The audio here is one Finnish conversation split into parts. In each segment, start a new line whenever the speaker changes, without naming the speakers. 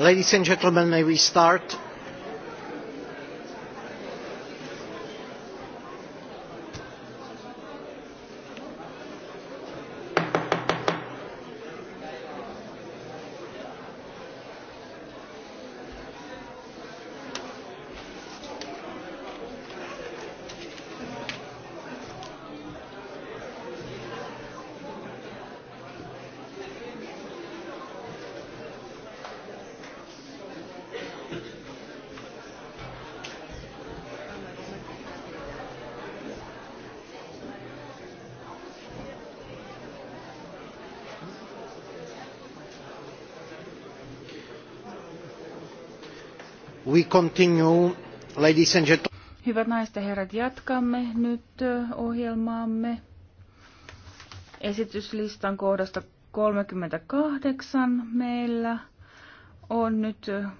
Ladies and gentlemen, may we start?
Hyvät naiset ja herrat, jatkamme nyt äh, ohjelmaamme esityslistan kohdasta 38 meillä on nyt äh,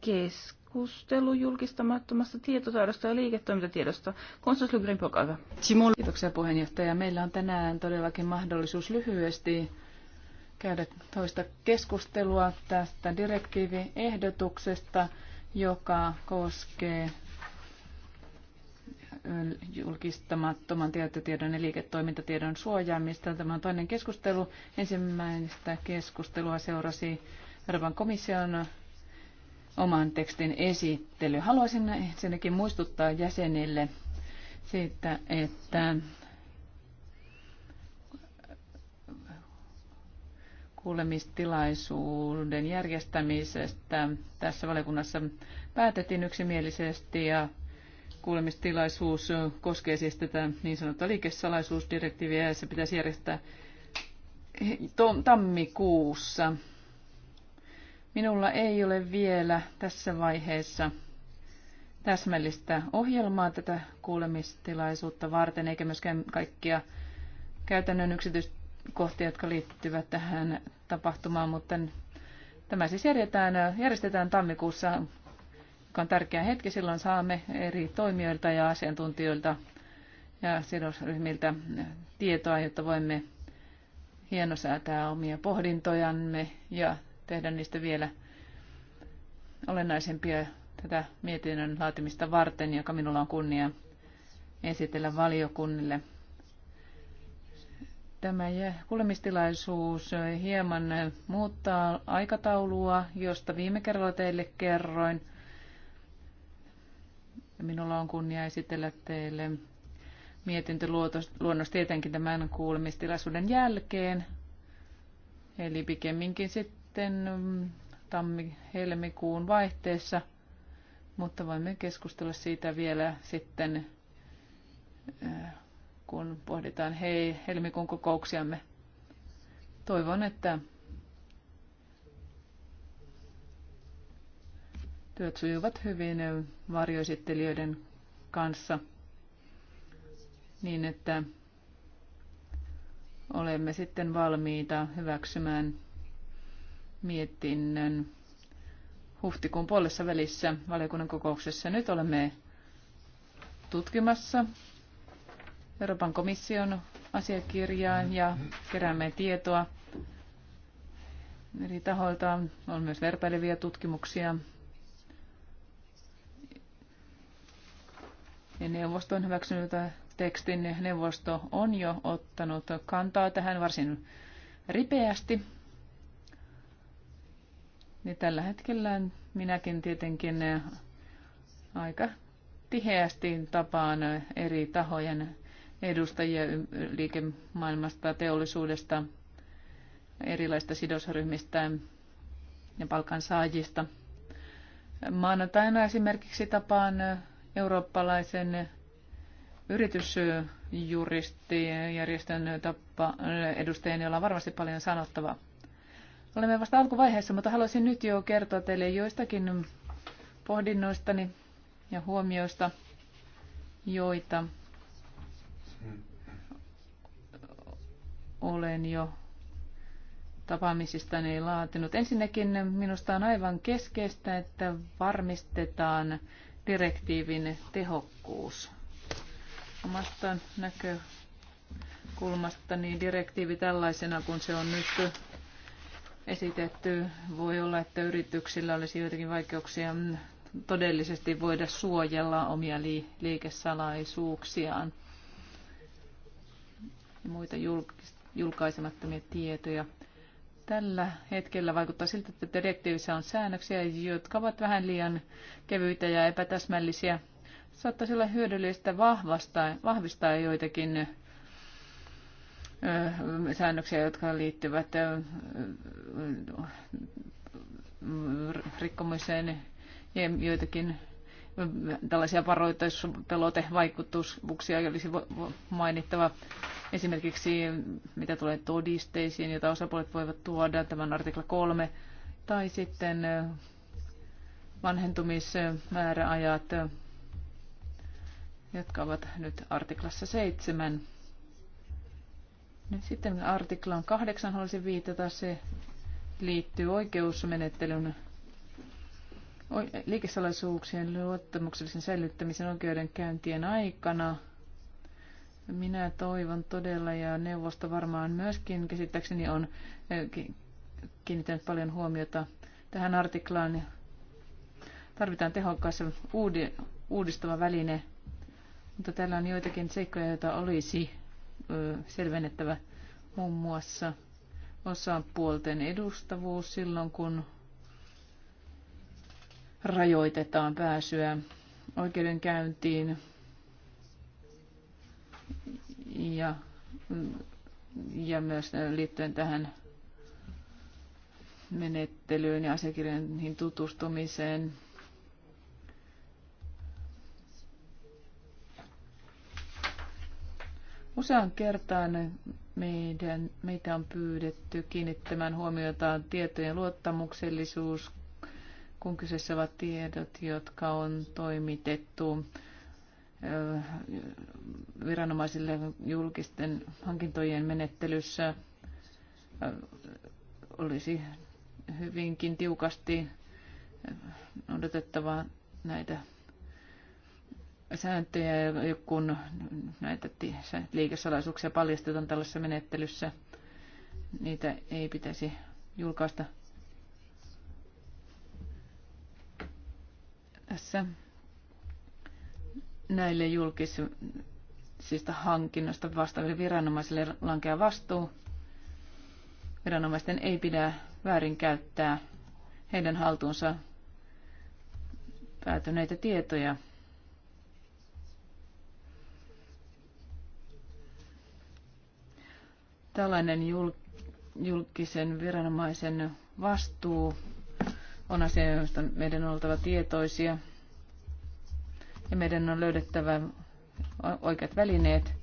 keskustelu julkistamattomasta tietotaidosta ja liiketoimintatiedosta. Konstantin Lygrin, olkaa hyvä. Kiitoksia puheenjohtaja. Meillä on tänään todellakin mahdollisuus lyhyesti
käydä toista keskustelua tästä direktiiviehdotuksesta, joka koskee julkistamattoman tietotiedon ja liiketoimintatiedon suojaamista. Tämä on toinen keskustelu. Ensimmäistä keskustelua seurasi Euroopan komission oman tekstin esittely. Haluaisin ensinnäkin muistuttaa jäsenille siitä, että kuulemistilaisuuden järjestämisestä tässä valiokunnassa päätettiin yksimielisesti ja kuulemistilaisuus koskee siis tätä niin sanottua liikesalaisuusdirektiiviä ja se pitäisi järjestää tammikuussa. Minulla ei ole vielä tässä vaiheessa täsmällistä ohjelmaa tätä kuulemistilaisuutta varten, eikä myöskään kaikkia käytännön yksityiskohtia, jotka liittyvät tähän tapahtumaan, mutta tämä siis järjestetään, järjestetään tammikuussa, joka on tärkeä hetki. Silloin saamme eri toimijoilta ja asiantuntijoilta ja sidosryhmiltä tietoa, jotta voimme hienosäätää omia pohdintojamme ja tehdä niistä vielä olennaisempia tätä mietinnön laatimista varten, joka minulla on kunnia esitellä valiokunnille. Tämä kuulemistilaisuus hieman muuttaa aikataulua, josta viime kerralla teille kerroin. Minulla on kunnia esitellä teille luonnos tietenkin tämän kuulemistilaisuuden jälkeen. Eli pikemminkin sitten mm, tammi-helmikuun vaihteessa, mutta voimme keskustella siitä vielä sitten äh, kun pohditaan hei, helmikuun kokouksiamme. Toivon, että työt sujuvat hyvin varjoesittelijöiden kanssa niin, että olemme sitten valmiita hyväksymään mietinnön huhtikuun puolessa välissä valiokunnan kokouksessa. Nyt olemme tutkimassa Euroopan komission asiakirjaan ja keräämme tietoa eri tahoilta. On myös vertailevia tutkimuksia. Ja neuvosto on hyväksynyt tekstin. Neuvosto on jo ottanut kantaa tähän varsin ripeästi. Ja tällä hetkellä minäkin tietenkin aika tiheästi tapaan eri tahojen edustajia liikemaailmasta, teollisuudesta, erilaista sidosryhmistä ja palkansaajista. Maanantaina esimerkiksi tapaan eurooppalaisen yritysjuristijärjestön tappa, edustajien, jolla on varmasti paljon sanottavaa. Olemme vasta alkuvaiheessa, mutta haluaisin nyt jo kertoa teille joistakin pohdinnoistani ja huomioista, joita olen jo tapaamisistani laatinut. Ensinnäkin minusta on aivan keskeistä, että varmistetaan direktiivin tehokkuus. Omasta niin direktiivi tällaisena, kun se on nyt esitetty, voi olla, että yrityksillä olisi joitakin vaikeuksia todellisesti voida suojella omia liikesalaisuuksiaan ja muita julkista julkaisemattomia tietoja. Tällä hetkellä vaikuttaa siltä, että direktiivissä on säännöksiä, jotka ovat vähän liian kevyitä ja epätäsmällisiä. Saattaisi olla hyödyllistä vahvistaa joitakin säännöksiä, jotka liittyvät rikkomiseen ja joitakin tällaisia varoitus- pelotevaikutuksia olisi mainittava Esimerkiksi mitä tulee todisteisiin, joita osapuolet voivat tuoda, tämän artikla 3, tai sitten vanhentumismääräajat, jotka ovat nyt artiklassa 7. Nyt sitten artiklaan 8 haluaisin viitata, se liittyy oikeusmenettelyn liikesalaisuuksien luottamuksellisen säilyttämisen oikeudenkäyntien aikana – minä toivon todella, ja neuvosto varmaan myöskin käsittääkseni on kiinnittänyt paljon huomiota tähän artiklaan. Tarvitaan tehokas uudistava väline, mutta täällä on joitakin seikkoja, joita olisi selvennettävä muun muassa osapuolten edustavuus silloin, kun rajoitetaan pääsyä oikeudenkäyntiin ja, ja myös liittyen tähän menettelyyn ja asiakirjoihin tutustumiseen. Usean kertaan meidän, meitä on pyydetty kiinnittämään huomiota tietojen luottamuksellisuus, kun kyseessä ovat tiedot, jotka on toimitettu viranomaisille julkisten hankintojen menettelyssä olisi hyvinkin tiukasti odotettava näitä sääntöjä, kun näitä liikesalaisuuksia paljastetaan tällaisessa menettelyssä. Niitä ei pitäisi julkaista tässä näille julkisista hankinnoista vastaaville viranomaisille lankea vastuu. Viranomaisten ei pidä väärinkäyttää heidän haltuunsa päätyneitä tietoja. Tällainen julkisen viranomaisen vastuu on asia, josta meidän on oltava tietoisia – ja meidän on löydettävä oikeat välineet.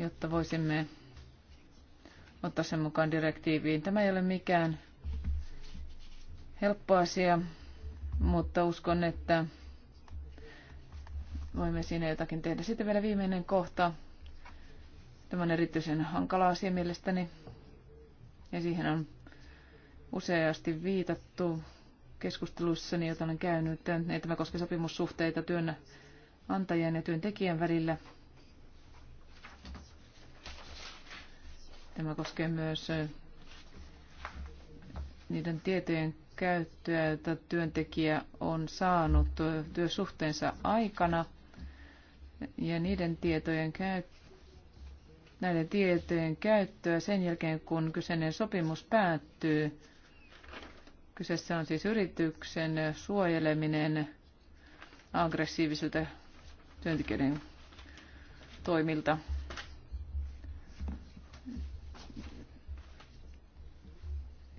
jotta voisimme ottaa sen mukaan direktiiviin. Tämä ei ole mikään helppo asia, mutta uskon, että voimme siinä jotakin tehdä. Sitten vielä viimeinen kohta. Tämä on erityisen hankala asia mielestäni, ja siihen on useasti viitattu keskustelussani, joita olen käynyt, että tämä koskee sopimussuhteita työnantajien ja työntekijän välillä. Tämä koskee myös niiden tietojen käyttöä, joita työntekijä on saanut työsuhteensa aikana. Ja niiden tietojen käyttöä näiden tietojen käyttöä sen jälkeen, kun kyseinen sopimus päättyy Kyseessä on siis yrityksen suojeleminen aggressiivisilta työntekijöiden toimilta.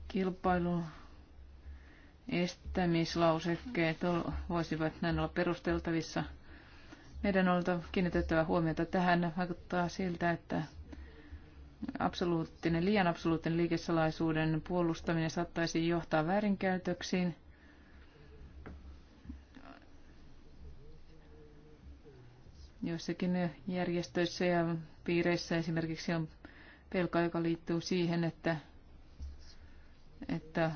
Kilpailu estämislausekkeet voisivat näin olla perusteltavissa. Meidän on kiinnitettävä huomiota tähän. Vaikuttaa siltä, että absoluuttinen, liian absoluuttinen liikesalaisuuden puolustaminen saattaisi johtaa väärinkäytöksiin. Joissakin järjestöissä ja piireissä esimerkiksi on pelko, joka liittyy siihen, että, että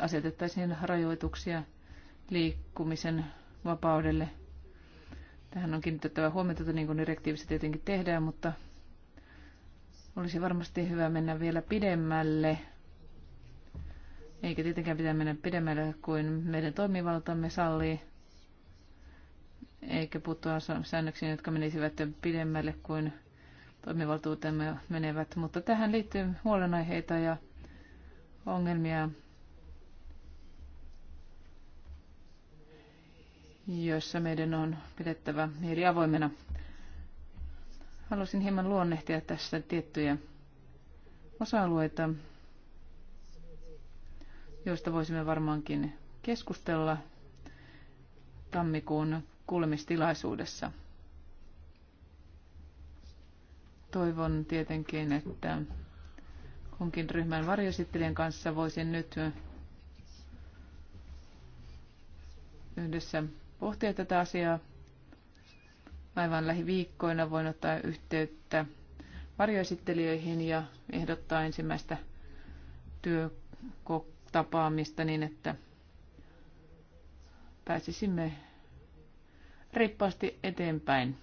asetettaisiin rajoituksia liikkumisen vapaudelle. Tähän on kiinnitettävä huomiota, niin kuin direktiivissä tietenkin tehdään, mutta olisi varmasti hyvä mennä vielä pidemmälle, eikä tietenkään pitää mennä pidemmälle kuin meidän toimivaltamme sallii, eikä puuttua säännöksiin, jotka menisivät pidemmälle kuin toimivaltuutemme menevät. Mutta tähän liittyy huolenaiheita ja ongelmia, joissa meidän on pidettävä mieli avoimena. Haluaisin hieman luonnehtia tässä tiettyjä osa-alueita, joista voisimme varmaankin keskustella tammikuun kuulemistilaisuudessa. Toivon tietenkin, että kunkin ryhmän varjosittelijän kanssa voisin nyt yhdessä pohtia tätä asiaa aivan lähiviikkoina voin ottaa yhteyttä varjoesittelijöihin ja ehdottaa ensimmäistä työtapaamista niin, että pääsisimme reippaasti eteenpäin.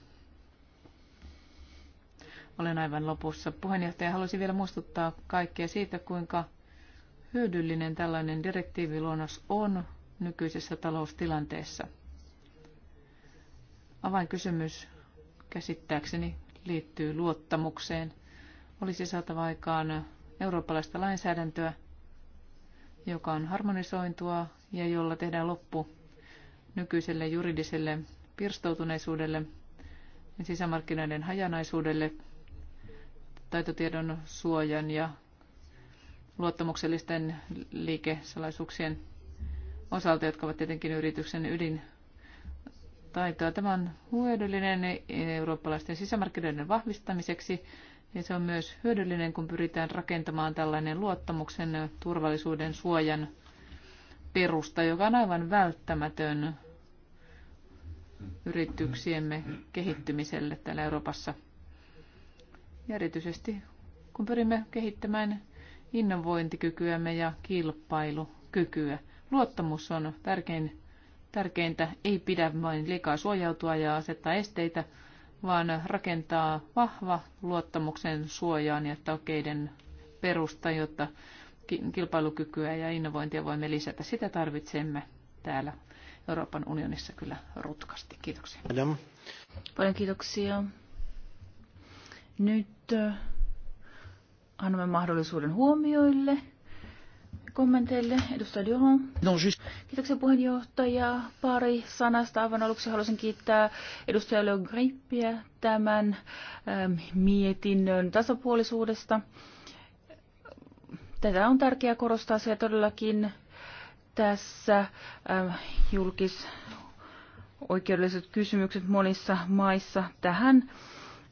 Olen aivan lopussa. Puheenjohtaja halusi vielä muistuttaa kaikkia siitä, kuinka hyödyllinen tällainen direktiiviluonnos on nykyisessä taloustilanteessa – Avainkysymys käsittääkseni liittyy luottamukseen. Olisi saatava aikaan eurooppalaista lainsäädäntöä, joka on harmonisointua ja jolla tehdään loppu nykyiselle juridiselle pirstoutuneisuudelle ja sisämarkkinoiden hajanaisuudelle, taitotiedon suojan ja luottamuksellisten liikesalaisuuksien osalta, jotka ovat tietenkin yrityksen ydin taitoa. Tämä on hyödyllinen eurooppalaisten sisämarkkinoiden vahvistamiseksi ja se on myös hyödyllinen, kun pyritään rakentamaan tällainen luottamuksen, turvallisuuden, suojan perusta, joka on aivan välttämätön yrityksiemme kehittymiselle täällä Euroopassa. Ja erityisesti kun pyrimme kehittämään innovointikykyämme ja kilpailukykyä. Luottamus on tärkein Tärkeintä ei pidä vain liikaa suojautua ja asettaa esteitä, vaan rakentaa vahva luottamuksen suojaan ja takeiden perusta, jotta kilpailukykyä ja innovointia voimme lisätä. Sitä tarvitsemme täällä
Euroopan unionissa kyllä rutkasti. Kiitoksia. Adam. Paljon kiitoksia. Nyt äh, annamme mahdollisuuden huomioille kommenteille. Edustaja Duron. Kiitoksia puheenjohtaja. Pari sanasta. Aivan aluksi haluaisin kiittää edustaja Leo Grippiä tämän ähm, mietinnön tasapuolisuudesta. Tätä on tärkeää korostaa, se todellakin tässä ähm, julkis oikeudelliset kysymykset monissa maissa tähän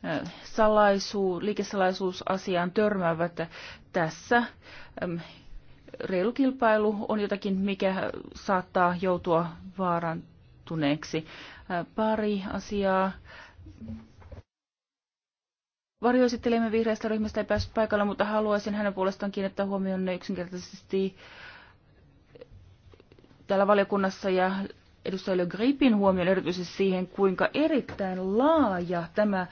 äh, salaisuus, liikesalaisuusasiaan törmäävät tässä ähm, reilu kilpailu on jotakin, mikä saattaa joutua vaarantuneeksi. Pari asiaa. Varjoesittelemme vihreästä ryhmästä ei päässyt paikalla, mutta haluaisin hänen puolestaan kiinnittää huomioon yksinkertaisesti täällä valiokunnassa ja edustajille Gripin huomioon erityisesti siihen, kuinka erittäin laaja tämä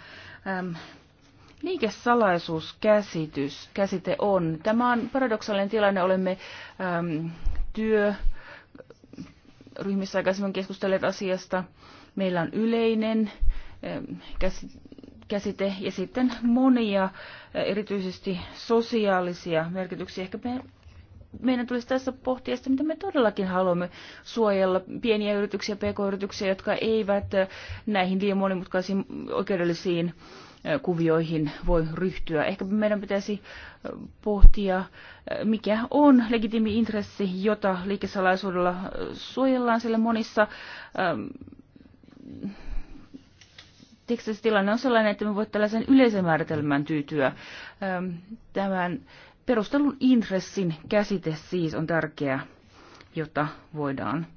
salaisuuskäsitys käsite on. Tämä on paradoksaalinen tilanne. Olemme äm, työ ryhmissä aikaisemmin keskustelleet asiasta. Meillä on yleinen ähm, käsite ja sitten monia, äh, erityisesti sosiaalisia merkityksiä. Ehkä me, meidän tulisi tässä pohtia sitä, mitä me todellakin haluamme suojella pieniä yrityksiä, pk-yrityksiä, jotka eivät äh, näihin liian monimutkaisiin oikeudellisiin kuvioihin voi ryhtyä. Ehkä meidän pitäisi pohtia, mikä on legitiimi intressi, jota liikesalaisuudella suojellaan, sillä monissa tekstissä tilanne on sellainen, että me voimme tällaisen yleisen määritelmän tyytyä. Tämän perustelun intressin käsite siis on tärkeä, jota voidaan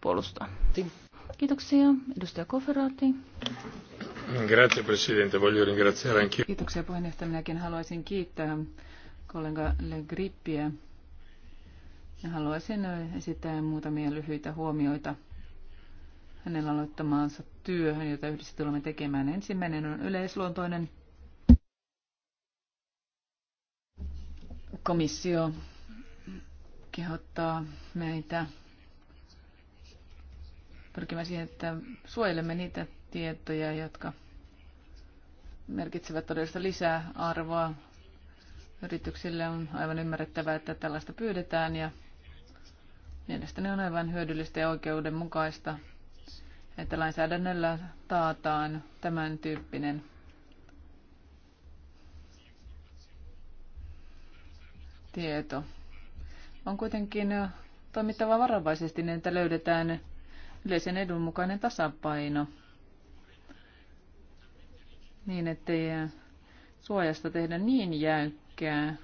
puolustaa. Kiitoksia. Edustaja Koferaati.
Grazie, Presidente. Voglio ringraziare anche...
Kiitoksia puheenjohtaja. Minäkin haluaisin kiittää kollega Le Grippiä. Haluaisin esittää muutamia lyhyitä huomioita hänen aloittamaansa työhön, jota yhdessä tulemme tekemään. Ensimmäinen on yleisluontoinen komissio kehottaa meitä pyrkimään siihen, että suojelemme niitä tietoja, jotka merkitsevät todellista lisää arvoa. Yrityksille on aivan ymmärrettävää, että tällaista pyydetään ja mielestäni on aivan hyödyllistä ja oikeudenmukaista, että lainsäädännöllä taataan tämän tyyppinen tieto. On kuitenkin toimittava varovaisesti niin, että löydetään yleisen edun mukainen tasapaino niin, ettei suojasta tehdä niin jäykkää,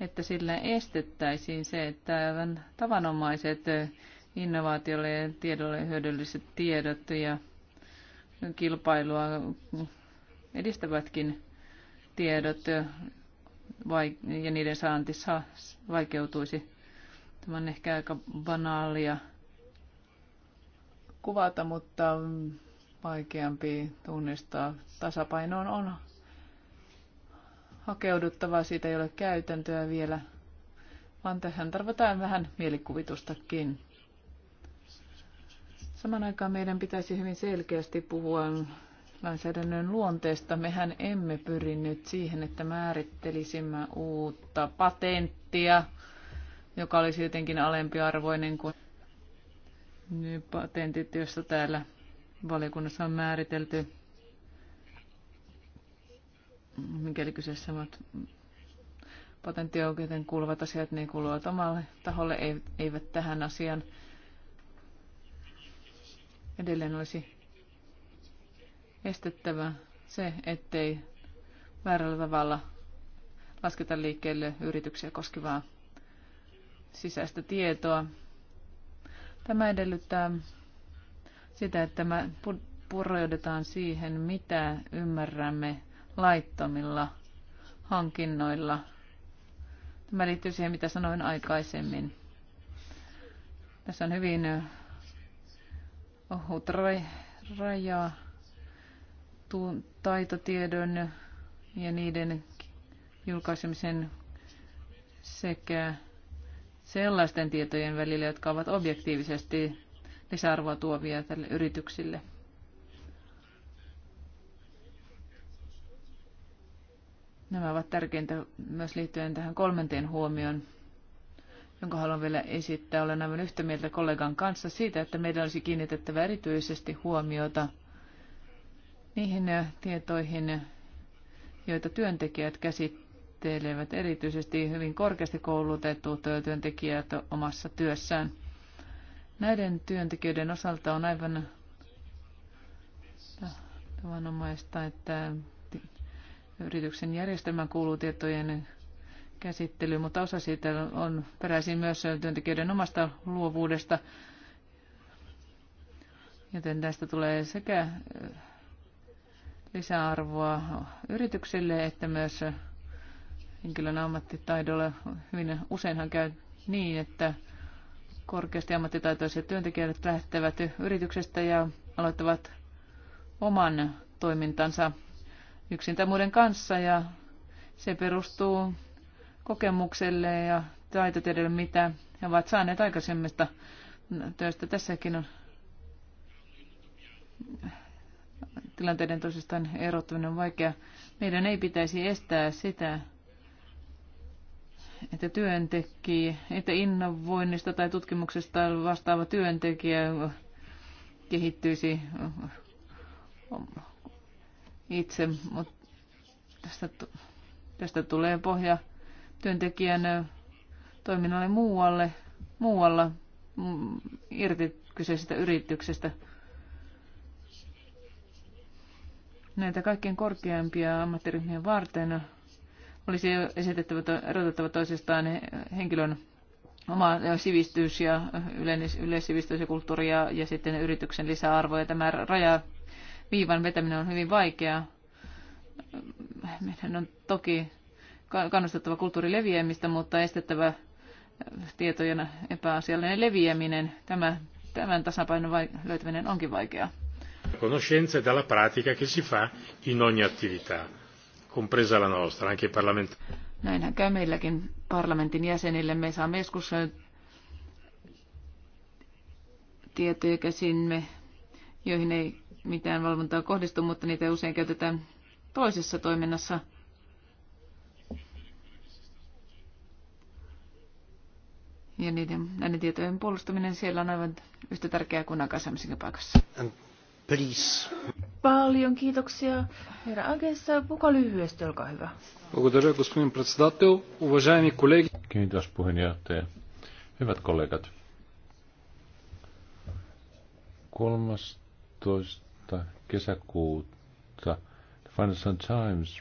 että sillä estettäisiin se, että tavanomaiset innovaatiolle ja tiedolle hyödylliset tiedot ja kilpailua edistävätkin tiedot ja niiden saanti vaikeutuisi. Tämä on ehkä aika banaalia kuvata, mutta vaikeampi tunnistaa. Tasapainoon on hakeuduttava, siitä ei ole käytäntöä vielä, vaan tähän tarvitaan vähän mielikuvitustakin. Saman aikaan meidän pitäisi hyvin selkeästi puhua lainsäädännön luonteesta. Mehän emme pyri nyt siihen, että määrittelisimme uutta patenttia, joka olisi jotenkin alempiarvoinen kuin patentit, joista täällä valiokunnassa on määritelty, mikäli kyseessä ovat patenttioikeuteen kuuluvat asiat, niin kuuluvat omalle taholle, eivät tähän asiaan. Edelleen olisi estettävä se, ettei väärällä tavalla lasketa liikkeelle yrityksiä koskevaa sisäistä tietoa. Tämä edellyttää sitä, että me pureudutaan siihen, mitä ymmärrämme laittomilla hankinnoilla. Tämä liittyy siihen, mitä sanoin aikaisemmin. Tässä on hyvin ohut raja taitotiedon ja niiden julkaisemisen sekä sellaisten tietojen välillä, jotka ovat objektiivisesti lisäarvoa tuovia tälle yrityksille. Nämä ovat tärkeintä myös liittyen tähän kolmanteen huomioon, jonka haluan vielä esittää. Olen aivan yhtä mieltä kollegan kanssa siitä, että meidän olisi kiinnitettävä erityisesti huomiota niihin tietoihin, joita työntekijät käsittelevät käsittelevät erityisesti hyvin korkeasti koulutetut työntekijät omassa työssään. Näiden työntekijöiden osalta on aivan tavanomaista, että yrityksen järjestelmän kuuluu tietojen käsittely, mutta osa siitä on peräisin myös työntekijöiden omasta luovuudesta, joten tästä tulee sekä lisäarvoa yrityksille että myös henkilön ammattitaidolla. Hyvin useinhan käy niin, että korkeasti ammattitaitoiset työntekijät lähtevät yrityksestä ja aloittavat oman toimintansa yksin tai muiden kanssa ja se perustuu kokemukselle ja taitotiedelle, mitä he ovat saaneet aikaisemmista töistä. Tässäkin on tilanteiden tosistaan erottaminen on vaikea. Meidän ei pitäisi estää sitä, että työntekijä, että innovoinnista tai tutkimuksesta vastaava työntekijä kehittyisi itse, mutta tästä, tästä tulee pohja työntekijän toiminnalle muualle, muualla mm, irti kyseisestä yrityksestä. Näitä kaikkein korkeampia ammattiryhmiä varten olisi esitettävä, erotettava toisistaan henkilön oma sivistys ja yleissivistys ja kulttuuri ja, ja sitten yrityksen lisäarvo. Ja tämä raja viivan vetäminen on hyvin vaikeaa. Meidän on toki kannustettava kulttuurin leviämistä, mutta estettävä tietojen epäasiallinen leviäminen. Tämä, tämän tasapainon löytäminen onkin vaikeaa.
Conoscenza dalla pratica che si fa in ogni attività compresa la nostra, anche
Näinhän käy meilläkin parlamentin jäsenille. Me saamme joskus tietoja käsimme, joihin ei mitään valvontaa kohdistu, mutta niitä usein käytetään toisessa toiminnassa. Ja niiden, näiden tietojen puolustaminen siellä on aivan yhtä tärkeää kuin aikaisemmassakin paikassa.
And please.
Paljon kiitoksia. Herra Agessa, puka lyhyesti, olkaa hyvä.
Kiitos puheenjohtaja. Hyvät kollegat. 13. kesäkuuta The Financial Times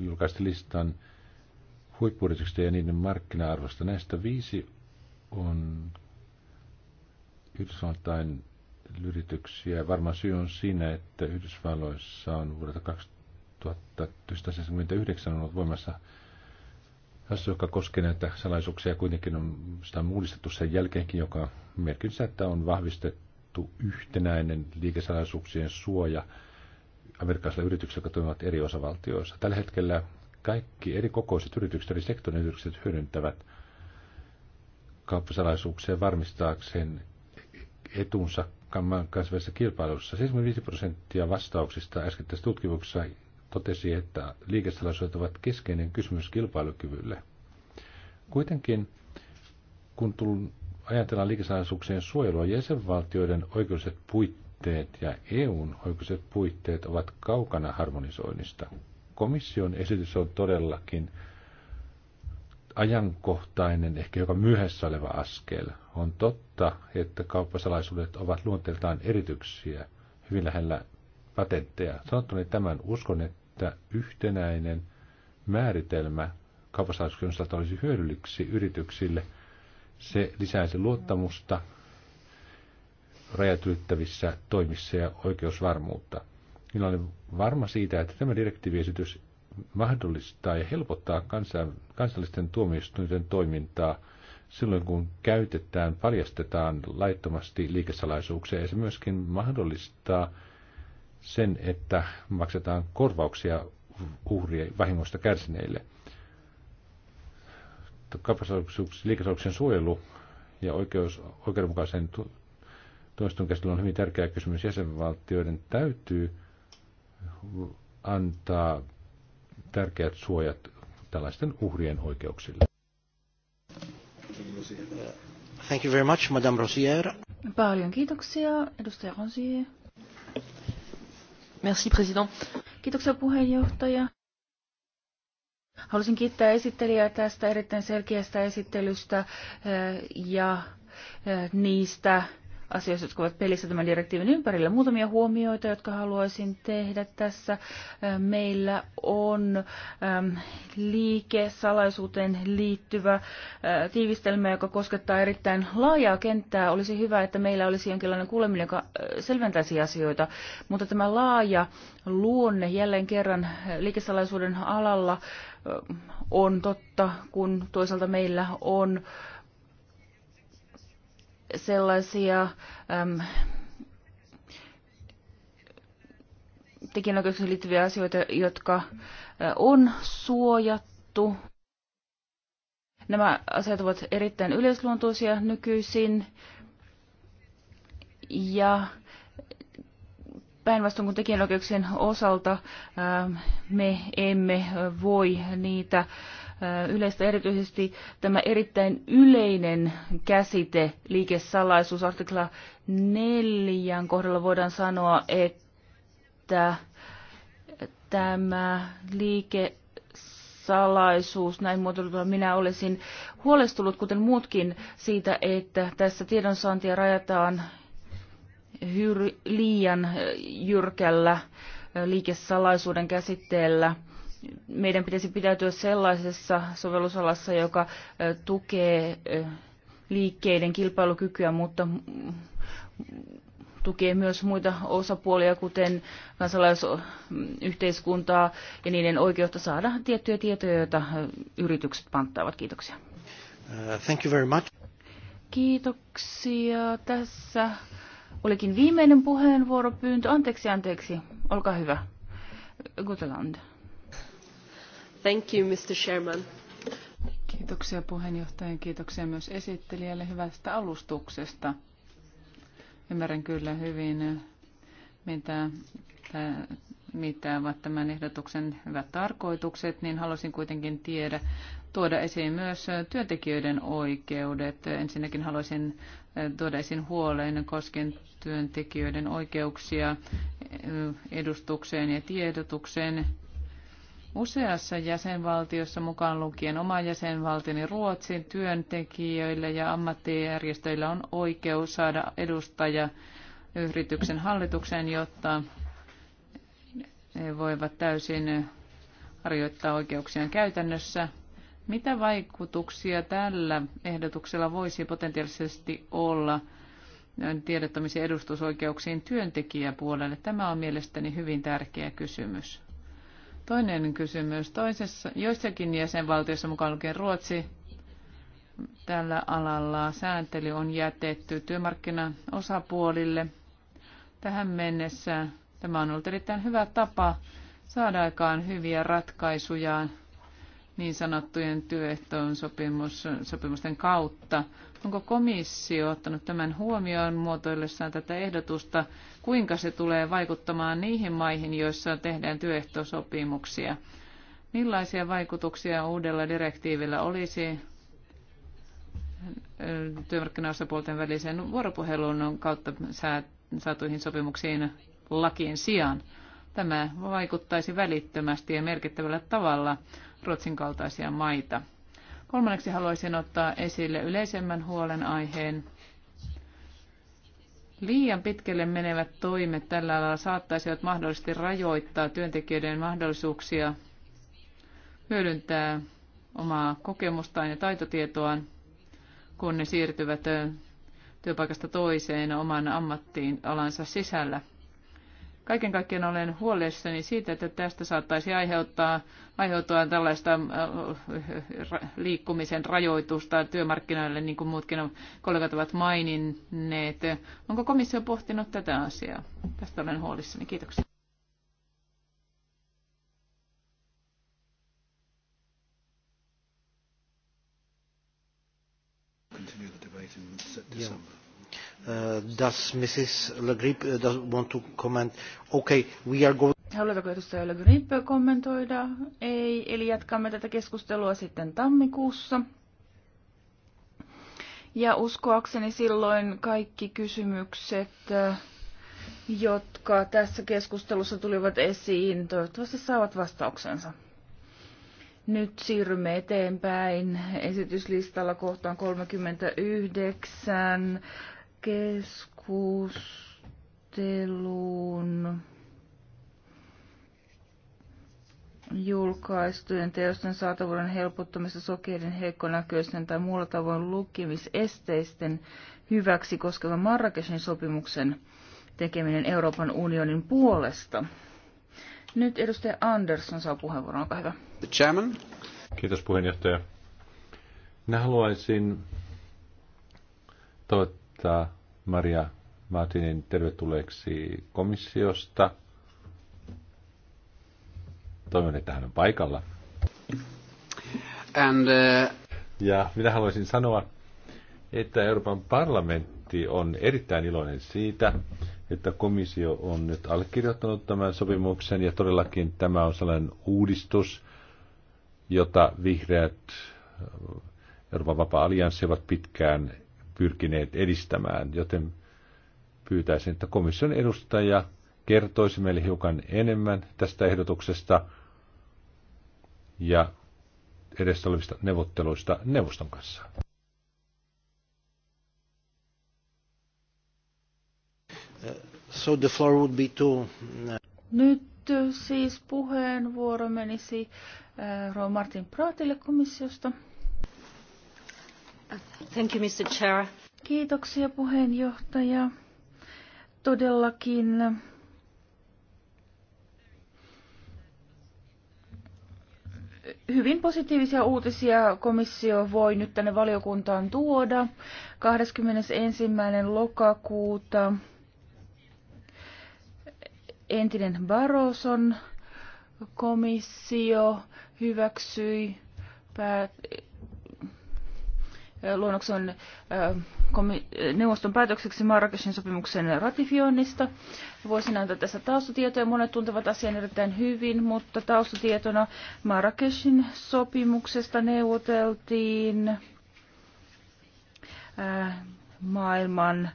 julkaisti listan huippuyrityksistä ja niiden markkina-arvosta. Näistä viisi on Yhdysvaltain yrityksiä. Varmaan syy on siinä, että Yhdysvalloissa on vuodelta 1979 ollut voimassa asia, joka koskee näitä salaisuuksia. Kuitenkin on, sitä on uudistettu sen jälkeenkin, joka merkitsee, että on vahvistettu yhtenäinen liikesalaisuuksien suoja amerikkalaisilla yrityksillä, jotka toimivat eri osavaltioissa. Tällä hetkellä kaikki eri kokoiset yritykset, eri sektorin yritykset hyödyntävät kauppasalaisuuksia varmistaakseen etunsa kansainvälisessä kilpailussa. 75 prosenttia vastauksista äskettäisessä tutkimuksessa totesi, että liikesalaisuudet ovat keskeinen kysymys kilpailukyvylle. Kuitenkin, kun tullut ajatellaan liikesalaisuuksien suojelua, jäsenvaltioiden oikeudelliset puitteet ja EUn oikeudelliset puitteet ovat kaukana harmonisoinnista. Komission esitys on todellakin ajankohtainen, ehkä joka myöhässä oleva askel. On totta, että kauppasalaisuudet ovat luonteeltaan erityksiä, hyvin lähellä patentteja. Sanottuni tämän uskon, että yhtenäinen määritelmä kauppasalaisuuksista olisi hyödylliksi yrityksille. Se lisäisi luottamusta rajat ylittävissä toimissa ja oikeusvarmuutta. Minä olen varma siitä, että tämä direktiiviesitys mahdollistaa ja helpottaa kansallisten tuomioistuinten toimintaa – silloin kun käytetään, paljastetaan laittomasti liikesalaisuuksia ja se myöskin mahdollistaa sen, että maksetaan korvauksia uhrien vahingosta kärsineille. Liikesalaisuuksien suojelu ja oikeus, oikeudenmukaisen toistunkäsittely on hyvin tärkeä kysymys. Jäsenvaltioiden täytyy antaa tärkeät suojat tällaisten uhrien oikeuksille.
Uh, thank you very
much, Madame Rosier.
Paljon kiitoksia, edustaja Rosier. Merci, president. Kiitoksia puheenjohtaja. Haluaisin kiittää esittelijää tästä erittäin selkeästä esittelystä eh, ja eh, niistä asioista, jotka ovat pelissä tämän direktiivin ympärillä. Muutamia huomioita, jotka haluaisin tehdä tässä. Meillä on liike salaisuuteen liittyvä tiivistelmä, joka koskettaa erittäin laajaa kenttää. Olisi hyvä, että meillä olisi jonkinlainen kuuleminen, joka selventäisi asioita, mutta tämä laaja luonne jälleen kerran liikesalaisuuden alalla on totta, kun toisaalta meillä on äh, sellaisia äm, tekijänoikeuksiin liittyviä asioita, jotka on suojattu. Nämä asiat ovat erittäin yleisluontoisia nykyisin. Ja päinvastoin kuin tekijänoikeuksien osalta me emme voi niitä yleistä erityisesti tämä erittäin yleinen käsite liikesalaisuus artikla 4 kohdalla voidaan sanoa, että tämä liikesalaisuus, näin muotoiltuna minä olisin huolestunut, kuten muutkin, siitä, että tässä tiedonsaantia rajataan hyr- liian jyrkällä liikesalaisuuden käsitteellä meidän pitäisi pitäytyä sellaisessa sovellusalassa, joka tukee liikkeiden kilpailukykyä, mutta tukee myös muita osapuolia, kuten kansalaisyhteiskuntaa ja niiden oikeutta saada tiettyjä tietoja, joita yritykset panttaavat. Kiitoksia. Uh, thank you very much. Kiitoksia. Tässä olikin viimeinen puheenvuoropyyntö. Anteeksi, anteeksi. Olkaa hyvä. Guteland.
Kiitoksia puheenjohtajan, kiitoksia myös esittelijälle hyvästä alustuksesta. Ymmärrän kyllä hyvin, mitä, mitä ovat tämän ehdotuksen hyvät tarkoitukset, niin halusin kuitenkin tiedä, tuoda esiin myös työntekijöiden oikeudet. Ensinnäkin haluaisin tuoda esiin huoleen koskien työntekijöiden oikeuksia edustukseen ja tiedotukseen Useassa jäsenvaltiossa mukaan lukien oma jäsenvaltioni Ruotsin työntekijöillä ja ammattijärjestöillä on oikeus saada edustaja yrityksen hallitukseen, jotta he voivat täysin harjoittaa oikeuksiaan käytännössä. Mitä vaikutuksia tällä ehdotuksella voisi potentiaalisesti olla tiedottamisen edustusoikeuksiin työntekijäpuolelle? Tämä on mielestäni hyvin tärkeä kysymys. Toinen kysymys. Toisessa, joissakin jäsenvaltioissa mukaan lukien Ruotsi, tällä alalla sääntely on jätetty työmarkkinaosapuolille. Tähän mennessä tämä on ollut erittäin hyvä tapa saada aikaan hyviä ratkaisuja niin sanottujen työehtojen sopimusten kautta, Onko komissio ottanut tämän huomioon muotoillessaan tätä ehdotusta? Kuinka se tulee vaikuttamaan niihin maihin, joissa tehdään työehtosopimuksia? Millaisia vaikutuksia uudella direktiivillä olisi eh, työmarkkinaosapuolten välisen vuoropuhelun kautta saatuihin sopimuksiin lakien sijaan? Tämä vaikuttaisi välittömästi ja merkittävällä tavalla Ruotsin kaltaisia maita Kolmanneksi haluaisin ottaa esille yleisemmän huolenaiheen. Liian pitkälle menevät toimet tällä alalla saattaisivat mahdollisesti rajoittaa työntekijöiden mahdollisuuksia hyödyntää omaa kokemustaan ja taitotietoaan, kun ne siirtyvät työpaikasta toiseen oman ammattiin alansa sisällä. Kaiken kaikkiaan olen huolissani siitä, että tästä saattaisi aiheuttaa, aiheutua tällaista äh, liikkumisen rajoitusta työmarkkinoille, niin kuin muutkin kollegat ovat maininneet. Onko komissio pohtinut tätä asiaa? Tästä olen huolissani. Kiitoksia.
continue the debate in December.
Yeah. Uh, does uh,
Haluaako edustaja Le Grip kommentoida? Ei, eli jatkamme tätä keskustelua sitten tammikuussa. Ja uskoakseni silloin kaikki kysymykset, uh, jotka tässä keskustelussa tulivat esiin, toivottavasti saavat vastauksensa. Nyt siirrymme eteenpäin esityslistalla kohtaan 39 keskustelun julkaistujen teosten saatavuuden helpottamista sokeiden, heikkonäköisten tai muulla tavoin lukimisesteisten hyväksi koskevan Marrakeshin sopimuksen tekeminen Euroopan unionin puolesta. Nyt edustaja Andersson saa puheenvuoron, olkaa hyvä.
The chairman. Kiitos puheenjohtaja. Minä haluaisin toivottaa toivottaa Maria Martinin tervetulleeksi komissiosta. Toivon, että hän on paikalla. And, uh... Ja minä haluaisin sanoa, että Euroopan parlamentti on erittäin iloinen siitä, että komissio on nyt allekirjoittanut tämän sopimuksen ja todellakin tämä on sellainen uudistus, jota vihreät Euroopan vapaa-allianssi ovat pitkään pyrkineet edistämään, joten pyytäisin, että komission edustaja kertoisi meille hiukan enemmän tästä ehdotuksesta ja edessä olevista neuvotteluista neuvoston kanssa.
So the floor would be to... Uh,
Nyt uh, siis puheenvuoro menisi uh, Martin Praatille komissiosta.
Thank you, Mr. Chair.
Kiitoksia puheenjohtaja. Todellakin hyvin positiivisia uutisia komissio voi nyt tänne valiokuntaan tuoda. 21. lokakuuta entinen Baroson komissio hyväksyi päät- luonnoksen neuvoston päätökseksi Marrakeshin sopimuksen ratifioinnista. Voisin antaa tässä taustatietoja. Monet tuntevat asian erittäin hyvin, mutta taustatietona Marrakeshin sopimuksesta neuvoteltiin maailman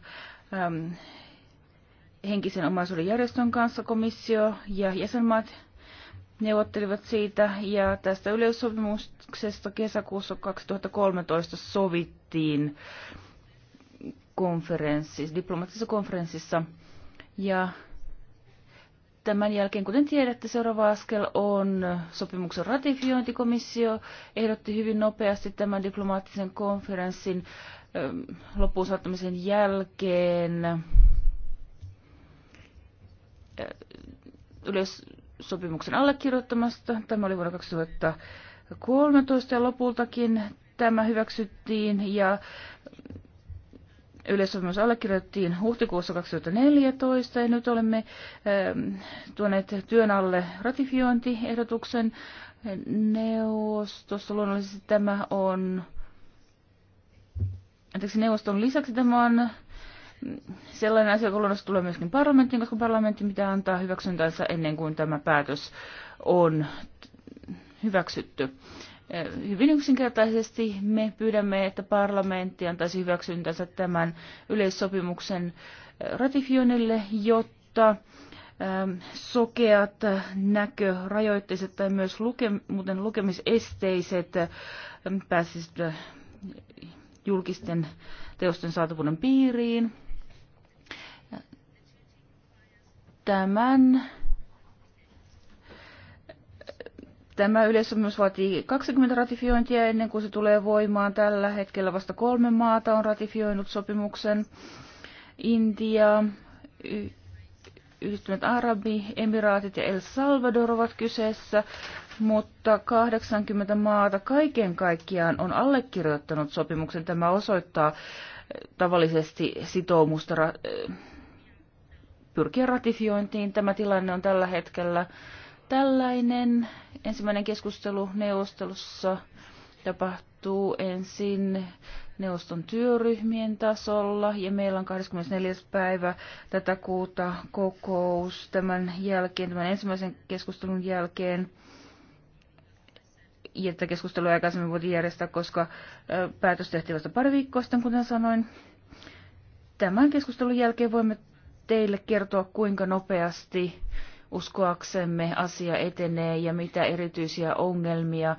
henkisen omaisuuden järjestön kanssa komissio ja jäsenmaat neuvottelivat siitä ja tästä yleissopimuksesta kesäkuussa 2013 sovittiin konferenssissa, diplomaattisessa konferenssissa. Ja tämän jälkeen, kuten tiedätte, seuraava askel on sopimuksen ratifiointikomissio. Ehdotti hyvin nopeasti tämän diplomaattisen konferenssin ähm, loppuun saattamisen jälkeen äh, yleis sopimuksen allekirjoittamasta. Tämä oli vuonna 2013 ja lopultakin tämä hyväksyttiin ja yleissopimus allekirjoitettiin huhtikuussa 2014 ja nyt olemme ähm, tuoneet työn alle ratifiointiehdotuksen neuvostossa. Luonnollisesti tämä on, anteeksi neuvoston lisäksi tämä on sellainen asia kolonnassa tulee myöskin parlamenttiin, koska parlamentti pitää antaa hyväksyntänsä ennen kuin tämä päätös on hyväksytty. Eh, hyvin yksinkertaisesti me pyydämme, että parlamentti antaisi hyväksyntänsä tämän yleissopimuksen eh, ratifioinnille, jotta eh, sokeat näkörajoitteiset tai myös luke, muuten lukemisesteiset pääsisivät julkisten teosten saatavuuden piiriin. tämän Tämä yleissopimus vaatii 20 ratifiointia ennen kuin se tulee voimaan. Tällä hetkellä vasta kolme maata on ratifioinut sopimuksen. Intia, Yhdistyneet Arabi, Emiraatit ja El Salvador ovat kyseessä, mutta 80 maata kaiken kaikkiaan on allekirjoittanut sopimuksen. Tämä osoittaa tavallisesti sitoumusta pyrkiä ratifiointiin. Tämä tilanne on tällä hetkellä tällainen. Ensimmäinen keskustelu neuvostelussa tapahtuu ensin neuvoston työryhmien tasolla ja meillä on 24. päivä tätä kuuta kokous tämän jälkeen, tämän ensimmäisen keskustelun jälkeen. Ja tätä keskustelua aikaisemmin voitiin järjestää, koska päätös tehtiin vasta pari viikkoa sitten, kuten sanoin. Tämän keskustelun jälkeen voimme teille kertoa, kuinka nopeasti uskoaksemme asia etenee ja mitä erityisiä ongelmia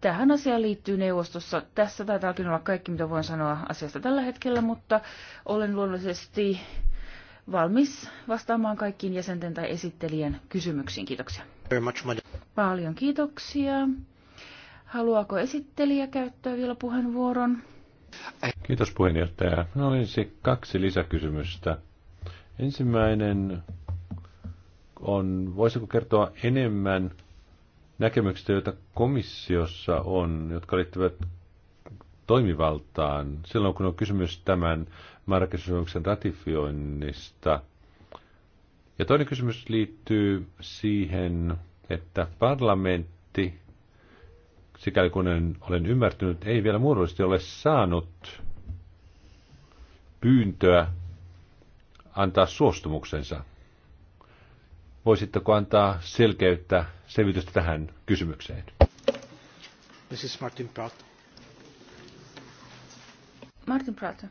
tähän asiaan liittyy neuvostossa. Tässä taitaakin olla kaikki, mitä voin sanoa asiasta tällä hetkellä, mutta olen luonnollisesti valmis vastaamaan kaikkiin jäsenten tai esittelijän kysymyksiin. Kiitoksia. Paljon kiitoksia. Haluaako esittelijä käyttää vielä puheenvuoron?
Kiitos puheenjohtaja. No olisi kaksi lisäkysymystä. Ensimmäinen on, voisiko kertoa enemmän näkemyksistä, joita komissiossa on, jotka liittyvät toimivaltaan silloin, kun on kysymys tämän määräkysymyksen ratifioinnista. Ja toinen kysymys liittyy siihen, että parlamentti, sikäli kun en, olen ymmärtänyt, ei vielä muodollisesti ole saanut pyyntöä antaa suostumuksensa. Voisitteko antaa selkeyttä, selvitystä tähän kysymykseen?
This is Martin Pratt.
Martin Pratt.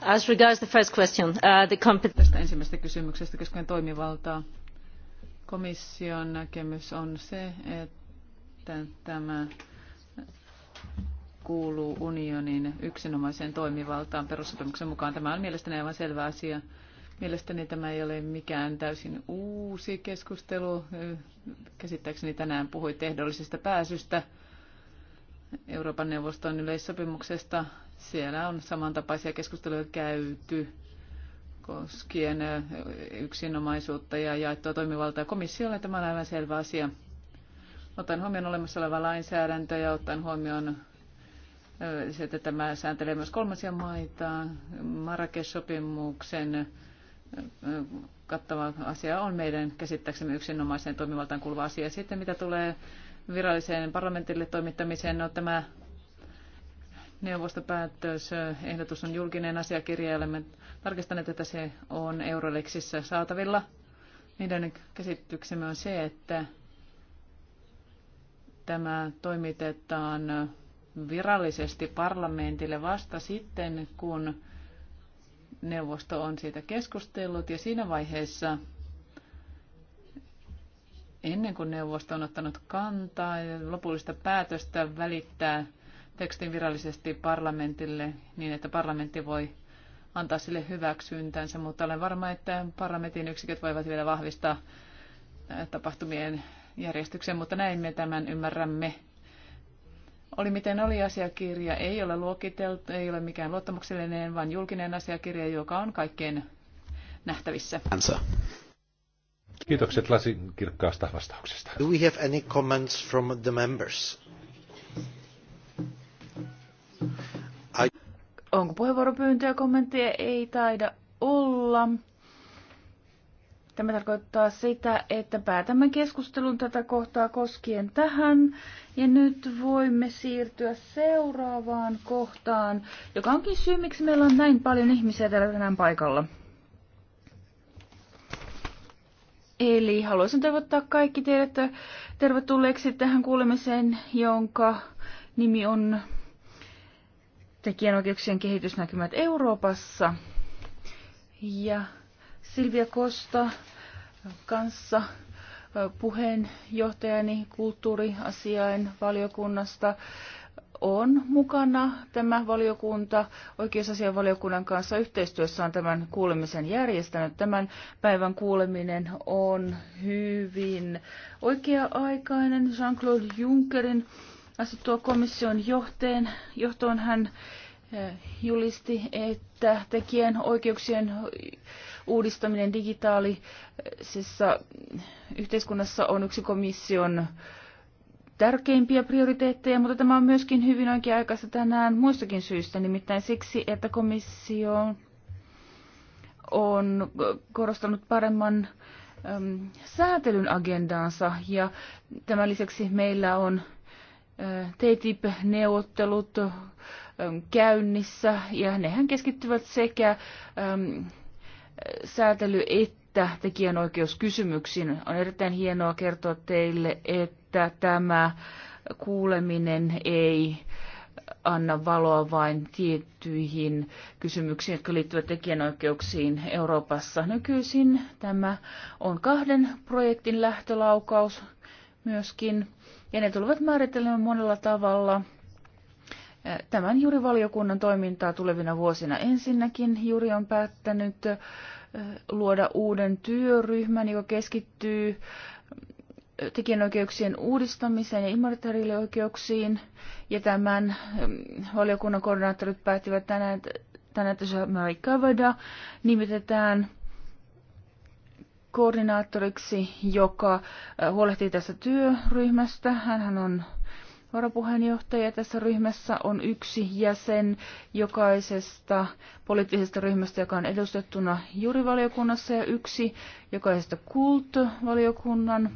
As regards the first
question, uh, the Tästä ensimmäisestä kysymyksestä koskien toimivaltaa. Komission näkemys on se, että tämä kuuluu unionin yksinomaiseen toimivaltaan perussopimuksen mukaan. Tämä on mielestäni aivan selvä asia. Mielestäni tämä ei ole mikään täysin uusi keskustelu. Käsittääkseni tänään puhui ehdollisesta pääsystä Euroopan neuvoston yleissopimuksesta. Siellä on samantapaisia keskusteluja käyty koskien yksinomaisuutta ja jaettua toimivaltaa komissiolle. Tämä on aivan selvä asia. Otan huomioon olemassa oleva lainsäädäntö ja otan huomioon se, että tämä sääntelee myös kolmasia maita, Marrakesh-sopimuksen kattava asia on meidän käsittääksemme yksinomaiseen toimivaltaan kuuluva asia. Sitten mitä tulee viralliseen parlamentille toimittamiseen, no tämä neuvostopäätös, ehdotus on julkinen asiakirja, ja olemme tarkistaneet, että se on Eurolexissä saatavilla. Meidän käsityksemme on se, että tämä toimitetaan virallisesti parlamentille vasta sitten, kun neuvosto on siitä keskustellut ja siinä vaiheessa ennen kuin neuvosto on ottanut kantaa ja lopullista päätöstä välittää tekstin virallisesti parlamentille niin, että parlamentti voi antaa sille hyväksyntänsä, mutta olen varma, että parlamentin yksiköt voivat vielä vahvistaa äh, tapahtumien järjestyksen, mutta näin me tämän ymmärrämme oli miten oli asiakirja, ei ole luokiteltu, ei ole mikään luottamuksellinen, vaan julkinen asiakirja, joka on kaikkien nähtävissä.
Answer. Kiitokset lasin kirkkaasta vastauksesta.
Do we have any comments from the members? I...
Onko puheenvuoropyyntöjä kommentteja? Ei taida olla. Tämä tarkoittaa sitä, että päätämme keskustelun tätä kohtaa koskien tähän. Ja nyt voimme siirtyä seuraavaan kohtaan, joka onkin syy, miksi meillä on näin paljon ihmisiä täällä tänään paikalla. Eli haluaisin toivottaa kaikki teidät tervetulleeksi tähän kuulemiseen, jonka nimi on tekijänoikeuksien kehitysnäkymät Euroopassa. Ja Silvia Kosta kanssa puheenjohtajani kulttuuriasiain valiokunnasta on mukana tämä valiokunta oikeusasianvaliokunnan kanssa yhteistyössä on tämän kuulemisen järjestänyt. Tämän päivän kuuleminen on hyvin oikea-aikainen. Jean-Claude Junckerin asettua komission johteen, johtoon hän julisti, että tekijän oikeuksien uudistaminen digitaalisessa yhteiskunnassa on yksi komission tärkeimpiä prioriteetteja, mutta tämä on myöskin hyvin oikea-aikaista tänään muistakin syistä, nimittäin siksi, että komissio on korostanut paremman äm, säätelyn agendaansa ja tämän lisäksi meillä on TTIP-neuvottelut, Ähm, käynnissä ja nehän keskittyvät sekä ähm, säätely- että tekijänoikeuskysymyksiin. On erittäin hienoa kertoa teille, että tämä kuuleminen ei anna valoa vain tiettyihin kysymyksiin, jotka liittyvät tekijänoikeuksiin Euroopassa nykyisin. Tämä on kahden projektin lähtölaukaus myöskin, ja ne tulevat määritelmään monella tavalla – tämän juuri valiokunnan toimintaa tulevina vuosina. Ensinnäkin juuri on päättänyt luoda uuden työryhmän, joka keskittyy tekijänoikeuksien uudistamiseen ja immateriaalioikeuksiin. Ja tämän valiokunnan koordinaattorit päättivät tänään, tänään että Jamari Kavada nimitetään koordinaattoriksi, joka huolehtii tästä työryhmästä. Hän on varapuheenjohtaja. Tässä ryhmässä on yksi jäsen jokaisesta poliittisesta ryhmästä, joka on edustettuna juurivaliokunnassa ja yksi jokaisesta kulttuvaliokunnan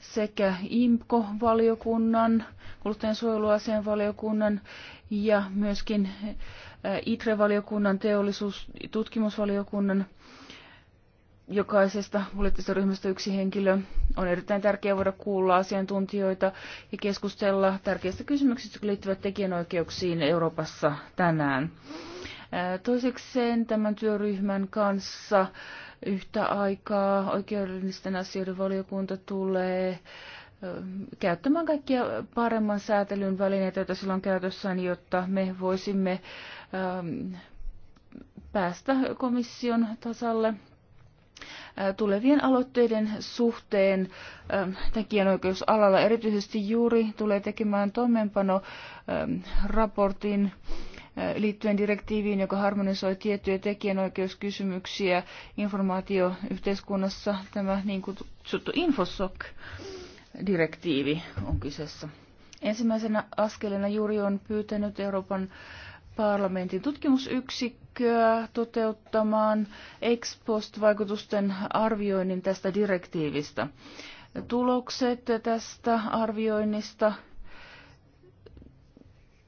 sekä IMKO-valiokunnan, kuluttajansuojeluasian valiokunnan ja myöskin ITRE-valiokunnan, teollisuus- ja tutkimusvaliokunnan jokaisesta poliittisesta ryhmästä yksi henkilö. On erittäin tärkeää voida kuulla asiantuntijoita ja keskustella tärkeistä kysymyksistä, jotka liittyvät tekijänoikeuksiin Euroopassa tänään. Toisekseen tämän työryhmän kanssa yhtä aikaa oikeudellisten asioiden valiokunta tulee käyttämään kaikkia paremman säätelyn välineitä, joita sillä on käytössään, jotta me voisimme päästä komission tasalle tulevien aloitteiden suhteen tekijänoikeusalalla. Erityisesti juuri tulee tekemään toimeenpano raportin liittyen direktiiviin, joka harmonisoi tiettyjä tekijänoikeuskysymyksiä informaatioyhteiskunnassa. Tämä niin kutsuttu InfoSoc-direktiivi on kyseessä. Ensimmäisenä askeleena juuri on pyytänyt Euroopan parlamentin tutkimusyksikkö sähköä toteuttamaan ex post-vaikutusten arvioinnin tästä direktiivistä. Tulokset tästä arvioinnista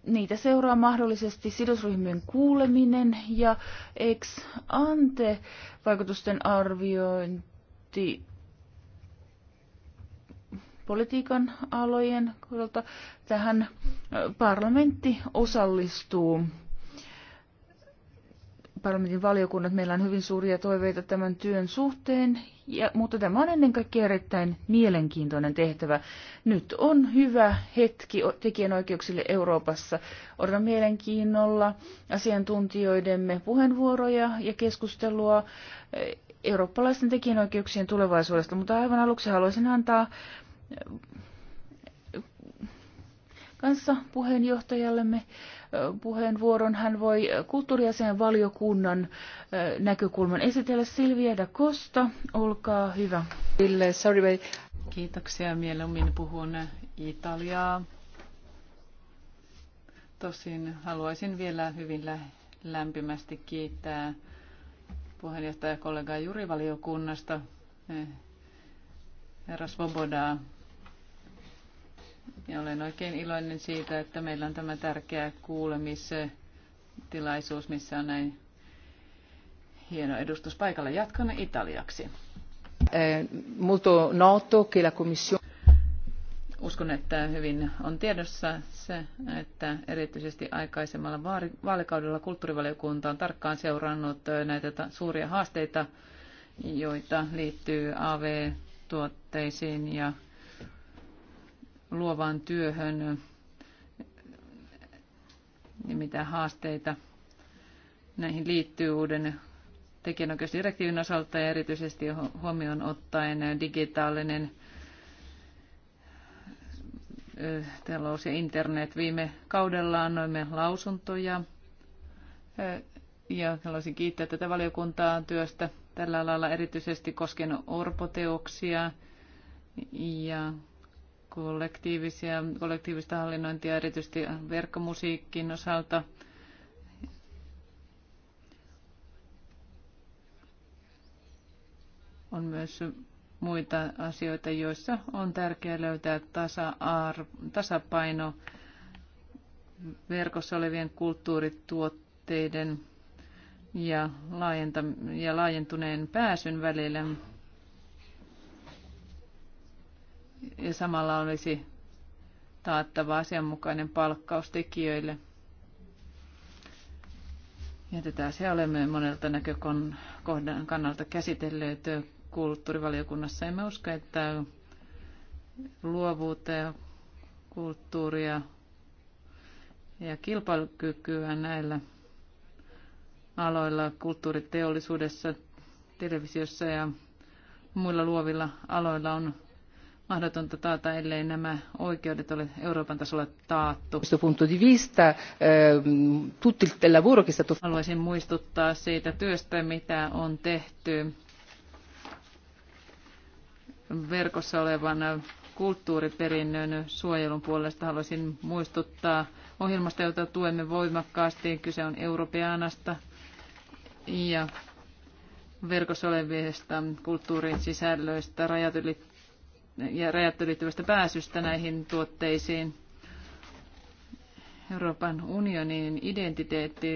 niitä seuraa mahdollisesti sidosryhmien kuuleminen ja ex ante vaikutusten arviointi politiikan alojen kohdalta. Tähän parlamentti osallistuu parlamentin valiokunnat, meillä on hyvin suuria toiveita tämän työn suhteen, ja, mutta tämä on ennen kaikkea erittäin mielenkiintoinen tehtävä. Nyt on hyvä hetki tekijänoikeuksille Euroopassa. Odotan mielenkiinnolla asiantuntijoidemme puheenvuoroja ja keskustelua eh, eurooppalaisten tekijänoikeuksien tulevaisuudesta, mutta aivan aluksi haluaisin antaa kanssa puheenjohtajallemme puheenvuoron. Hän voi kulttuuriasian valiokunnan näkökulman esitellä. Silvia da Costa, olkaa hyvä.
Kiitoksia. Mieluummin puhun Italiaa. Tosin haluaisin vielä hyvin lämpimästi kiittää puheenjohtajakollegaa jurivaliokunnasta, eh, herra Svobodaa, ja olen oikein iloinen siitä, että meillä on tämä tärkeä kuulemistilaisuus, missä on näin hieno edustus paikalla. Jatkan italiaksi. Molto noto che la commission... Uskon, että hyvin on tiedossa se, että erityisesti aikaisemmalla vaalikaudella kulttuurivaliokunta on tarkkaan seurannut näitä suuria haasteita, joita liittyy AV-tuotteisiin ja luovaan työhön niin mitä haasteita näihin liittyy uuden tekijänoikeusdirektiivin osalta ja erityisesti huomioon ottaen digitaalinen talous ja internet. Viime kaudella annoimme lausuntoja ja haluaisin kiittää tätä valiokuntaa työstä tällä alalla erityisesti koskien orpoteoksia ja kollektiivisia, kollektiivista hallinnointia erityisesti verkkomusiikkin osalta. On myös muita asioita, joissa on tärkeää löytää tasapaino verkossa olevien kulttuurituotteiden ja, laajenta, ja laajentuneen pääsyn välillä ja samalla olisi taattava asianmukainen palkkaus tekijöille. Ja tätä asiaa olemme monelta näkökohdan kannalta käsitelleet kulttuurivaliokunnassa. Emme usko, että luovuutta ja kulttuuria ja kilpailukykyä näillä aloilla kulttuuriteollisuudessa, televisiossa ja muilla luovilla aloilla on mahdotonta taata, ellei nämä oikeudet ole Euroopan tasolla taattu. Ehm, Haluaisin muistuttaa siitä työstä, mitä on tehty verkossa olevan kulttuuriperinnön suojelun puolesta. Haluaisin muistuttaa ohjelmasta, jota tuemme voimakkaasti. Kyse on Europeanasta ja verkossa olevista kulttuurin sisällöistä rajat ylittävät ja rajat ylittävästä pääsystä näihin tuotteisiin. Euroopan unionin identiteetti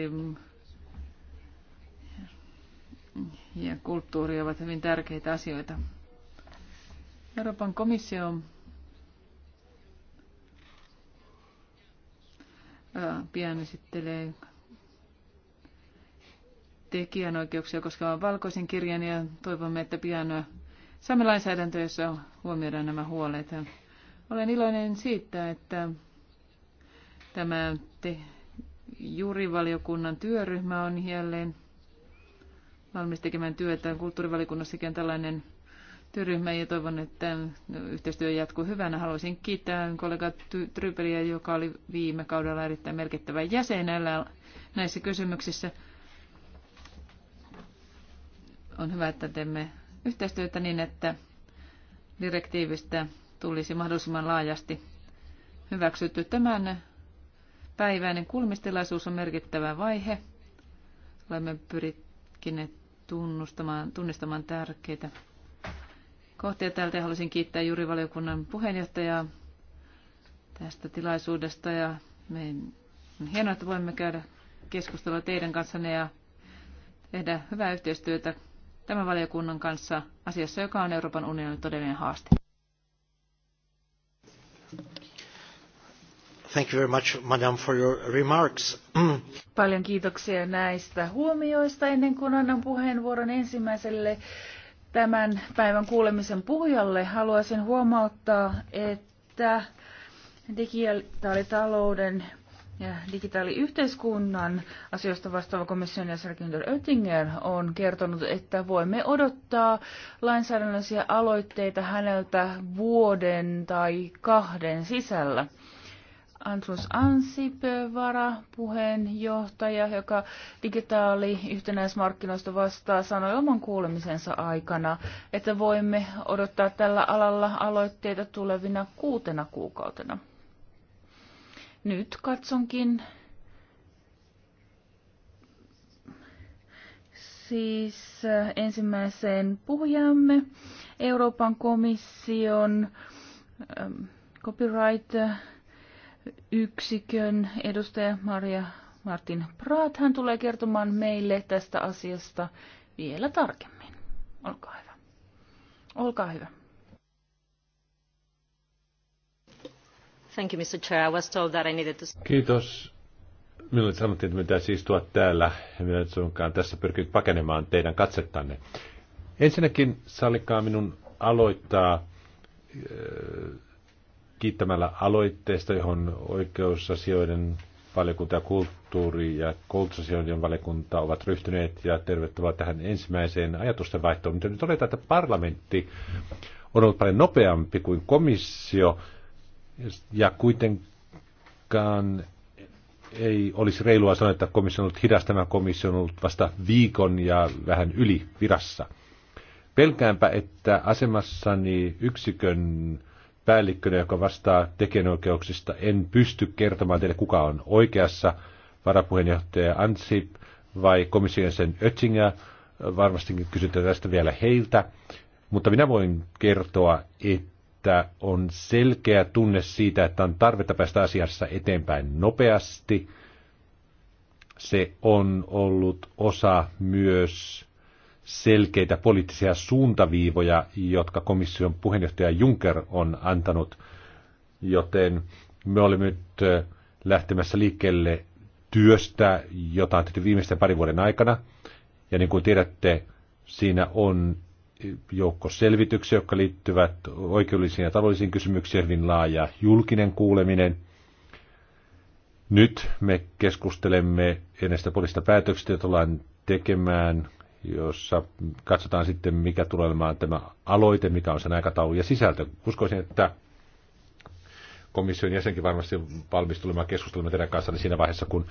ja kulttuuri ovat hyvin tärkeitä asioita. Euroopan komissio pian esittelee tekijänoikeuksia koskevan valkoisen kirjan ja toivomme, että pian saamme lainsäädäntö, jossa huomioidaan nämä huolet. Olen iloinen siitä, että tämä te, juurivaliokunnan työryhmä on jälleen valmis tekemään työtä. Kulttuurivaliokunnassakin on tällainen työryhmä ja toivon, että yhteistyö jatkuu hyvänä. Haluaisin kiittää kollega Trypeliä, joka oli viime kaudella erittäin merkittävä jäsen näissä kysymyksissä. On hyvä, että teemme yhteistyötä niin, että direktiivistä tulisi mahdollisimman laajasti hyväksytty. Tämän päiväinen kulmistilaisuus on merkittävä vaihe. Olemme pyrkineet tunnustamaan, tunnistamaan tärkeitä kohtia täältä. Haluaisin kiittää valiokunnan puheenjohtajaa tästä tilaisuudesta ja me, on hienoa, että voimme käydä keskustelua teidän kanssanne ja tehdä hyvää yhteistyötä tämän valiokunnan kanssa asiassa, joka on Euroopan unionin todellinen haaste.
Thank you very much, madam, for your
remarks. Paljon kiitoksia näistä huomioista ennen kuin annan puheenvuoron ensimmäiselle tämän päivän kuulemisen puhujalle. Haluaisin huomauttaa, että digitaalitalouden ja digitaaliyhteiskunnan asioista vastaava komission jäsen Günther Oettinger on kertonut, että voimme odottaa lainsäädännöllisiä aloitteita häneltä vuoden tai kahden sisällä. Andrus Ansip, puheenjohtaja, joka digitaali yhtenäismarkkinoista vastaa, sanoi oman kuulemisensa aikana, että voimme odottaa tällä alalla aloitteita tulevina kuutena kuukautena. Nyt katsonkin siis äh, ensimmäiseen puhujamme Euroopan komission ähm, copyright-yksikön äh, edustaja Maria Martin Praat. Hän tulee kertomaan meille tästä asiasta vielä tarkemmin. Olkaa hyvä. Olkaa hyvä. Thank you, Mr. Chair. I was told that I needed to...
Kiitos. Minulle sanottiin, että mitä siis istua täällä. En minä nyt suinkaan tässä pyrkinyt pakenemaan teidän katsettanne. Ensinnäkin sallikaa minun aloittaa äh, kiittämällä aloitteesta, johon oikeusasioiden valiokunta ja kulttuuri- ja koulutusasioiden valiokunta ovat ryhtyneet ja tervetuloa tähän ensimmäiseen ajatusten vaihtoon. Mutta nyt todetaan, että parlamentti on ollut paljon nopeampi kuin komissio ja kuitenkaan ei olisi reilua sanoa, että komission on ollut hidas. Tämä komissio on ollut vasta viikon ja vähän yli virassa. Pelkäänpä, että asemassani yksikön päällikkönä, joka vastaa tekijänoikeuksista, en pysty kertomaan teille, kuka on oikeassa, varapuheenjohtaja Ansip vai komission sen Öttinger. Varmastikin kysytään tästä vielä heiltä. Mutta minä voin kertoa, että että on selkeä tunne siitä, että on tarvetta päästä asiassa eteenpäin nopeasti. Se on ollut osa myös selkeitä poliittisia suuntaviivoja, jotka komission puheenjohtaja Juncker on antanut, joten me olemme nyt lähtemässä liikkeelle työstä, jota on tehty viimeisten parin vuoden aikana. Ja niin kuin tiedätte, siinä on joukko selvityksiä, jotka liittyvät oikeudellisiin ja taloudellisiin kysymyksiin, hyvin laaja julkinen kuuleminen. Nyt me keskustelemme ennestä poliista päätöksistä, joita ollaan tekemään, jossa katsotaan sitten, mikä tulee olemaan tämä aloite, mikä on sen aikataulu ja sisältö. Uskoisin, että komission jäsenkin varmasti valmis tulemaan keskustelemaan teidän kanssa niin siinä vaiheessa, kun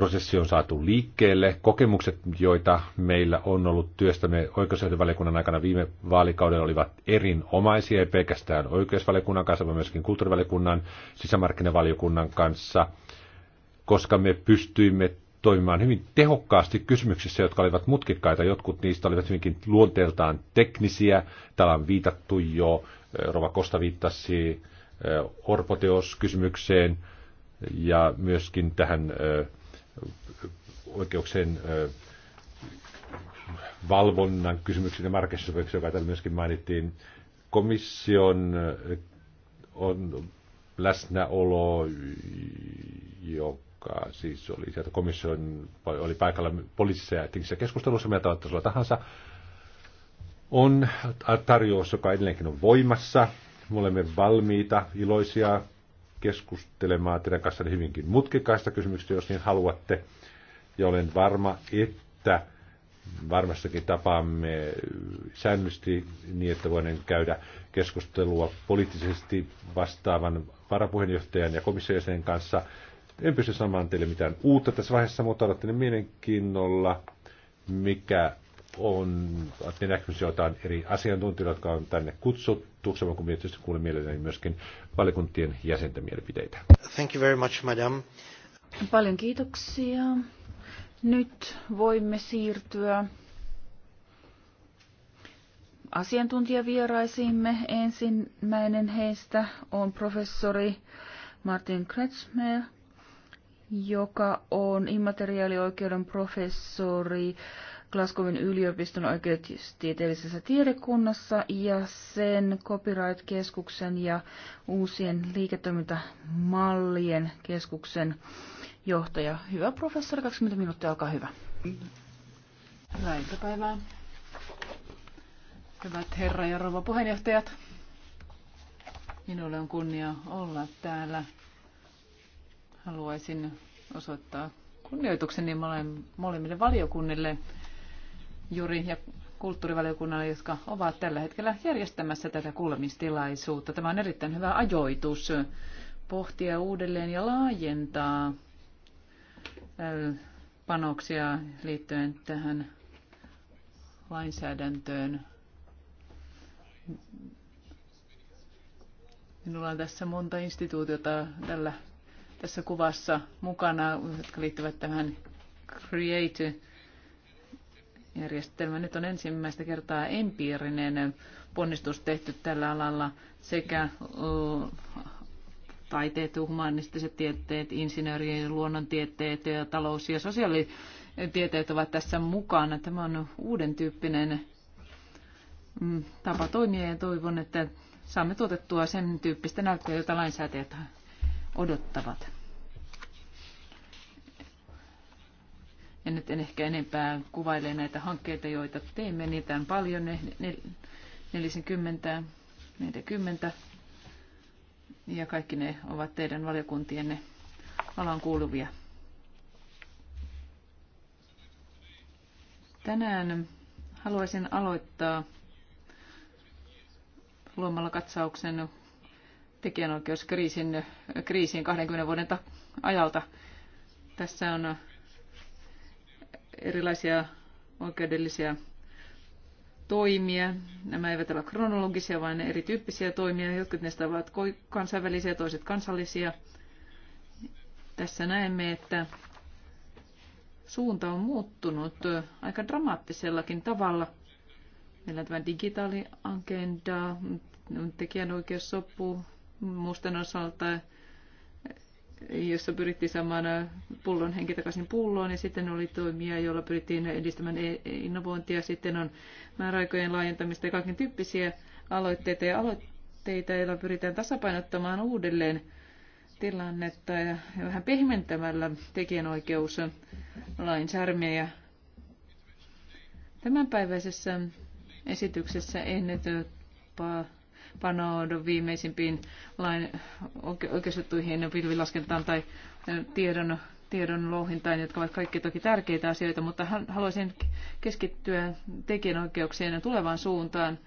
prosessi on saatu liikkeelle. Kokemukset, joita meillä on ollut työstämme oikeusvaliokunnan aikana viime vaalikaudella, olivat erinomaisia, ei pelkästään oikeusvaliokunnan kanssa, vaan myöskin kulttuurivaliokunnan, sisämarkkinavaliokunnan kanssa, koska me pystyimme toimimaan hyvin tehokkaasti kysymyksissä, jotka olivat mutkikkaita. Jotkut niistä olivat hyvinkin luonteeltaan teknisiä. Täällä on viitattu jo, eh, Rova Kosta viittasi eh, Orpoteos-kysymykseen ja myöskin tähän eh, oikeuksien valvonnan kysymyksiin ja markkinoisopimuksiin, joka täällä myöskin mainittiin. Komission on läsnäolo, joka siis oli sieltä komission, oli paikalla poliisissa ja keskustelussa, mitä tahansa tahansa, on tarjous, joka edelleenkin on voimassa. Me olemme valmiita, iloisia keskustelemaan teidän kanssa hyvinkin mutkikaista kysymyksistä, jos niin haluatte. Ja olen varma, että varmastikin tapaamme säännöllisesti niin, että voin käydä keskustelua poliittisesti vastaavan varapuheenjohtajan ja komissiojäsenen kanssa. En pysty sanomaan teille mitään uutta tässä vaiheessa, mutta odottelen mielenkiinnolla, mikä on ne näkemys, joita on eri asiantuntijoita, jotka on tänne kutsuttu, samoin kuin tietysti kuulen mielelläni myöskin valiokuntien jäsenten mielipiteitä.
Thank you very much, madam.
Paljon kiitoksia. Nyt voimme siirtyä asiantuntijavieraisiimme. Ensimmäinen heistä on professori Martin Kretschmer, joka on immateriaalioikeuden professori Glasgowin yliopiston oikeustieteellisessä tiedekunnassa ja sen Copyright-keskuksen ja uusien liiketoimintamallien keskuksen johtaja. Hyvä professori, 20 minuuttia, olkaa hyvä.
Hyvää iltapäivää. Hyvät herra ja rouva puheenjohtajat. Minulle on kunnia olla täällä. Haluaisin osoittaa kunnioitukseni molemmille valiokunnille Juri ja kulttuurivaliokunnalle, jotka ovat tällä hetkellä järjestämässä tätä kuulemistilaisuutta. Tämä on erittäin hyvä ajoitus pohtia uudelleen ja laajentaa panoksia liittyen tähän lainsäädäntöön. Minulla on tässä monta instituutiota tällä, tässä kuvassa mukana, jotka liittyvät tähän Create järjestelmä. Nyt on ensimmäistä kertaa empiirinen ponnistus tehty tällä alalla sekä taiteet, humanistiset tieteet, insinöörien luonnontieteet ja talous- ja sosiaalitieteet ovat tässä mukana. Tämä on uuden tyyppinen mm, tapa toimia ja toivon, että saamme tuotettua sen tyyppistä näyttöä, jota lainsäätäjät odottavat. En nyt en ehkä enempää kuvaile näitä hankkeita, joita teimme. Niitä on paljon, ne, ne, 40, 40. Ja kaikki ne ovat teidän valiokuntienne alan kuuluvia. Tänään haluaisin aloittaa luomalla katsauksen tekijänoikeuskriisin kriisin 20 vuoden ajalta. Tässä on erilaisia oikeudellisia toimia. Nämä eivät ole kronologisia, vaan erityyppisiä toimia. Jotkut näistä ovat kansainvälisiä, toiset kansallisia. Tässä näemme, että suunta on muuttunut aika dramaattisellakin tavalla. Meillä on tämä digitaaliagenda, tekijänoikeussopu, muusten osalta jossa pyrittiin saamaan äh, pullon henki takaisin pulloon, ja sitten oli toimia, joilla pyrittiin edistämään e- innovointia, sitten on määräaikojen laajentamista ja kaiken tyyppisiä aloitteita ja aloitteita, joilla pyritään tasapainottamaan uudelleen tilannetta ja vähän pehmentämällä lainsärmiä. Tämänpäiväisessä esityksessä en nyt äh, panoudun viimeisimpiin lain oikeusjuttuihin pilvilaskentaan tai tiedon, tiedon louhintaan, jotka ovat kaikki toki tärkeitä asioita, mutta haluaisin keskittyä tekijänoikeuksien ja tulevaan suuntaan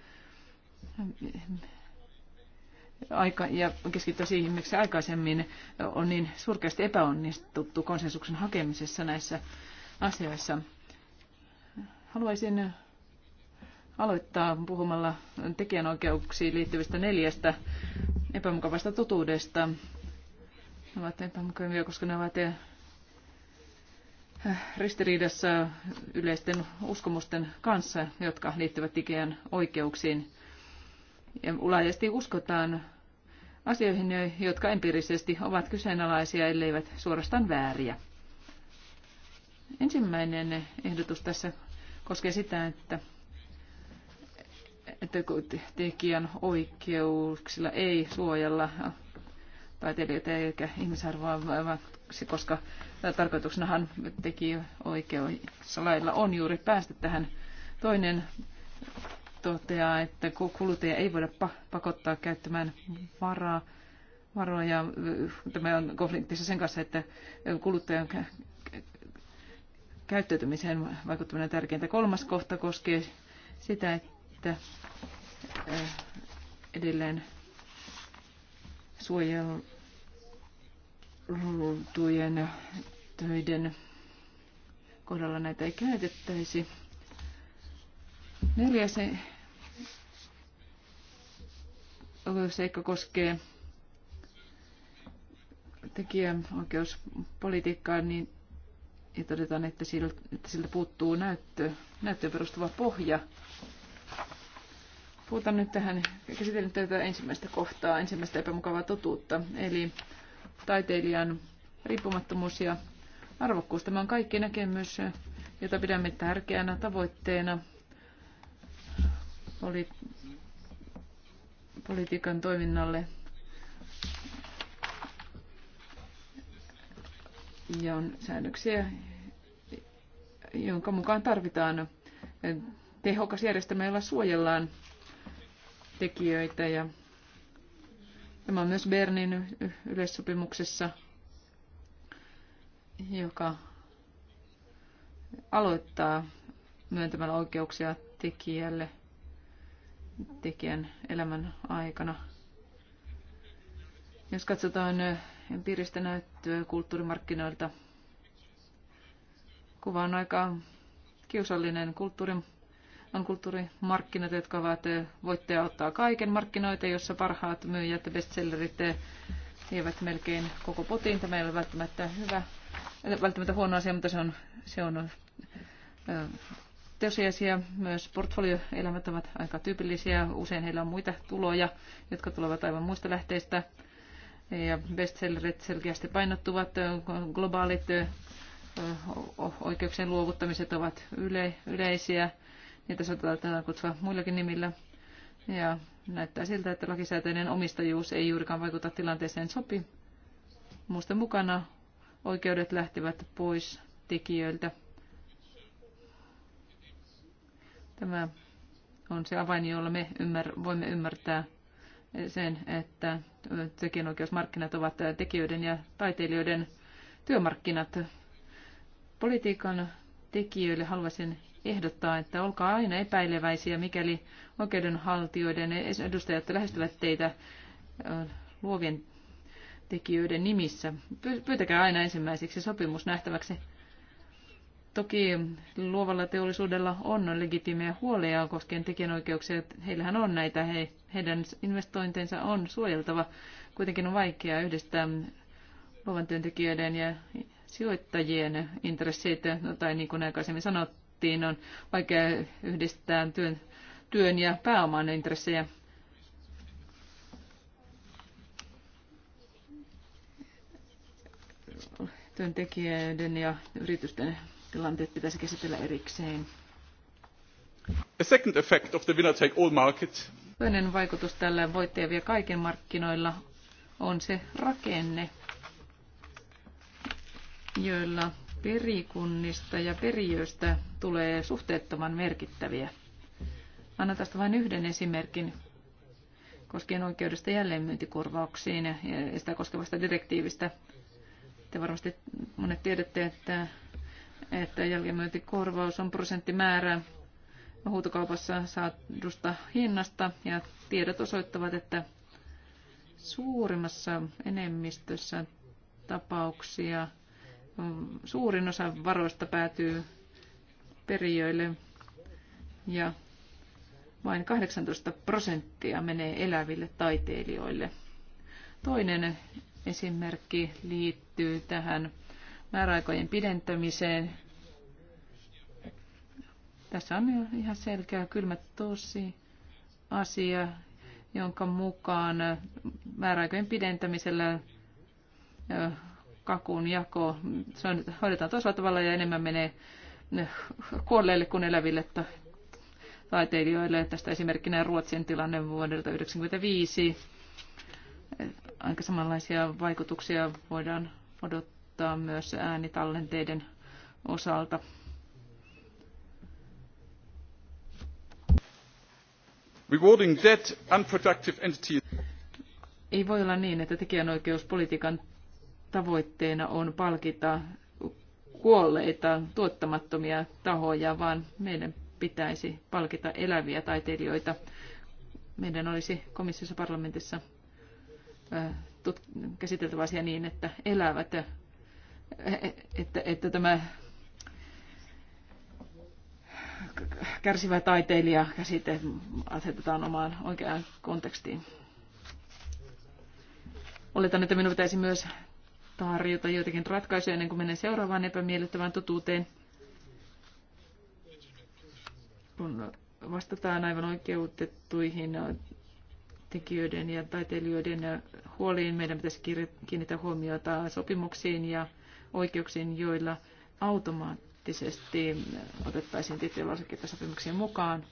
aika, ja keskittyä siihen, miksi aikaisemmin on niin surkeasti epäonnistuttu konsensuksen hakemisessa näissä asioissa. Haluaisin aloittaa puhumalla tekijänoikeuksiin liittyvistä neljästä epämukavasta totuudesta. Ne ovat epämukavia, koska ne ovat äh, ristiriidassa yleisten uskomusten kanssa, jotka liittyvät tekijän oikeuksiin. Ja laajasti uskotaan asioihin, jotka empiirisesti ovat kyseenalaisia, elleivät suorastaan vääriä. Ensimmäinen ehdotus tässä koskee sitä, että että tekijän oikeuksilla ei suojella taiteilijoita eikä ihmisarvoa, koska tarkoituksenahan tekijäoikeuslailla on juuri päästä tähän. Toinen toteaa, että kuluttaja ei voida pakottaa käyttämään varaa, varoja. Tämä on konfliktissa sen kanssa, että kuluttajan käyttäytymiseen vaikuttaminen on tärkeintä. Kolmas kohta koskee sitä, että että äh, edelleen suojeltujen töiden kohdalla näitä ei käytettäisi. Neljäs seikka koskee tekijänoikeuspolitiikkaa, niin ja todetaan, että siltä, että siltä puuttuu näyttö, näyttöön perustuva pohja. Puhutaan nyt tähän, käsitellyt tätä ensimmäistä kohtaa, ensimmäistä epämukavaa totuutta, eli taiteilijan riippumattomuus ja arvokkuus. Tämä on kaikki näkemys, jota pidämme tärkeänä tavoitteena poli- politiikan toiminnalle. Ja on säännöksiä, jonka mukaan tarvitaan tehokas järjestelmä, jolla suojellaan tekijöitä ja tämä on myös Bernin yleissopimuksessa, joka aloittaa myöntämällä oikeuksia tekijälle tekijän elämän aikana. Jos katsotaan empiiristä näyttöä kulttuurimarkkinoilta, kuva on aika kiusallinen kulttuurimarkkinoilta on kulttuurimarkkinat, jotka ovat eh, voittaja ottaa kaiken markkinoita, jossa parhaat myyjät ja bestsellerit eh, vievät melkein koko potin, Tämä ei ole välttämättä hyvä, eh, välttämättä huono asia, mutta se on, se on tosiasia. Myös portfolioelämät ovat aika tyypillisiä. Usein heillä on muita tuloja, jotka tulevat aivan muista lähteistä. Ja bestsellerit selkeästi painottuvat. Globaalit oikeuksien luovuttamiset ovat yle, yleisiä Niitä saatetaan kutsua muillakin nimillä. Ja näyttää siltä, että lakisääteinen omistajuus ei juurikaan vaikuta tilanteeseen sopi. Muusten mukana oikeudet lähtevät pois tekijöiltä. Tämä on se avain, jolla me ymmär- voimme ymmärtää sen, että tekijänoikeusmarkkinat ovat tekijöiden ja taiteilijoiden työmarkkinat. Politiikan tekijöille haluaisin ehdottaa, että olkaa aina epäileväisiä, mikäli oikeudenhaltijoiden edustajat lähestyvät teitä luovien tekijöiden nimissä. Pyytäkää aina ensimmäiseksi sopimus nähtäväksi. Toki luovalla teollisuudella on legitiimejä huoleja koskien tekijänoikeuksia. Heillähän on näitä. He, heidän investointeensa on suojeltava. Kuitenkin on vaikeaa yhdistää luovan työntekijöiden ja sijoittajien intresseitä, tai niin kuin aikaisemmin sanot, budjettiin. On vaikea yhdistää työn, työn ja pääoman intressejä. Työntekijöiden ja yritysten tilanteet pitäisi käsitellä erikseen.
A second effect of the winner take all market.
Toinen vaikutus tällä voittaja vie kaiken markkinoilla on se rakenne, joilla perikunnista ja perijöistä tulee suhteettoman merkittäviä. Annan tästä vain yhden esimerkin koskien oikeudesta jälleenmyyntikorvauksiin ja sitä koskevasta direktiivistä. Te varmasti monet tiedätte, että, että jälleenmyyntikorvaus on prosenttimäärä huutokaupassa saadusta hinnasta ja tiedot osoittavat, että suurimmassa enemmistössä tapauksia – Suurin osa varoista päätyy perijöille ja vain 18 prosenttia menee eläville taiteilijoille. Toinen esimerkki liittyy tähän määräaikojen pidentämiseen. Tässä on ihan selkeä kylmä tosi asia, jonka mukaan määräaikojen pidentämisellä kakun jako. Se on, hoidetaan toisella tavalla ja enemmän menee kuolleille kuin eläville taiteilijoille. Tästä esimerkkinä Ruotsin tilanne vuodelta 1995. Aika samanlaisia vaikutuksia voidaan odottaa myös äänitallenteiden osalta.
Rewarding dead, unproductive entities.
Ei voi olla niin, että tekijänoikeuspolitiikan tavoitteena on palkita kuolleita, tuottamattomia tahoja, vaan meidän pitäisi palkita eläviä taiteilijoita. Meidän olisi komissiossa parlamentissa käsiteltävä asia niin, että elävät, että, että tämä kärsivä taiteilija käsite asetetaan omaan oikeaan kontekstiin. Oletan, että minun pitäisi myös tarjota joitakin ratkaisuja ennen kuin menen seuraavaan epämiellyttävään totuuteen. Kun vastataan aivan oikeutettuihin tekijöiden ja taiteilijoiden huoliin, meidän pitäisi kiinnittää huomiota sopimuksiin ja oikeuksiin, joilla automaattisesti otettaisiin tiettyjä lausekkeita sopimuksiin mukaan.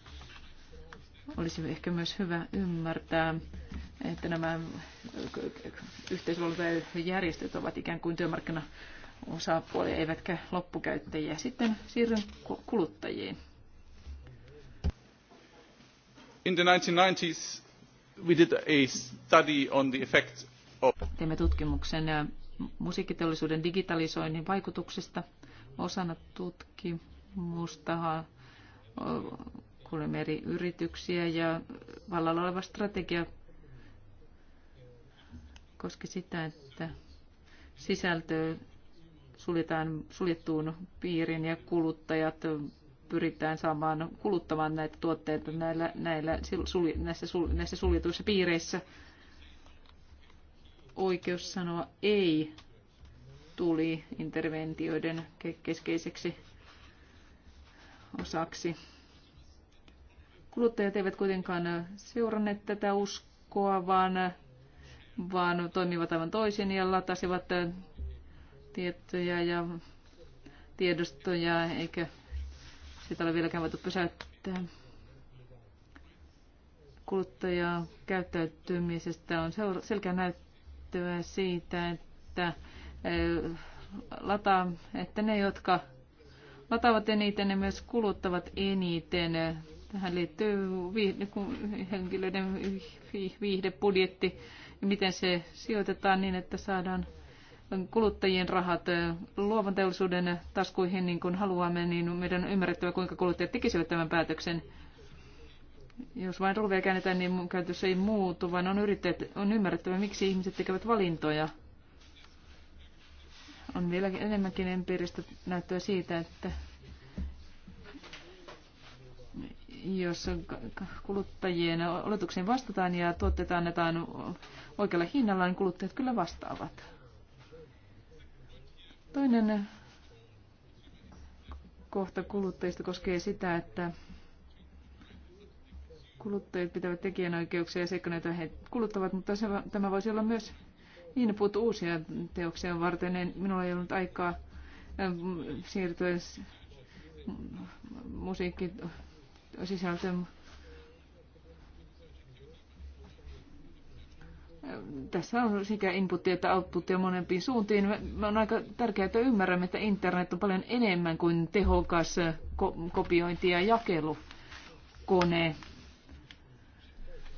Olisi ehkä myös hyvä ymmärtää että nämä yhteisvaluutajärjestöt ovat ikään kuin työmarkkina osapuolia eivätkä loppukäyttäjiä. Sitten siirryn kuluttajiin.
In the 1990s we did a study on the effects of...
teemme tutkimuksen äh, musiikkiteollisuuden digitalisoinnin vaikutuksista. Osana tutkimusta äh, kuulemme eri yrityksiä ja vallalla oleva strategia koski sitä, että sisältö suljetaan suljettuun piiriin ja kuluttajat pyritään saamaan kuluttamaan näitä tuotteita näillä, näillä, sulje, näissä, sul, näissä suljetuissa piireissä. Oikeus sanoa ei tuli interventioiden keskeiseksi osaksi. Kuluttajat eivät kuitenkaan seuranneet tätä uskoa, vaan vaan toimivat aivan toisin ja latasivat tietoja ja tiedostoja, eikä sitä ole vieläkään voitu pysäyttää. Kuluttajaa käyttäytymisestä on selkeä näyttöä siitä, että lataa, että ne, jotka lataavat eniten, ne myös kuluttavat eniten. Tähän liittyy viihde, niin henkilöiden viihdebudjetti miten se sijoitetaan niin, että saadaan kuluttajien rahat luovan teollisuuden taskuihin niin kuin haluamme, niin meidän on ymmärrettävä, kuinka kuluttajat tekisivät tämän päätöksen. Jos vain ruuvia käännetään, niin käytös ei muutu, vaan on, yrittäjät, on ymmärrettävä, miksi ihmiset tekevät valintoja. On vieläkin enemmänkin empiiristä näyttöä siitä, että jos kuluttajien oletuksiin vastataan ja tuotteita annetaan oikealla hinnalla, niin kuluttajat kyllä vastaavat. Toinen kohta kuluttajista koskee sitä, että kuluttajat pitävät tekijänoikeuksia ja sekä näitä he kuluttavat, mutta se, tämä voisi olla myös input uusia teoksia varten. En, minulla ei ollut aikaa äh, siirtyä musiikki sisältö. Tässä on sekä inputtia että outputtia monempiin suuntiin. On aika tärkeää, että ymmärrämme, että internet on paljon enemmän kuin tehokas kopiointi- ja jakelukone.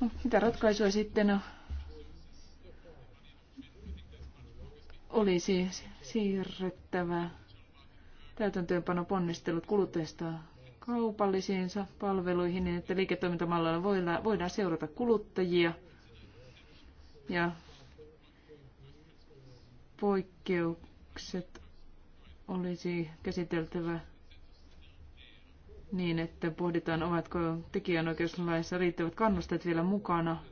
No, mitä ratkaisuja sitten olisi siirrettävä ponnistelut kuluttajista kaupallisiinsa palveluihin, niin että liiketoimintamallilla voidaan seurata kuluttajia ja poikkeukset olisi käsiteltävä niin, että pohditaan, ovatko tekijänoikeuslaissa riittävät kannusteet vielä mukana.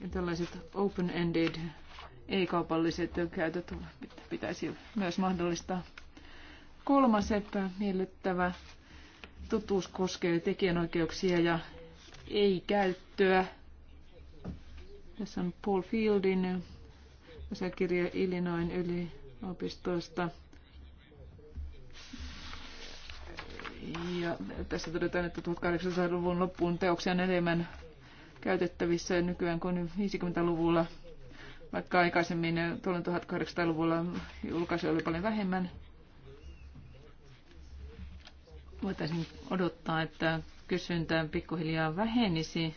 Ja tällaiset open-ended, ei-kaupalliset käytöt pitäisi myös mahdollistaa. Kolmas epämiellyttävä totuus koskee tekijänoikeuksia ja ei-käyttöä. Tässä on Paul Fieldin asiakirja Illinoisin yliopistosta. Ja tässä todetaan, että 1800-luvun loppuun teoksia on enemmän käytettävissä ja nykyään kuin 50-luvulla, vaikka aikaisemmin tuolloin 1800-luvulla julkaisuja oli paljon vähemmän voitaisiin odottaa, että kysyntä pikkuhiljaa vähenisi.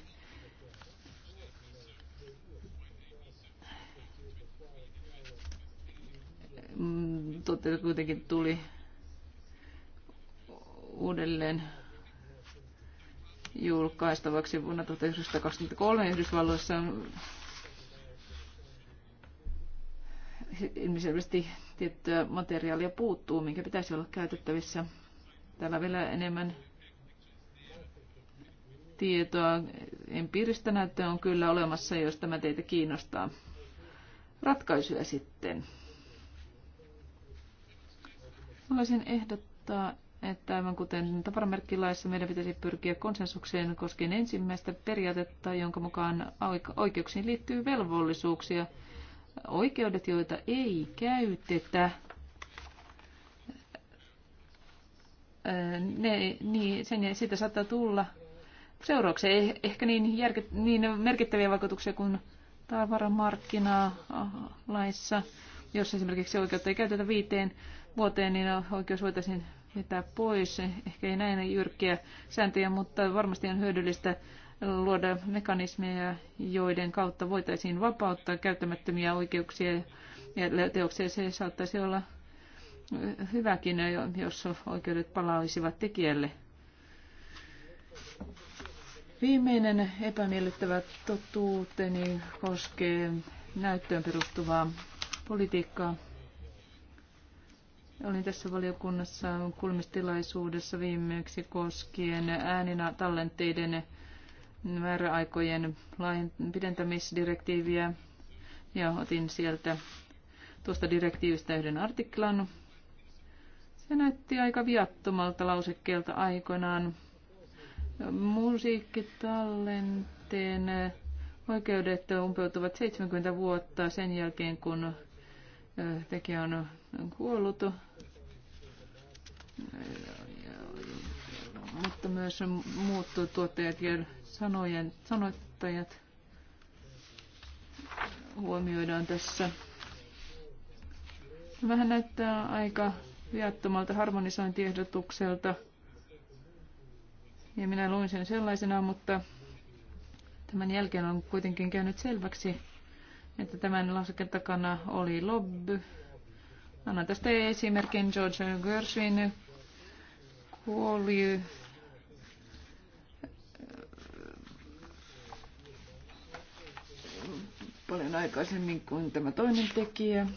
Mm, Totta kuitenkin tuli uudelleen julkaistavaksi vuonna 1923 Yhdysvalloissa ilmiselvästi tiettyä materiaalia puuttuu, minkä pitäisi olla käytettävissä Täällä vielä enemmän tietoa. Empiiristä näyttöä on kyllä olemassa, jos tämä teitä kiinnostaa.
Ratkaisuja
sitten. Haluaisin ehdottaa, että aivan kuten tavaramerkkilaissa meidän pitäisi pyrkiä konsensukseen koskien ensimmäistä periaatetta, jonka mukaan oikeuksiin liittyy velvollisuuksia. Oikeudet, joita ei käytetä, ne, niin sen, siitä saattaa tulla seurauksia. Eh, ehkä niin, järke, niin merkittäviä vaikutuksia kuin laissa, jos esimerkiksi oikeutta ei käytetä viiteen vuoteen, niin oikeus voitaisiin vetää pois. Ehkä ei näin jyrkkiä sääntöjä, mutta varmasti on hyödyllistä luoda mekanismeja, joiden kautta voitaisiin vapauttaa käyttämättömiä oikeuksia ja teoksia. Se saattaisi olla hyväkin, jos oikeudet palaisivat tekijälle. Viimeinen epämiellyttävä totuuteni koskee näyttöön perustuvaa politiikkaa. Olin tässä valiokunnassa kulmistilaisuudessa viimeksi koskien äänina tallenteiden määräaikojen pidentämisdirektiiviä ja otin sieltä tuosta direktiivistä yhden artiklan se näytti aika viattomalta lausekkeelta aikoinaan. Musiikkitallenteen oikeudet umpeutuvat 70 vuotta sen jälkeen, kun tekijä on kuollut. Mutta myös muut tuottajat ja sanojen, sanoittajat huomioidaan tässä. Vähän näyttää aika viattomalta harmonisointiehdotukselta. Ja minä luin sen sellaisena, mutta tämän jälkeen on kuitenkin käynyt selväksi, että tämän lausekkeen takana oli lobby. Annan tästä esimerkin George Gershwin kuoli äh, paljon aikaisemmin kuin tämä toinen tekijä.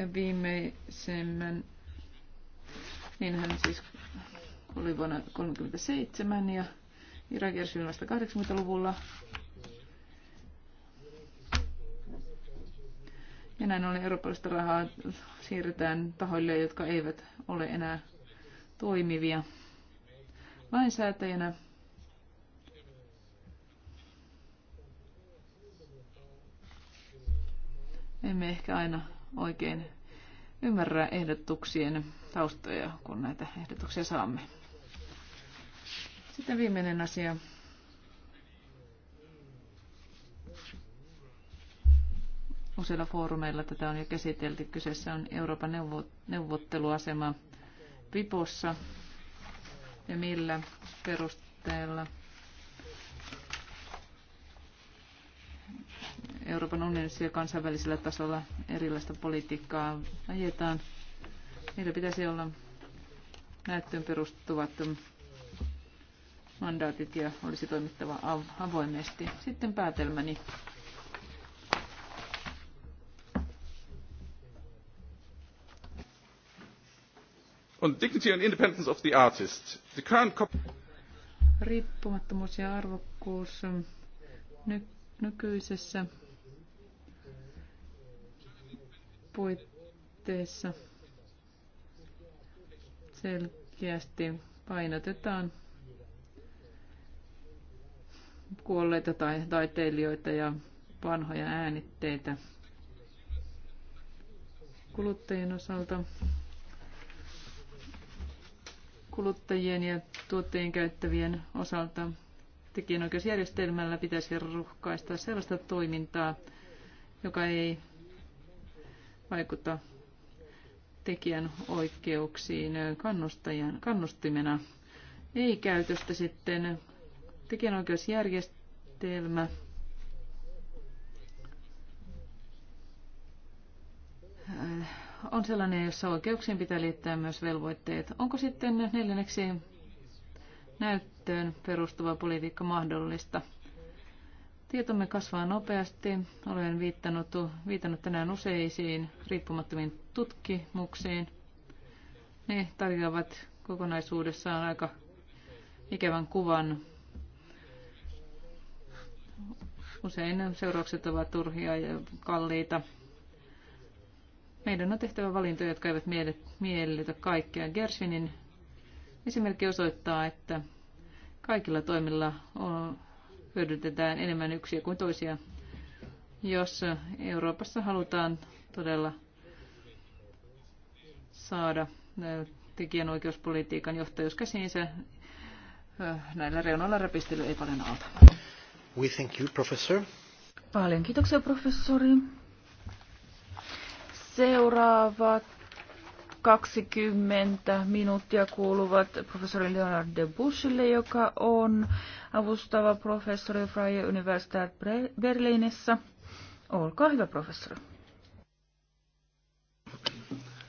Ja viimeisemmän, niin hän siis oli vuonna 1937 ja Irak vasta 80-luvulla. Ja näin ollen eurooppalaista rahaa siirretään tahoille, jotka eivät ole enää toimivia lainsäätäjänä. Emme ehkä aina oikein ymmärrä ehdotuksien taustoja, kun näitä ehdotuksia saamme. Sitten viimeinen asia. Useilla foorumeilla tätä on jo käsitelty. Kyseessä on Euroopan neuvotteluasema Vipossa ja millä perusteella – Euroopan unionissa ja kansainvälisellä tasolla erilaista politiikkaa ajetaan. Meillä pitäisi olla näyttöön perustuvat mandaatit ja olisi toimittava avoimesti. Sitten päätelmäni.
on dignity and independence of the artist. The current
Riippumattomuus ja arvokkuus nykyisessä puitteissa selkeästi painotetaan kuolleita tai taiteilijoita ja vanhoja äänitteitä kuluttajien osalta. Kuluttajien ja tuottajien käyttävien osalta tekijänoikeusjärjestelmällä pitäisi ruhkaista sellaista toimintaa, joka ei vaikuta tekijän oikeuksiin kannustajan, kannustimena. Ei käytöstä sitten tekijänoikeusjärjestelmä. Äh, on sellainen, jossa oikeuksiin pitää liittää myös velvoitteet. Onko sitten neljänneksi näyttöön perustuva politiikka mahdollista? Tietomme kasvaa nopeasti. Olen viitannut, viitannut tänään useisiin riippumattomiin tutkimuksiin. Ne tarjoavat kokonaisuudessaan aika ikävän kuvan. Usein seuraukset ovat turhia ja kalliita. Meidän on tehtävä valintoja, jotka eivät miellytä kaikkea. Gershwinin esimerkki osoittaa, että kaikilla toimilla on hyödytetään enemmän yksiä kuin toisia. Jos Euroopassa halutaan todella saada äh, tekijänoikeuspolitiikan johtajuus käsiinsä, äh, näillä reunoilla repistely ei paljon alta.
We thank you, professor.
Paljon kiitoksia, professori. Seuraavat 20 minuuttia kuuluvat professori Leonard de Bushille, joka on avustava professori Freie Universität Berliinissä. Olkaa hyvä, professori.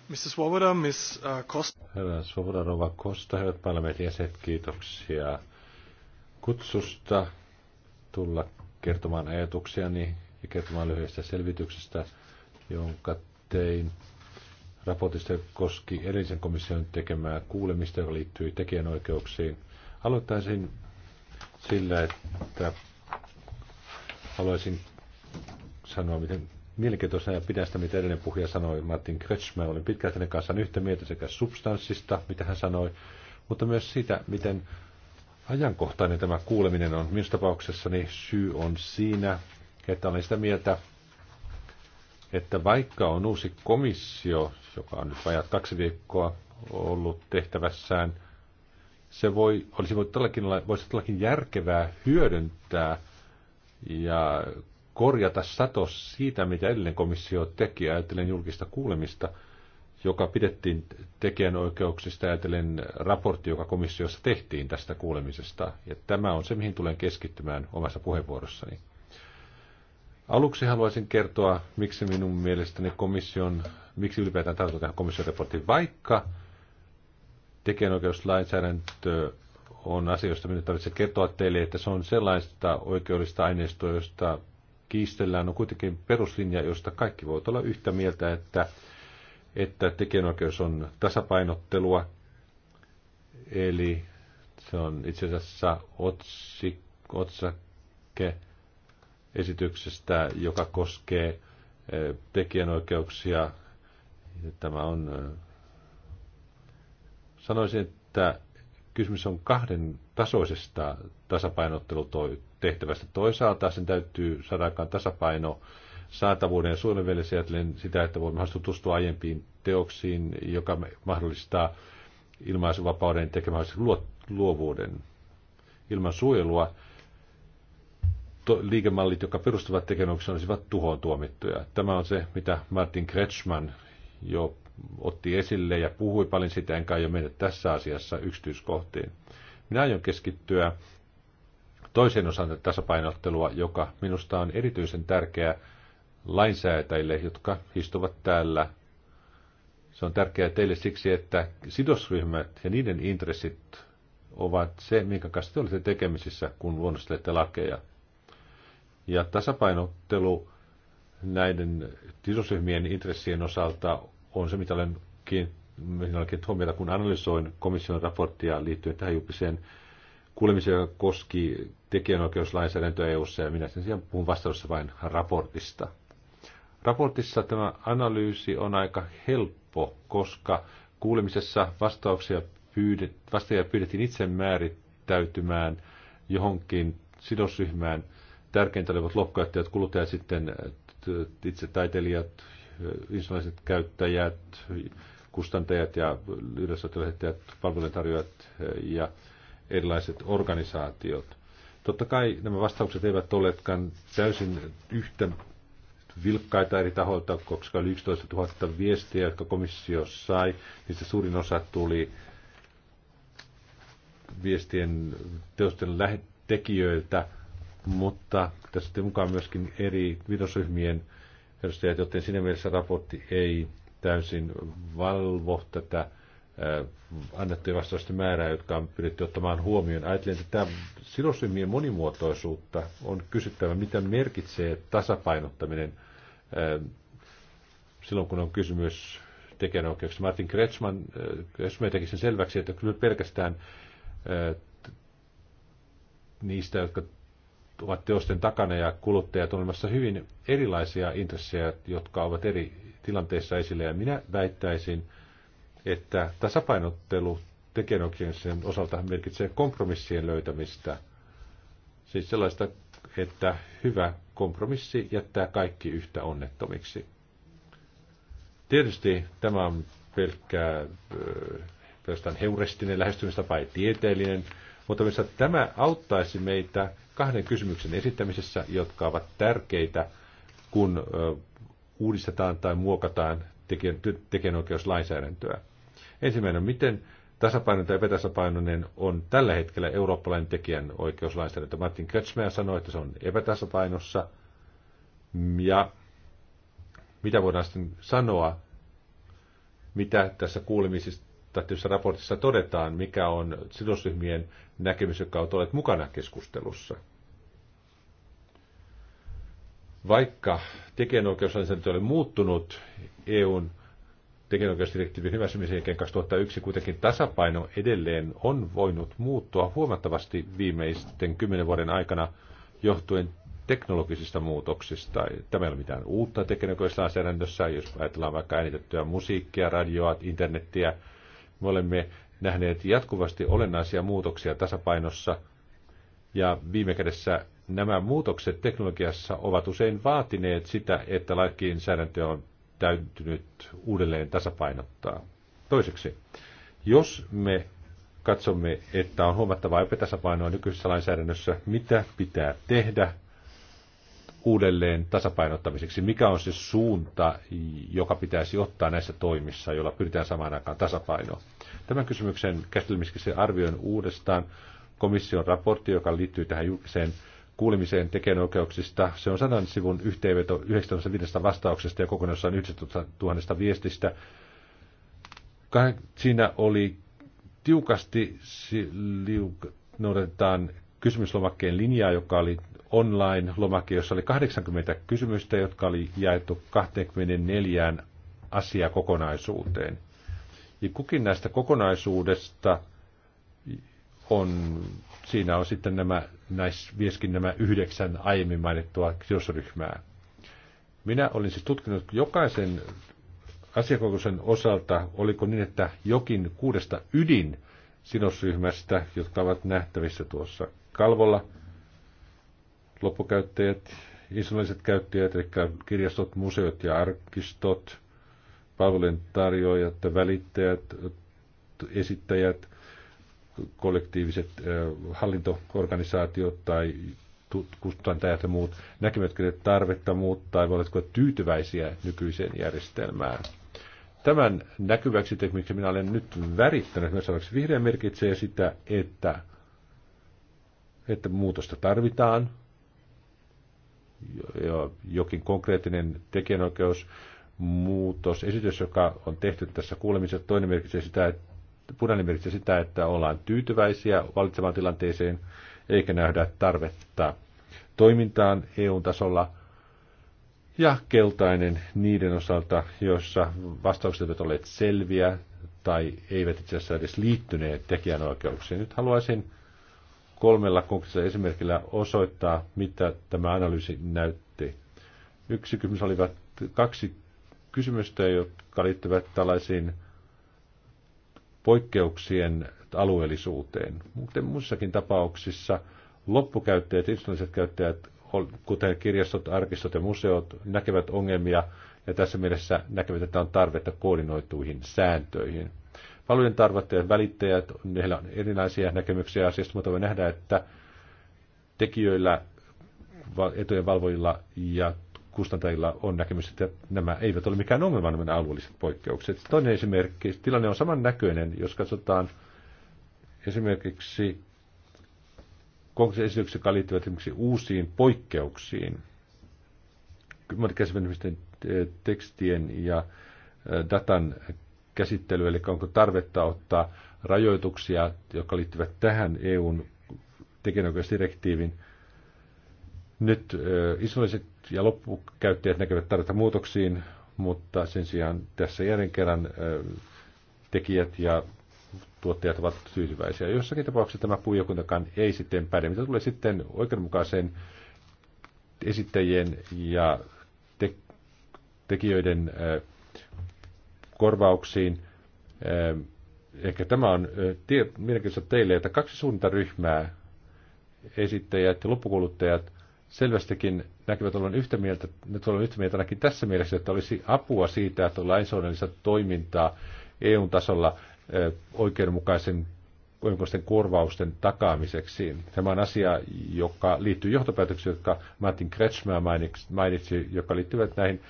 Mr. Swoboda, Miss Costa. Äh, Herra Svoboda, Rova Kosta, hyvät parlamentin jäsenet, kiitoksia kutsusta tulla kertomaan ajatuksiani ja kertomaan lyhyestä selvityksestä, jonka tein raportista koski edellisen komission tekemää kuulemista, joka liittyy tekijänoikeuksiin. Aloittaisin sillä, että haluaisin sanoa, miten mielenkiintoisena ja pidän sitä, mitä edellinen puhuja sanoi, Martin Kretschmer. Olin pitkälti hänen kanssaan yhtä mieltä sekä substanssista, mitä hän sanoi, mutta myös siitä, miten ajankohtainen tämä kuuleminen on. Minun tapauksessani niin syy on siinä, että olen sitä mieltä, että vaikka on uusi komissio, joka on nyt vajat kaksi viikkoa ollut tehtävässään, se voi, olisi voinut tälläkin, voisi tälläkin järkevää hyödyntää ja korjata satos siitä, mitä edellinen komissio teki, ajatellen julkista kuulemista, joka pidettiin tekijänoikeuksista, ajatellen raportti, joka komissiossa tehtiin tästä kuulemisesta. Ja tämä on se, mihin tulen keskittymään omassa puheenvuorossani. Aluksi haluaisin kertoa, miksi minun mielestäni komission, miksi ylipäätään tarvitaan tähän komission raportin, vaikka tekijänoikeuslainsäädäntö on asioista, minun tarvitsee kertoa teille, että se on sellaista oikeudellista aineistoa, josta kiistellään, on kuitenkin peruslinja, josta kaikki voivat olla yhtä mieltä, että, että tekijänoikeus on tasapainottelua, eli se on itse asiassa otsik, otsake esityksestä, joka koskee eh, tekijänoikeuksia. Tämä on, eh, sanoisin, että kysymys on kahden tasoisesta tasapainottelutehtävästä. Toisaalta sen täytyy saada aikaan tasapaino saatavuuden ja suojeluvälisiä sitä, että voimme tutustua aiempiin teoksiin, joka mahdollistaa ilmaisuvapauden tekemään luovuuden. Ilman suojelua liikemallit, jotka perustuvat tekemykseen, olisivat tuhoon tuomittuja. Tämä on se, mitä Martin Kretschmann jo otti esille ja puhui paljon sitä, enkä jo mennä tässä asiassa yksityiskohtiin. Minä aion keskittyä toiseen osaan tätä tasapainottelua, joka minusta on erityisen tärkeä lainsäätäjille, jotka istuvat täällä. Se on tärkeää teille siksi, että sidosryhmät ja niiden intressit ovat se, minkä kanssa te olette tekemisissä, kun luonnostelette lakeja – ja tasapainottelu näiden sidosryhmien intressien osalta on se, mitä olen kiinnittänyt huomiota, kun analysoin komission raporttia liittyen tähän julkiseen kuulemiseen, joka koski tekijänoikeuslainsäädäntöä EU-ssa, ja minä sen sijaan puhun vastaussa vain raportista. Raportissa tämä analyysi on aika helppo, koska kuulemisessa vastauksia pyydet, vastaajia pyydettiin itse määrittäytymään johonkin sidosryhmään – Tärkeintä olivat lohkoajattajat, kuluttajat, sitten itse taiteilijat, insulaiset käyttäjät, kustantajat ja yleisötyöhtäjät, palvelutarjoajat ja erilaiset organisaatiot. Totta kai nämä vastaukset eivät olleetkaan täysin yhtä vilkkaita eri tahoilta, koska oli 11 000 viestiä, jotka komissio sai. Niistä suurin osa tuli viestien teosten tekijöiltä – mutta tässä sitten mukaan myöskin eri vidosryhmien edustajat, joten siinä mielessä raportti ei täysin valvo tätä äh, annettujen vastausten määrää, jotka on pyritty ottamaan huomioon. Ajattelen, että tämä sidosryhmien monimuotoisuutta on kysyttävä, mitä merkitsee tasapainottaminen äh, silloin, kun on kysymys tekijänoikeuksista. Martin Kretschmann, äh, jos me teki sen selväksi, että kyllä pelkästään niistä, jotka ovat teosten takana ja kuluttajat on olemassa hyvin erilaisia intressejä, jotka ovat eri tilanteissa esillä. Ja minä väittäisin, että tasapainottelu tekijänoikeuksien osalta merkitsee kompromissien löytämistä. Siis sellaista, että hyvä kompromissi jättää kaikki yhtä onnettomiksi. Tietysti tämä on pelkkää pelkästään heurestinen lähestymistapa ei tieteellinen, mutta missä tämä auttaisi meitä kahden kysymyksen esittämisessä, jotka ovat tärkeitä, kun uudistetaan tai muokataan tekijänoikeuslainsäädäntöä. Ensimmäinen on, miten tasapainoinen tai epätasapainoinen on tällä hetkellä eurooppalainen tekijänoikeuslainsäädäntö. Martin Kötsmeä sanoi, että se on epätasapainossa. Ja mitä voidaan sitten sanoa, mitä tässä kuulemisista tässä raportissa todetaan, mikä on sidosryhmien näkemys, jotka ovat olleet mukana keskustelussa – vaikka tekijänoikeuslainsäädäntö oli muuttunut EUn tekijänoikeusdirektiivin hyväksymisen jälkeen 2001, kuitenkin tasapaino edelleen on voinut muuttua huomattavasti viimeisten kymmenen vuoden aikana johtuen teknologisista muutoksista. Tämä ei ole mitään uutta tekijänoikeuslainsäädännössä, jos ajatellaan vaikka äänitettyä musiikkia, radioa, internettiä. Me olemme nähneet jatkuvasti olennaisia muutoksia tasapainossa, ja viime kädessä nämä muutokset teknologiassa ovat usein vaatineet sitä, että lainsäädäntöä on täytynyt uudelleen tasapainottaa. Toiseksi, jos me katsomme, että on huomattavaa epätasapainoa nykyisessä lainsäädännössä, mitä pitää tehdä uudelleen tasapainottamiseksi? Mikä on se suunta, joka pitäisi ottaa näissä toimissa, joilla pyritään samaan aikaan tasapainoon? Tämän kysymyksen käsittelemiseksi se arvioin uudestaan komission raportti, joka liittyy tähän julkiseen kuulemiseen tekijänoikeuksista. Se on sadan sivun yhteenveto 95 vastauksesta ja kokonaisuudessaan 11 000 viestistä. Siinä oli tiukasti noudatetaan kysymyslomakkeen linjaa, joka oli online-lomake, jossa oli 80 kysymystä, jotka oli jaettu 24 asiakokonaisuuteen. Ja kukin näistä kokonaisuudesta on, siinä on sitten nämä, näis, vieskin nämä yhdeksän aiemmin mainittua sidosryhmää. Minä olin siis tutkinut jokaisen asiakokoisen osalta, oliko niin, että jokin kuudesta ydin sidosryhmästä, jotka ovat nähtävissä tuossa kalvolla, loppukäyttäjät, islamiset käyttäjät, eli kirjastot, museot ja arkistot, palvelujen tarjoajat, välittäjät, esittäjät – kollektiiviset hallintoorganisaatiot tai kustantajat ja muut, näkevätkö tarvetta muuttaa vai oletko tyytyväisiä nykyiseen järjestelmään? Tämän näkyväksi tekemiksi minä olen nyt värittänyt myös sanoksi vihreä merkitsee sitä, että, että muutosta tarvitaan. Jokin konkreettinen tekijänoikeus muutos, esitys, joka on tehty tässä kuulemisessa. Toinen merkitsee sitä, että punainen merkitsee sitä, että ollaan tyytyväisiä valitsemaan tilanteeseen, eikä nähdä tarvetta toimintaan EU-tasolla. Ja keltainen niiden osalta, joissa vastaukset eivät olleet selviä tai eivät itse asiassa edes liittyneet tekijänoikeuksiin. Nyt haluaisin kolmella konkreettisella esimerkillä osoittaa, mitä tämä analyysi näytti. Yksi kysymys olivat kaksi kysymystä, jotka liittyvät tällaisiin poikkeuksien alueellisuuteen. Muuten muissakin tapauksissa loppukäyttäjät, itsenäiset käyttäjät, kuten kirjastot, arkistot ja museot, näkevät ongelmia ja tässä mielessä näkevät, että on tarvetta koordinoituihin sääntöihin. Palvelujen tarvittajat, välittäjät, heillä on erilaisia näkemyksiä asiasta, mutta voi nähdä, että tekijöillä, etujen valvojilla ja kustantajilla on näkemys, että nämä eivät ole mikään ongelma, nämä alueelliset poikkeukset. Toinen esimerkki, tilanne on samannäköinen, jos katsotaan esimerkiksi konkreettisia esityksiä, jotka liittyvät esimerkiksi uusiin poikkeuksiin, käsivälimisten eh, tekstien ja eh, datan käsittely, eli onko tarvetta ottaa rajoituksia, jotka liittyvät tähän EUn tekijänoikeusdirektiivin. Nyt eh, isolliset ja loppukäyttäjät näkevät tarvetta muutoksiin, mutta sen sijaan tässä jälleen kerran tekijät ja tuottajat ovat tyytyväisiä. Jossakin tapauksessa tämä puujokuntakaan ei sitten päde. Mitä tulee sitten oikeudenmukaiseen esittäjien ja te- tekijöiden korvauksiin, ehkä tämä on mielenkiintoista teille, että kaksi suuntaryhmää, esittäjät ja loppukuluttajat, selvästikin näkyvät olevan yhtä mieltä, nyt ollaan yhtä mieltä ainakin tässä mielessä, että olisi apua siitä, että on lainsäädännöllistä toimintaa EUn tasolla oikeudenmukaisen oikeudenmukaisten korvausten takaamiseksi. Tämä on asia, joka liittyy johtopäätöksiin, jotka Martin Kretschmer mainitsi, joka liittyvät näihin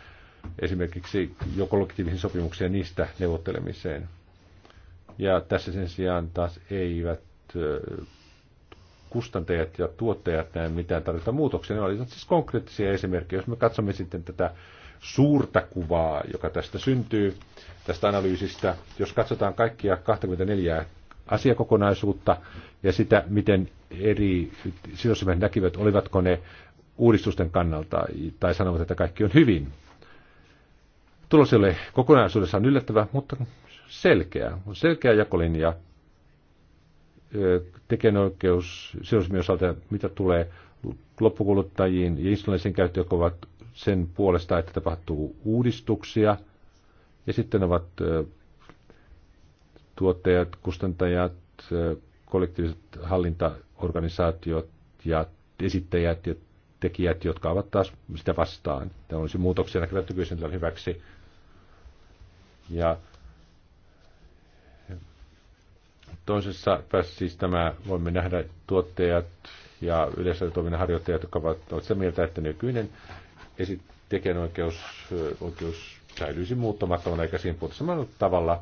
esimerkiksi jo kollektiivisiin sopimuksiin ja niistä neuvottelemiseen. Ja tässä sen sijaan taas eivät kustantajat ja tuottajat näe mitään tarvita muutoksia. Ne olivat siis konkreettisia esimerkkejä. Jos me katsomme sitten tätä suurta kuvaa, joka tästä syntyy, tästä analyysistä, jos katsotaan kaikkia 24 asiakokonaisuutta ja sitä, miten eri sidosryhmät näkivät, olivatko ne uudistusten kannalta tai sanovat, että kaikki on hyvin. Tulos ei ole kokonaisuudessaan yllättävä, mutta selkeä. On selkeä jakolinja tekijänoikeus sidosmien osalta, mitä tulee loppukuluttajiin ja installaisen käyttöön, jotka ovat sen puolesta, että tapahtuu uudistuksia. Ja sitten ovat tuottajat, kustantajat, kollektiiviset hallintaorganisaatiot ja esittäjät ja tekijät, jotka ovat taas sitä vastaan. Tämä olisi muutoksia näkyvät nykyisen hyväksi. Ja Toisessa päässä siis tämä voimme nähdä tuottajat ja toiminnan harjoittajat, jotka ovat, ovat sitä mieltä, että nykyinen esit- tekijänoikeus oikeus säilyisi muuttamattomana eikä siinä puhuta samalla tavalla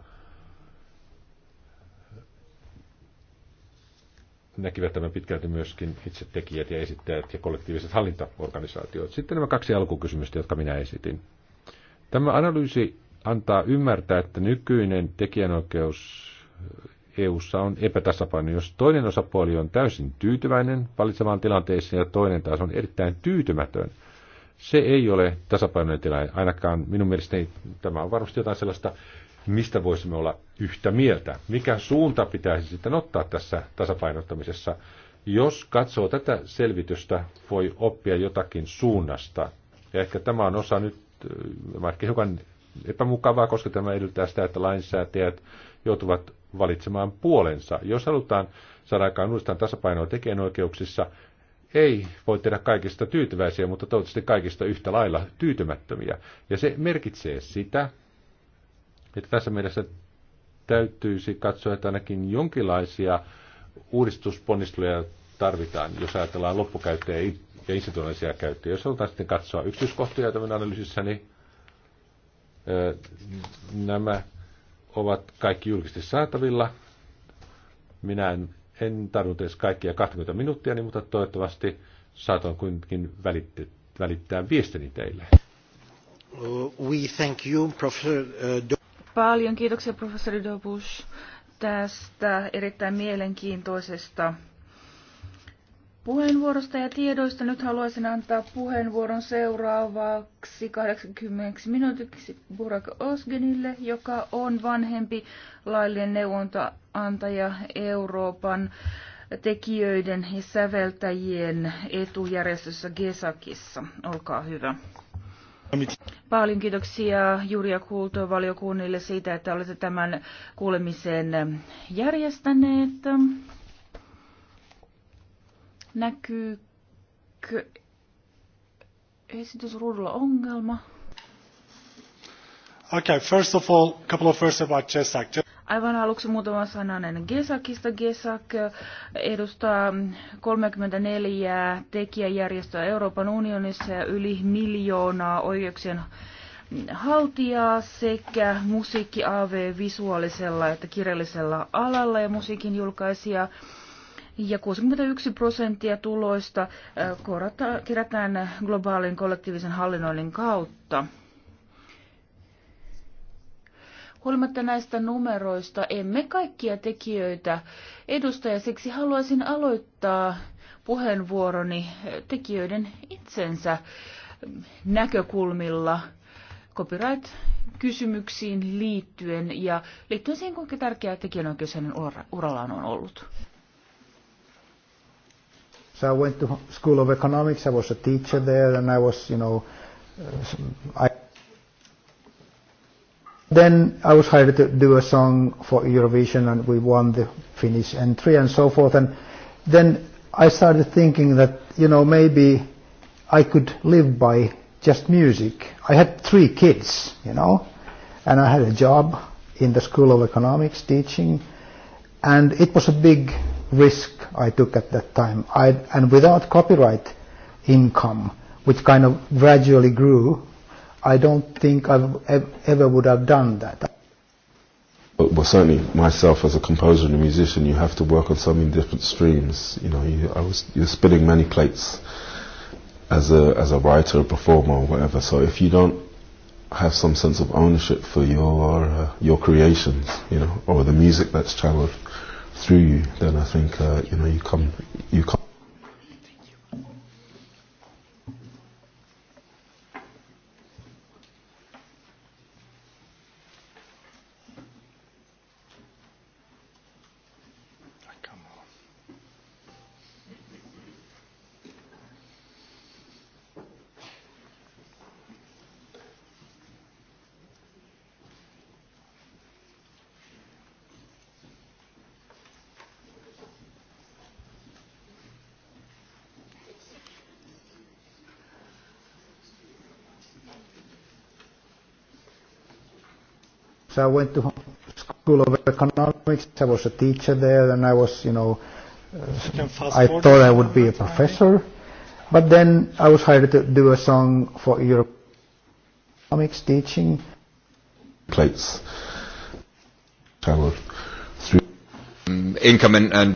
näkivät tämän pitkälti myöskin itse tekijät ja esittäjät ja kollektiiviset hallintaorganisaatiot. Sitten nämä kaksi alkukysymystä, jotka minä esitin. Tämä analyysi antaa ymmärtää, että nykyinen tekijänoikeus EU:ssa on epätasapaino. Jos toinen osapuoli on täysin tyytyväinen valitsemaan tilanteeseen ja toinen taas on erittäin tyytymätön, se ei ole tasapainoinen tilanne. Ainakaan minun mielestäni tämä on varmasti jotain sellaista, mistä voisimme olla yhtä mieltä. Mikä suunta pitäisi sitten ottaa tässä tasapainottamisessa? Jos katsoo tätä selvitystä, voi oppia jotakin suunnasta. Ja ehkä tämä on osa nyt, vaikka äh, hiukan epämukavaa, koska tämä edellyttää sitä, että lainsäätäjät joutuvat valitsemaan puolensa. Jos halutaan saada aikaan uudestaan tasapainoa tekijänoikeuksissa, ei voi tehdä kaikista tyytyväisiä, mutta toivottavasti kaikista yhtä lailla tyytymättömiä. Ja se merkitsee sitä, että tässä mielessä täytyisi katsoa, että ainakin jonkinlaisia uudistusponnisteluja tarvitaan, jos ajatellaan loppukäyttäjä ja institutionaalisia käyttäjiä. Jos halutaan sitten katsoa yksityiskohtia tämän analyysissä, niin nämä ovat kaikki julkisesti saatavilla. Minä en, en tarvinnut edes kaikkia 20 minuuttia, niin, mutta toivottavasti saatoin kuitenkin välittää viestini teille.
Uh, we thank you, professor, uh,
Paljon kiitoksia professori Dobush tästä erittäin mielenkiintoisesta puheenvuorosta ja tiedoista. Nyt haluaisin antaa puheenvuoron seuraavaksi 80 minuutiksi Burak Osgenille, joka on vanhempi laillinen neuvontaantaja Euroopan tekijöiden ja säveltäjien etujärjestössä Gesakissa. Olkaa hyvä. Paljon kiitoksia Juria Kuultovaliokunnille siitä, että olette tämän kuulemisen järjestäneet. Näkyykö esitysruudulla ongelma?
Okay, first of all, couple of words about GESAC.
Aivan aluksi muutama sananen GESACista. GESAC edustaa 34 tekijäjärjestöä Euroopan unionissa ja yli miljoonaa oikeuksien haltijaa sekä musiikki AV visuaalisella että kirjallisella alalla ja musiikin julkaisijaa ja 61 prosenttia tuloista korata kerätään globaalin kollektiivisen hallinnoinnin kautta. Huolimatta näistä numeroista emme kaikkia tekijöitä edustaja, siksi haluaisin aloittaa puheenvuoroni tekijöiden itsensä näkökulmilla copyright-kysymyksiin liittyen ja liittyen siihen, kuinka tärkeää tekijänoikeus hänen urallaan on ollut.
So I went to School of Economics. I was a teacher there, and I was, you know, uh, I. Then I was hired to do a song for Eurovision, and we won the Finnish entry and so forth. And then I started thinking that, you know, maybe I could live by just music. I had three kids, you know, and I had a job in the School of Economics teaching, and it was a big risk I took at that time. I, and without copyright income, which kind of gradually grew, I don't think I ever would have done that.
Well,
certainly myself as a composer and a musician, you have to work on so many different streams. You know, you, I was, you're spinning many plates as a, as a writer, a performer, or whatever. So if you don't have some sense of ownership for your, uh, your creations, you know, or the music that's channeled, through you, then I think uh, you know you come you come.
I went to School of Economics. I was a teacher there, and I was, you know, uh, I thought I would be a professor. But then I was hired to do a song for your economics teaching. Plates.
Travel through um, income and, and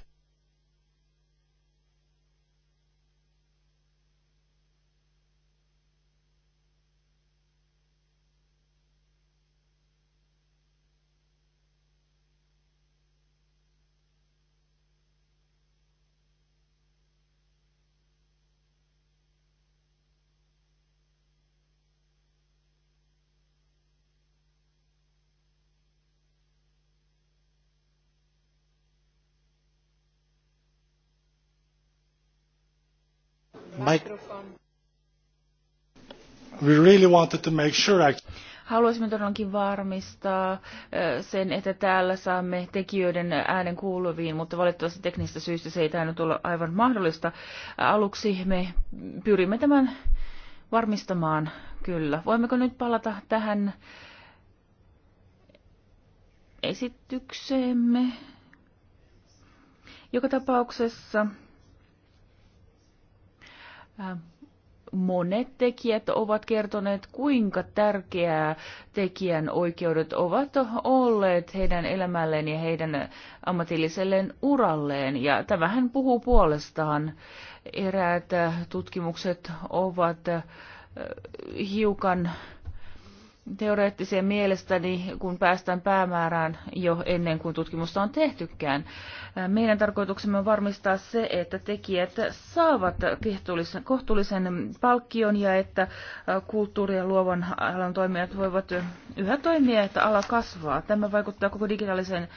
wanted to make sure actually
haluaisimme todellakin varmistaa sen, että täällä saamme tekijöiden äänen kuuluviin, mutta valitettavasti teknistä syystä se ei tainnut olla aivan mahdollista. Aluksi me pyrimme tämän varmistamaan, kyllä. Voimmeko nyt palata tähän esitykseemme? Joka tapauksessa monet tekijät ovat kertoneet, kuinka tärkeää tekijän oikeudet ovat olleet heidän elämälleen ja heidän ammatilliselleen uralleen. Ja tämähän puhuu puolestaan. Eräät tutkimukset ovat äh, hiukan teoreettisia mielestäni, kun päästään päämäärään jo ennen kuin tutkimusta on tehtykään. Meidän tarkoituksemme on varmistaa se, että tekijät saavat kohtuullisen palkkion ja että kulttuuri- ja luovan alan toimijat voivat yhä toimia, että ala kasvaa. Tämä vaikuttaa koko digitaaliseen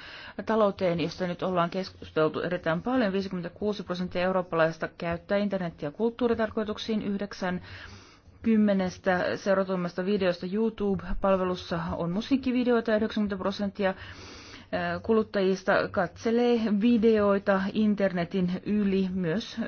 talouteen, josta nyt ollaan keskusteltu erittäin paljon. 56 prosenttia eurooppalaisista käyttää internetiä kulttuuritarkoituksiin, 9 kymmenestä seuratuimmasta videosta YouTube-palvelussa on musiikkivideoita 90 prosenttia kuluttajista katselee videoita internetin yli myös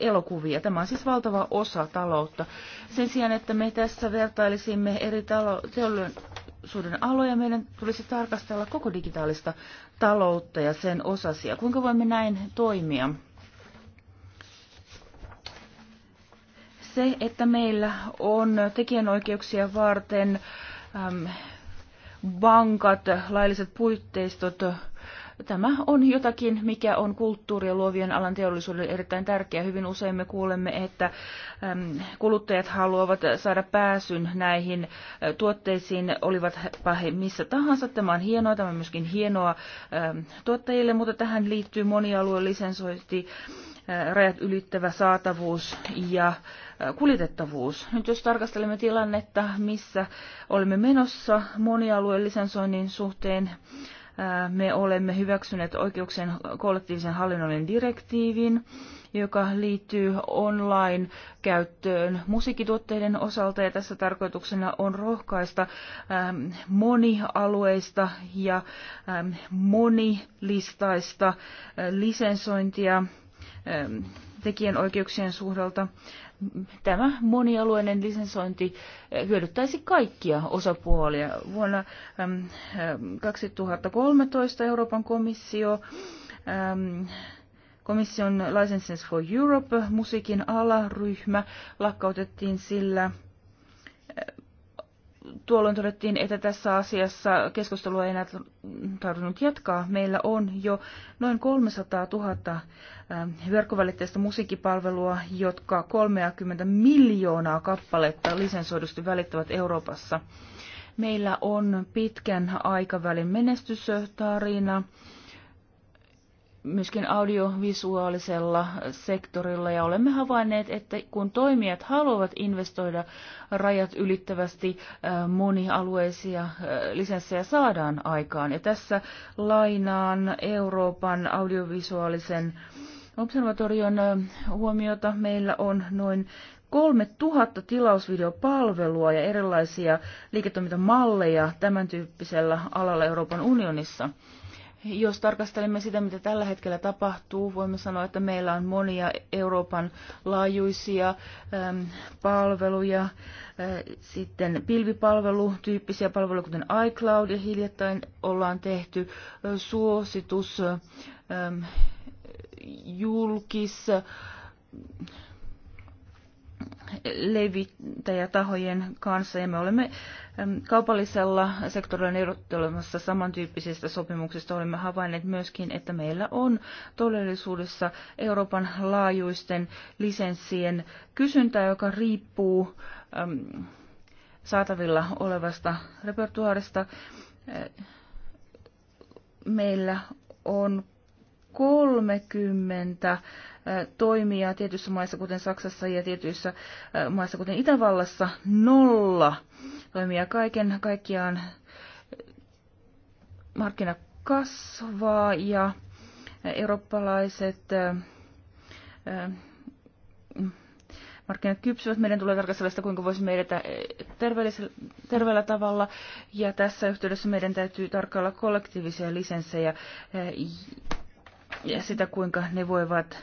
elokuvia. Tämä on siis valtava osa taloutta. Sen sijaan, että me tässä vertailisimme eri talo- teollisuuden aloja, meidän tulisi tarkastella koko digitaalista taloutta ja sen osasia. Kuinka voimme näin toimia? se, että meillä on tekijänoikeuksia varten äm, bankat, lailliset puitteistot, tämä on jotakin, mikä on kulttuuri- ja luovien alan teollisuudelle erittäin tärkeää. Hyvin usein me kuulemme, että kuluttajat haluavat saada pääsyn näihin tuotteisiin, olivat he missä tahansa. Tämä on hienoa, tämä on myöskin hienoa tuottajille, mutta tähän liittyy monialueen lisensointi, rajat ylittävä saatavuus ja kuljetettavuus. Nyt jos tarkastelemme tilannetta, missä olemme menossa monialueellisen soinnin suhteen, me olemme hyväksyneet oikeuksien kollektiivisen hallinnollinen direktiivin, joka liittyy online-käyttöön musiikkituotteiden osalta, ja tässä tarkoituksena on rohkaista monialueista ja monilistaista lisensointia tekijänoikeuksien suhdalta tämä monialueinen lisensointi hyödyttäisi kaikkia osapuolia. Vuonna 2013 Euroopan komissio komission Licenses for Europe musiikin alaryhmä lakkautettiin sillä tuolloin todettiin, että tässä asiassa keskustelua ei enää tarvinnut jatkaa. Meillä on jo noin 300 000 ähm, verkkovälitteistä musiikkipalvelua, jotka 30 miljoonaa kappaletta lisensoidusti välittävät Euroopassa. Meillä on pitkän aikavälin menestystarina myöskin audiovisuaalisella sektorilla ja olemme havainneet, että kun toimijat haluavat investoida rajat ylittävästi äh, monialueisia äh, lisenssejä saadaan aikaan. Ja tässä lainaan Euroopan audiovisuaalisen observatorion äh, huomiota. Meillä on noin 3000 tilausvideopalvelua ja erilaisia liiketoimintamalleja tämän tyyppisellä alalla Euroopan unionissa. Jos tarkastelemme sitä, mitä tällä hetkellä tapahtuu, voimme sanoa, että meillä on monia Euroopan laajuisia palveluja, sitten pilvipalvelutyyppisiä palveluja, kuten iCloud, ja hiljattain ollaan tehty suositus julkis levittäjätahojen kanssa ja me olemme kaupallisella sektorilla neuvottelemassa samantyyppisistä sopimuksista. Olemme havainneet myöskin, että meillä on todellisuudessa Euroopan laajuisten lisenssien kysyntää, joka riippuu saatavilla olevasta repertuaarista. Meillä on 30 toimia tietyissä maissa, kuten Saksassa ja tietyissä maissa, kuten Itävallassa, nolla toimia kaiken kaikkiaan. Markkina kasvaa ja eurooppalaiset markkinat kypsyvät. Meidän tulee tarkastella sitä, kuinka voisimme edetä terveellä tavalla. Ja tässä yhteydessä meidän täytyy tarkkailla kollektiivisia lisenssejä ja sitä, kuinka ne voivat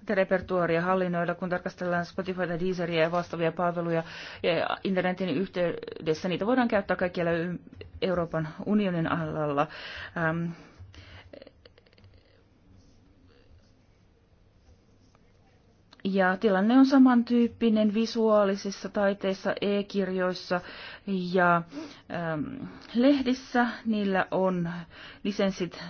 tätä repertuaria hallinnoida, kun tarkastellaan Spotifyta, Deezeria ja vastaavia palveluja ja internetin yhteydessä. Niitä voidaan käyttää kaikkialla Euroopan unionin alalla. Ähm, Ja tilanne on samantyyppinen visuaalisissa taiteissa, e-kirjoissa ja ähm, lehdissä. Niillä on lisenssit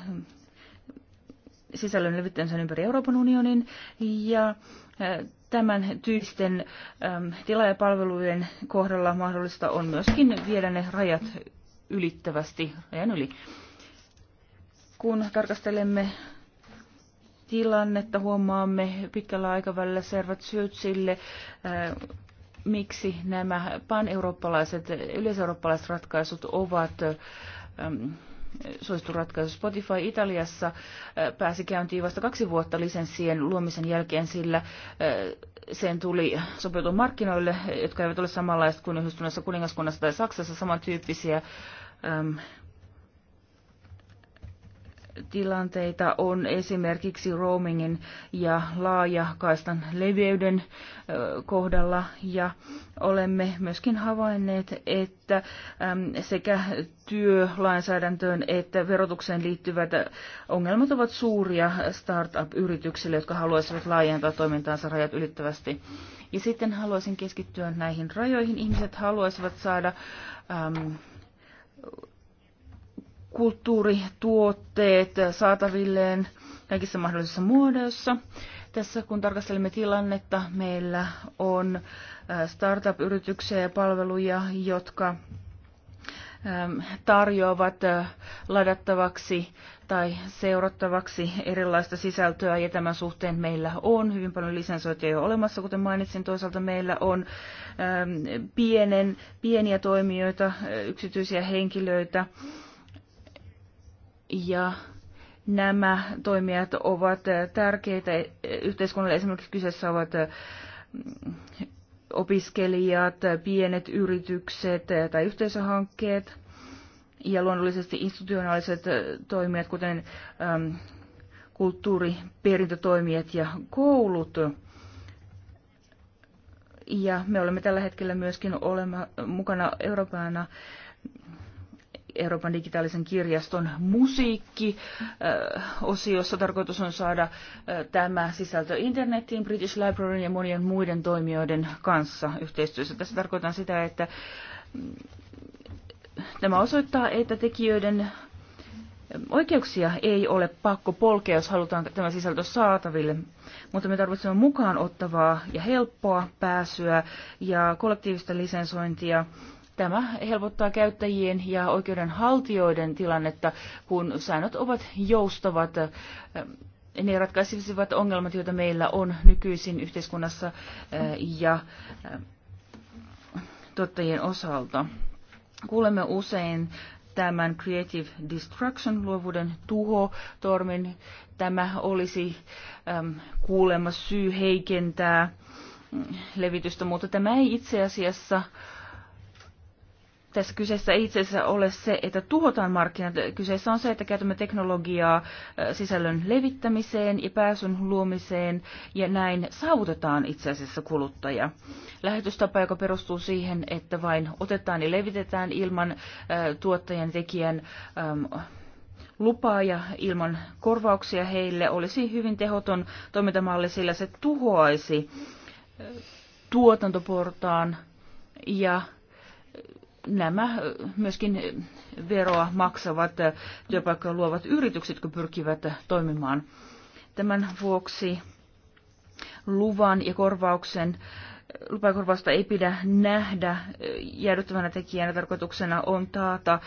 sisällön levittämisen ympäri Euroopan unionin ja tämän ja tilaajapalvelujen kohdalla mahdollista on myöskin viedä ne rajat ylittävästi rajan yli. Kun tarkastelemme tilannetta, huomaamme pitkällä aikavälillä servat syyt sille, miksi nämä pan-eurooppalaiset, yleiseurooppalaiset ratkaisut ovat suosittu ratkaisu. Spotify Italiassa pääsi käyntiin vasta kaksi vuotta lisenssien luomisen jälkeen, sillä sen tuli sopeutua markkinoille, jotka eivät ole samanlaiset kuin yhdistyneessä kuningaskunnassa tai Saksassa samantyyppisiä tilanteita on esimerkiksi roamingin ja laajakaistan leveyden kohdalla ja olemme myöskin havainneet, että sekä työlainsäädäntöön että verotukseen liittyvät ongelmat ovat suuria startup-yrityksille, jotka haluaisivat laajentaa toimintaansa rajat ylittävästi. Ja sitten haluaisin keskittyä näihin rajoihin. Ihmiset haluaisivat saada äm, kulttuurituotteet saatavilleen kaikissa mahdollisissa muodoissa. Tässä kun tarkastelemme tilannetta, meillä on äh, startup-yrityksiä ja palveluja, jotka ähm, tarjoavat äh, ladattavaksi tai seurattavaksi erilaista sisältöä ja tämän suhteen meillä on hyvin paljon lisensointia jo olemassa, kuten mainitsin. Toisaalta meillä on ähm, pienen, pieniä toimijoita, äh, yksityisiä henkilöitä, ja nämä toimijat ovat tärkeitä. Yhteiskunnalle esimerkiksi kyseessä ovat opiskelijat, pienet yritykset tai yhteisöhankkeet ja luonnollisesti institutionaaliset toimijat, kuten kulttuuriperintötoimijat ja koulut. Ja me olemme tällä hetkellä myöskin olema, mukana Euroopana Euroopan digitaalisen kirjaston musiikki-osiossa. Äh, Tarkoitus on saada äh, tämä sisältö internetiin British Libraryn ja monien muiden toimijoiden kanssa yhteistyössä. Tässä tarkoitan sitä, että mm, tämä osoittaa, että tekijöiden mm, Oikeuksia ei ole pakko polkea, jos halutaan tämä sisältö saataville, mutta me tarvitsemme mukaan ottavaa ja helppoa pääsyä ja kollektiivista lisensointia Tämä helpottaa käyttäjien ja oikeudenhaltijoiden tilannetta, kun säännöt ovat joustavat. Äh, ne ratkaisivat ongelmat, joita meillä on nykyisin yhteiskunnassa äh, ja äh, tuottajien osalta. Kuulemme usein tämän Creative Destruction, luovuuden tuho, tormin. Tämä olisi kuulemma syy heikentää mm, levitystä, mutta tämä ei itse asiassa äh, tässä kyseessä ei itse asiassa ole se, että tuhotaan markkinat. Kyseessä on se, että käytämme teknologiaa sisällön levittämiseen ja pääsyn luomiseen ja näin saavutetaan itse asiassa kuluttaja. Lähetystapa, joka perustuu siihen, että vain otetaan ja levitetään ilman tuottajan tekijän lupaa ja ilman korvauksia heille olisi hyvin tehoton toimintamalli, sillä se tuhoaisi tuotantoportaan ja nämä myöskin veroa maksavat työpaikkoja luovat yritykset, jotka pyrkivät toimimaan. Tämän vuoksi luvan ja korvauksen lupakorvausta ei pidä nähdä jäädyttävänä tekijänä. Tarkoituksena on taata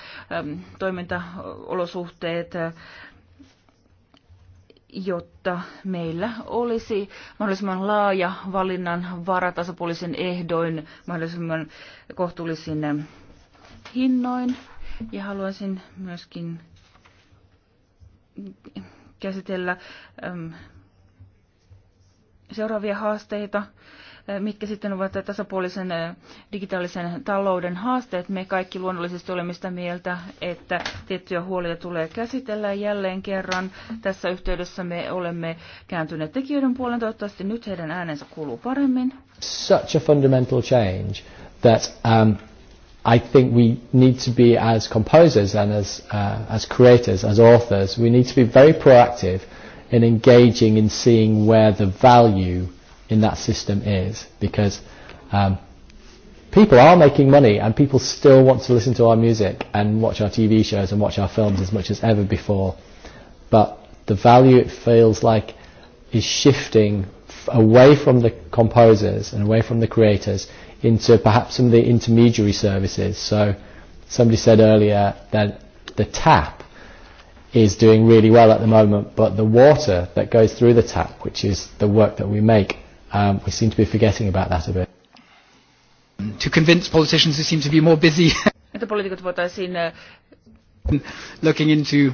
toimintaolosuhteet, jotta meillä olisi mahdollisimman laaja valinnan vara tasapuolisen ehdoin, mahdollisimman kohtuullisin hinnoin. Ja haluaisin myöskin käsitellä ähm, seuraavia haasteita, äh, mitkä sitten ovat tasapuolisen äh, digitaalisen talouden haasteet. Me kaikki luonnollisesti olemme sitä mieltä, että tiettyjä huolia tulee käsitellä jälleen kerran. Tässä yhteydessä me olemme kääntyneet tekijöiden puolen. Toivottavasti nyt heidän äänensä kuuluu paremmin.
Such a fundamental change that um, I think we need to be as composers and as uh, as creators, as authors, we need to be very proactive in engaging in seeing where the value in that system is, because um, people are making money and people still want to listen to our music and watch our TV shows and watch our films as much as ever before, but the value it feels like is shifting f- away from the composers and away from the creators into perhaps some of the intermediary services. So somebody said earlier that the tap is doing really well at the moment, but the water that goes through the tap, which is the work that we make, um, we seem to be forgetting about that a bit. To convince politicians who seem to be more busy. Äh, looking into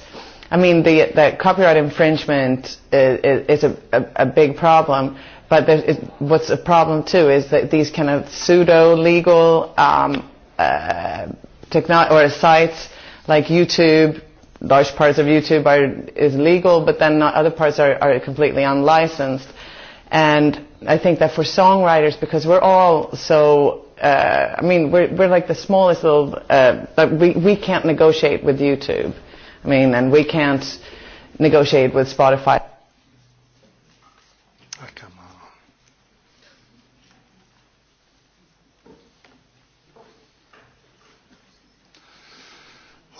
I mean, the, the copyright infringement is, is a, a, a big problem, but there is, what's a problem too is that these kind of pseudo-legal um, uh, technology or sites like YouTube, large parts of YouTube are, is legal, but then not, other parts are, are completely unlicensed. And I think that for songwriters, because we're all so uh, I mean, we're, we're like the smallest little, uh, but we, we can't negotiate with YouTube. Uh, I mean, and we can't negotiate with Spotify. Ah,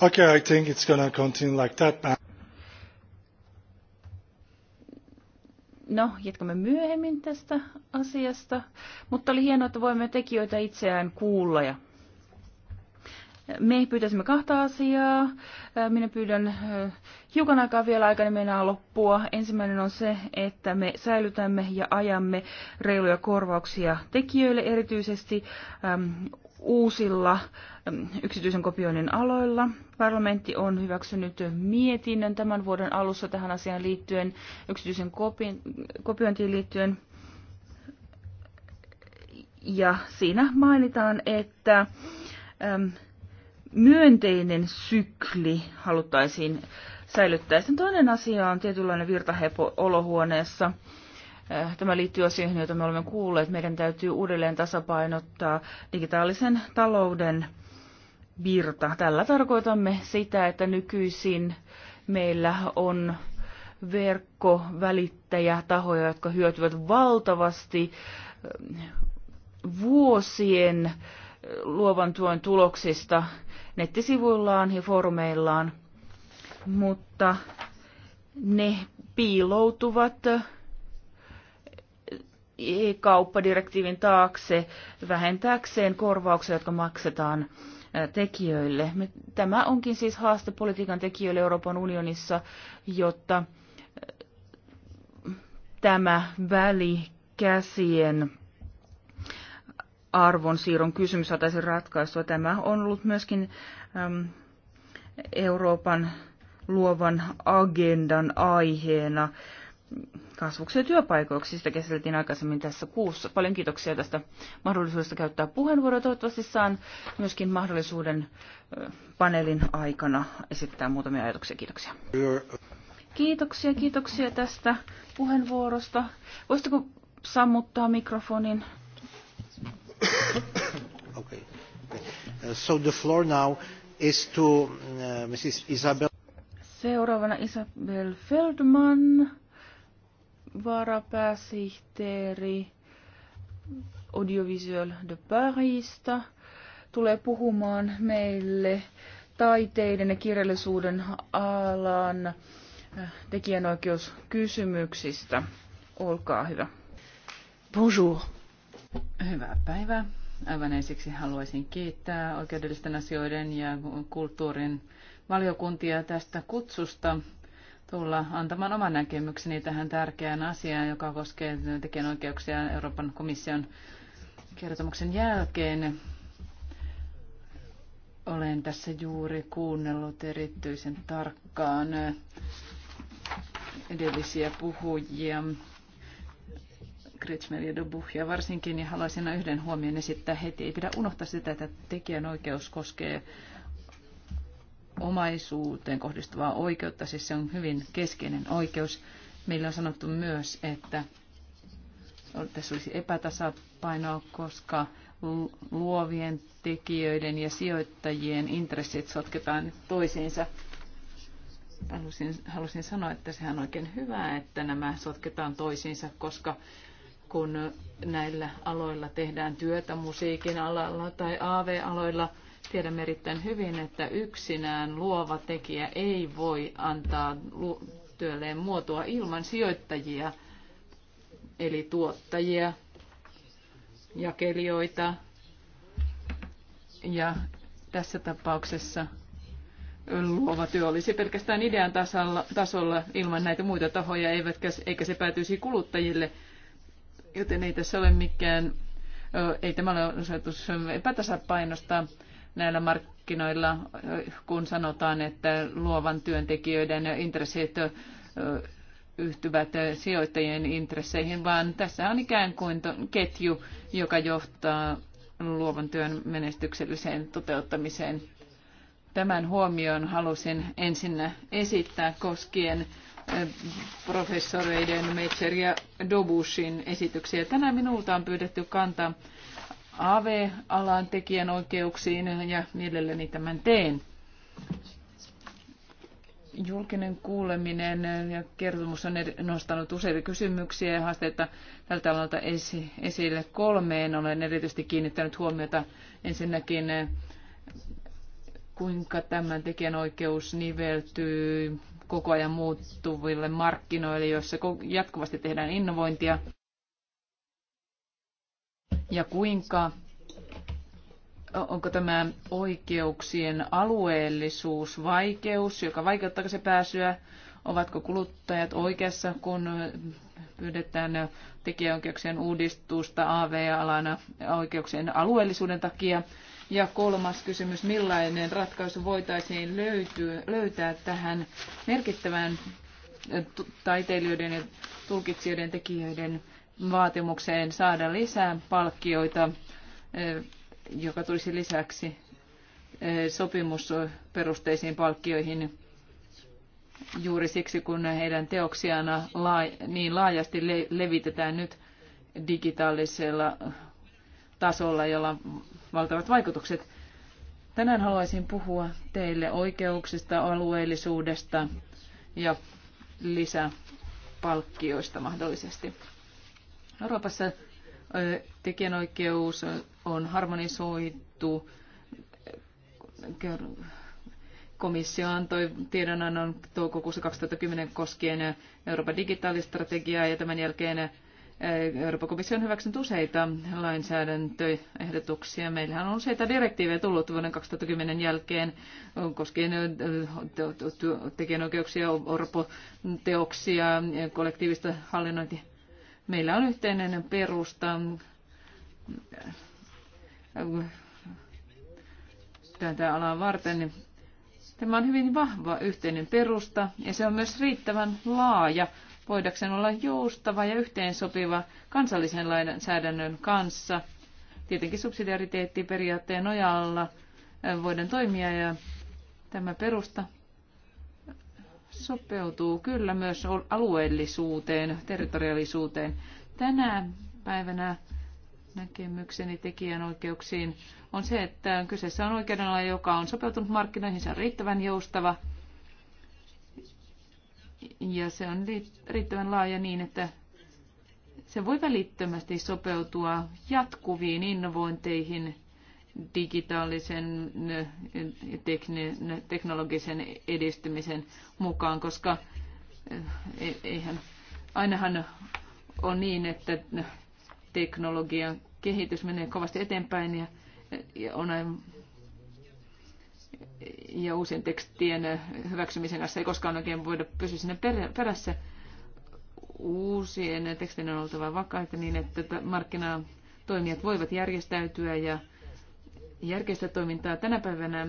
okay, I think it's going to continue
like
that.
No, jatkamme myöhemmin tästä asiasta, mutta oli hienoa, että voimme tekijöitä itseään kuulla ja me pyytäisimme kahta asiaa. Minä pyydän hiukan aikaa vielä aikana niin meinaa loppua. Ensimmäinen on se, että me säilytämme ja ajamme reiluja korvauksia tekijöille, erityisesti äm, uusilla äm, yksityisen kopioinnin aloilla. Parlamentti on hyväksynyt mietinnön tämän vuoden alussa tähän asiaan liittyen, yksityisen kopi- kopiointiin liittyen. Ja siinä mainitaan, että äm, myönteinen sykli haluttaisiin säilyttää. Sitten toinen asia on tietynlainen virtahepo olohuoneessa. Äh, tämä liittyy asioihin, joita me olemme kuulleet. Meidän täytyy uudelleen tasapainottaa digitaalisen talouden virta. Tällä tarkoitamme sitä, että nykyisin meillä on tahoja, jotka hyötyvät valtavasti äh, vuosien äh, luovan tuon tuloksista nettisivuillaan ja foorumeillaan, mutta ne piiloutuvat eh, kauppadirektiivin taakse vähentääkseen korvauksia, jotka maksetaan eh, tekijöille. Tämä onkin siis haaste politiikan tekijöille Euroopan unionissa, jotta eh, tämä välikäsien arvonsiirron kysymys saataisiin ratkaistua. Tämä on ollut myöskin äm, Euroopan luovan agendan aiheena kasvuksi ja työpaikoiksi. Sitä käsiteltiin aikaisemmin tässä kuussa. Paljon kiitoksia tästä mahdollisuudesta käyttää puheenvuoroa. Toivottavasti saan myöskin mahdollisuuden paneelin aikana esittää muutamia ajatuksia. Kiitoksia. Kiitoksia, kiitoksia tästä puheenvuorosta. Voisitko sammuttaa mikrofonin? Seuraavana Isabel Feldman, varapääsihteeri Audiovisuel de Parisista, tulee puhumaan meille taiteiden ja kirjallisuuden alan äh, tekijänoikeuskysymyksistä. Olkaa hyvä. Bonjour. Hyvää päivää. Aivan ensiksi haluaisin
kiittää oikeudellisten asioiden ja kulttuurin valiokuntia tästä kutsusta tulla antamaan oman näkemykseni tähän tärkeään asiaan, joka koskee tekijänoikeuksia Euroopan komission kertomuksen jälkeen. Olen tässä juuri kuunnellut erityisen tarkkaan edellisiä puhujia Kretschmeria ja varsinkin, niin haluaisin yhden huomion esittää heti. Ei pidä unohtaa sitä, että tekijänoikeus koskee omaisuuteen kohdistuvaa oikeutta, siis se on hyvin keskeinen oikeus. Meillä on sanottu myös, että tässä olisi epätasapainoa, koska luovien tekijöiden ja sijoittajien intressit sotketaan toisiinsa. Halusin, halusin sanoa, että sehän on oikein hyvä, että nämä sotketaan toisiinsa, koska kun näillä aloilla tehdään työtä musiikin alalla tai AV-aloilla, tiedämme erittäin hyvin, että yksinään luova tekijä ei voi antaa työlleen muotoa ilman sijoittajia, eli tuottajia, jakelijoita ja tässä tapauksessa luova työ olisi pelkästään idean tasolla, tasolla ilman näitä muita tahoja, eivätkä, eikä se päätyisi kuluttajille – joten ei tässä ole mikään, ei tämä ole osoitus epätasapainosta näillä markkinoilla, kun sanotaan, että luovan työntekijöiden intressit yhtyvät sijoittajien intresseihin, vaan tässä on ikään kuin ketju, joka johtaa luovan työn menestykselliseen toteuttamiseen. Tämän huomion halusin ensinnä esittää koskien professoreiden Meitzer ja Dobushin esityksiä. Tänään minulta on pyydetty kantaa AV-alan tekijänoikeuksiin ja mielelläni tämän teen. Julkinen kuuleminen ja kertomus on nostanut useita kysymyksiä ja haasteita tältä alalta esille kolmeen. Olen erityisesti kiinnittänyt huomiota ensinnäkin eh, kuinka tämän tekijänoikeus niveltyy koko ajan muuttuville markkinoille, joissa jatkuvasti tehdään innovointia. Ja kuinka, onko tämä oikeuksien alueellisuus vaikeus, joka vaikeuttaa se pääsyä? Ovatko kuluttajat oikeassa, kun pyydetään tekijäoikeuksien uudistusta AV-alana oikeuksien alueellisuuden takia? Ja kolmas kysymys, millainen ratkaisu voitaisiin löytyä, löytää tähän merkittävään taiteilijoiden ja tulkitsijoiden tekijöiden vaatimukseen saada lisää palkkioita, joka tulisi lisäksi sopimusperusteisiin palkkioihin juuri siksi, kun heidän teoksiaan niin laajasti levitetään nyt digitaalisella tasolla, jolla on valtavat vaikutukset. Tänään haluaisin puhua teille oikeuksista, alueellisuudesta ja lisäpalkkioista mahdollisesti. Euroopassa tekijänoikeus on harmonisoitu. Komissio antoi tiedonannon toukokuussa 2010 koskien Euroopan digitaalistrategiaa ja tämän jälkeen Euroopan komissio on hyväksynyt useita lainsäädäntöehdotuksia. Meillähän on useita direktiivejä tullut vuoden 2010 jälkeen koskien tekijänoikeuksia, orpoteoksia, kollektiivista hallinnointia. Meillä on yhteinen perusta tätä alaa varten. Tämä on hyvin vahva yhteinen perusta ja se on myös riittävän laaja voidakseen olla joustava ja yhteensopiva kansallisen lainsäädännön kanssa. Tietenkin subsidiariteettiperiaatteen nojalla eh, voidaan toimia ja tämä perusta sopeutuu kyllä myös alueellisuuteen, territoriaalisuuteen. Tänä päivänä näkemykseni tekijänoikeuksiin on se, että kyseessä on oikeudenala, joka on sopeutunut markkinoihin, se on riittävän joustava – ja se on riittävän laaja niin, että se voi välittömästi sopeutua jatkuviin innovointeihin digitaalisen eh, teknologisen edistymisen mukaan, koska eh, e-, eihän, ainahan on niin, että teknologian kehitys menee kovasti eteenpäin ja, on on ja uusien tekstien hyväksymisen kanssa ei koskaan oikein voida pysyä sinne perässä. Uusien tekstien on oltava vakaita niin, että markkinatoimijat voivat järjestäytyä ja järkeistä toimintaa. Tänä päivänä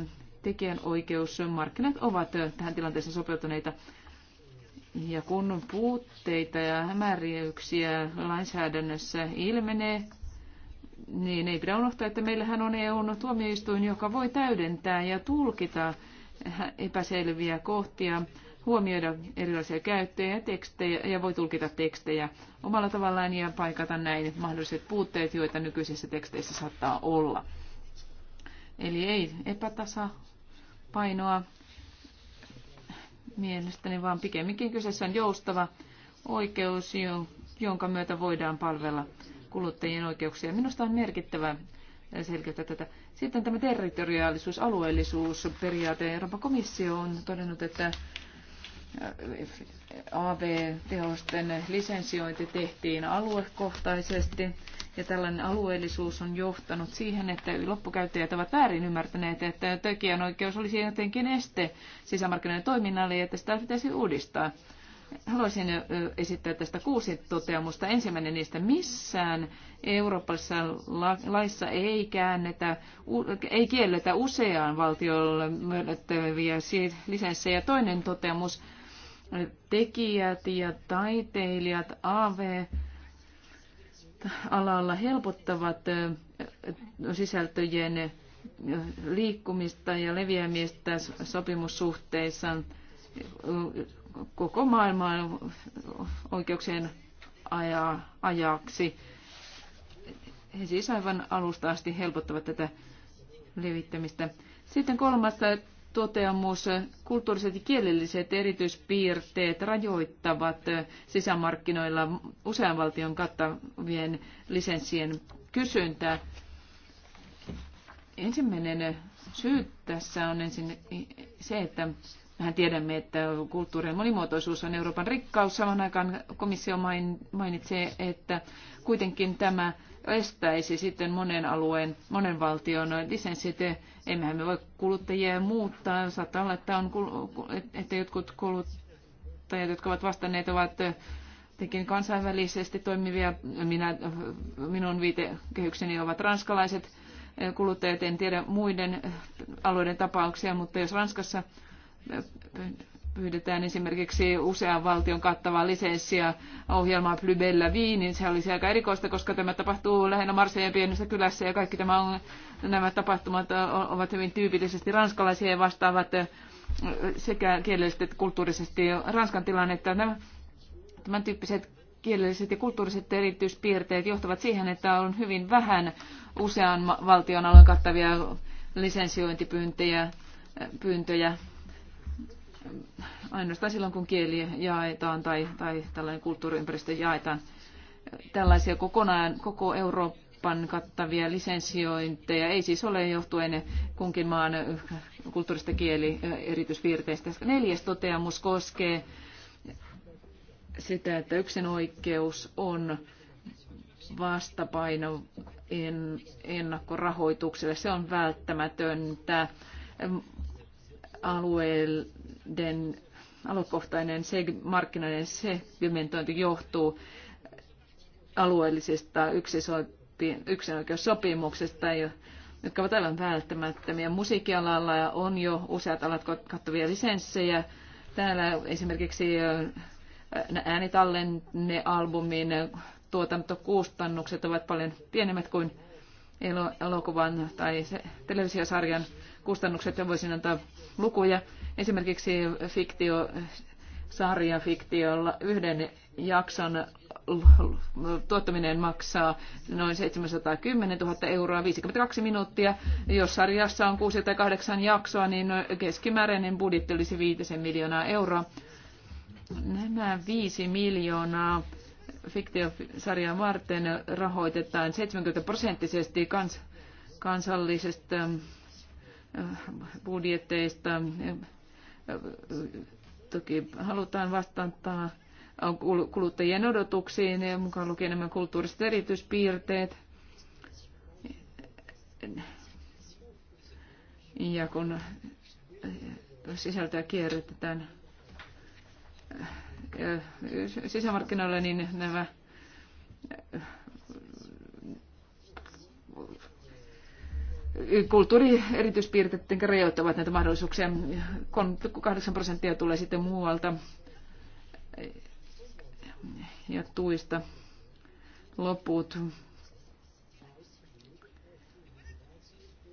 Markkinat ovat tähän tilanteeseen sopeutuneita. Ja kun puutteita ja hämärjäyksiä lainsäädännössä ilmenee, niin ei pidä unohtaa, että meillähän on eu tuomioistuin, joka voi täydentää ja tulkita epäselviä kohtia, huomioida erilaisia käyttöjä ja tekstejä ja voi tulkita tekstejä omalla tavallaan ja paikata näin mahdolliset puutteet, joita nykyisissä teksteissä saattaa olla. Eli ei epätasa painoa mielestäni, vaan pikemminkin kyseessä on joustava oikeus, jonka myötä voidaan palvella kuluttajien oikeuksia. Minusta on merkittävä selkeyttää tätä. Sitten tämä territoriaalisuus, alueellisuusperiaate Euroopan komissio on todennut, että äh, AV-tehosten lisensiointi tehtiin aluekohtaisesti ja tällainen alueellisuus on johtanut siihen, että loppukäyttäjät ovat väärin ymmärtäneet, että tekijänoikeus olisi jotenkin este sisämarkkinoiden toiminnalle ja että sitä pitäisi uudistaa. Haluaisin esittää tästä kuusi toteamusta. Ensimmäinen niistä missään Euroopassa laissa ei käännetä, ei kielletä useaan valtiolle myönnettäviä lisenssejä. Toinen toteamus, tekijät ja taiteilijat AV alalla helpottavat sisältöjen liikkumista ja leviämistä sopimussuhteissa koko maailman oikeuksien ajaa, ajaksi. He siis aivan alusta asti helpottavat tätä levittämistä. Sitten kolmas toteamus, kulttuuriset ja kielelliset erityispiirteet rajoittavat sisämarkkinoilla usean valtion kattavien lisenssien kysyntää. Ensimmäinen syy tässä on ensin se, että Mehän tiedämme, että kulttuurien monimuotoisuus on Euroopan rikkaus. Saman aikaan komissio mainitsee, että kuitenkin tämä estäisi sitten monen alueen, monen valtion lisenssit. Emmehän me voi kuluttajia muuttaa. Saattaa olla, että, on, että jotkut kuluttajat, jotka ovat vastanneet, ovat tekin kansainvälisesti toimivia. Minä, minun viitekehykseni ovat ranskalaiset kuluttajat. En tiedä muiden alueiden tapauksia, mutta jos Ranskassa pyydetään esimerkiksi usean valtion kattavaa lisenssiä ohjelmaa Plybellä Viinin. Se olisi aika erikoista, koska tämä tapahtuu lähinnä Marseille pienessä kylässä ja kaikki tämä on, nämä tapahtumat ovat hyvin tyypillisesti ranskalaisia ja vastaavat sekä kielellisesti että kulttuurisesti Ranskan tilannetta. Nämä, tämän tyyppiset kielelliset ja kulttuuriset erityispiirteet johtavat siihen, että on hyvin vähän usean valtion alueen kattavia lisensiointipyyntöjä. Pyyntöjä ainoastaan silloin, kun kieli jaetaan tai, tai tällainen kulttuuriympäristö jaetaan. Tällaisia kokonaan koko Euroopan kattavia lisensiointeja ei siis ole johtuen kunkin maan kulttuurista kieli erityispiirteistä. Neljäs toteamus koskee sitä, että yksinoikeus on vastapaino ennakkorahoitukselle. Se on välttämätöntä alueen alueiden aluekohtainen markkinoiden segmentointi johtuu alueellisista yksinoikeussopimuksesta, jotka ovat aivan välttämättömiä. Musiikkialalla on jo useat alat kattavia lisenssejä. Täällä esimerkiksi äänitallennealbumin tuotantokustannukset ovat paljon pienemmät kuin elokuvan tai televisiosarjan kustannukset ja voisin antaa lukuja. Esimerkiksi fiktio, sarja fiktiolla yhden jakson tuottaminen maksaa noin 710 000 euroa 52 minuuttia. Jos sarjassa on 6 tai 8 jaksoa, niin keskimääräinen budjetti olisi 5 miljoonaa euroa. Nämä 5 miljoonaa fiktiosarjaa varten rahoitetaan 70 prosenttisesti kans, kansallisesta budjeteista. Toki halutaan vastata kuluttajien odotuksiin, ja mukaan lukien nämä kulttuuriset erityispiirteet. Ja kun sisältöä kierrätetään sisämarkkinoilla, niin nämä kulttuurierityispiirteet rajoittavat näitä mahdollisuuksia. 8 prosenttia tulee sitten muualta ja tuista loput.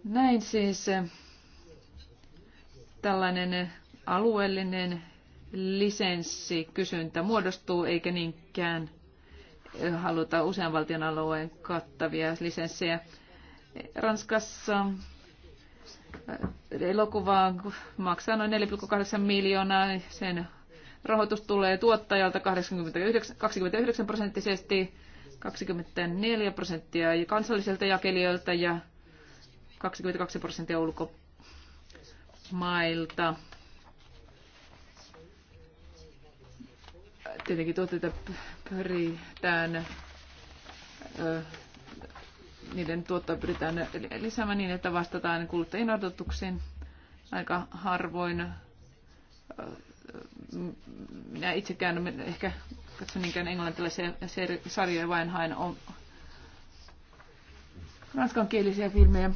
Näin siis eh, tällainen alueellinen lisenssikysyntä muodostuu, eikä niinkään eh, haluta usean valtion alueen kattavia lisenssejä. Ranskassa äh, elokuva maksaa noin 4,8 miljoonaa. Sen rahoitus tulee tuottajalta 89, 29 prosenttisesti, 24 prosenttia kansallisilta jakelijoilta ja 22 prosenttia ulkomailta. Tietenkin tuotteita pyritään niiden tuottoa pyritään lisäämään niin, että vastataan kuluttajien odotuksiin aika harvoin. Minä itsekään ehkä katson niinkään englantilaisia sarjoja, vain haen on ranskankielisiä filmejä.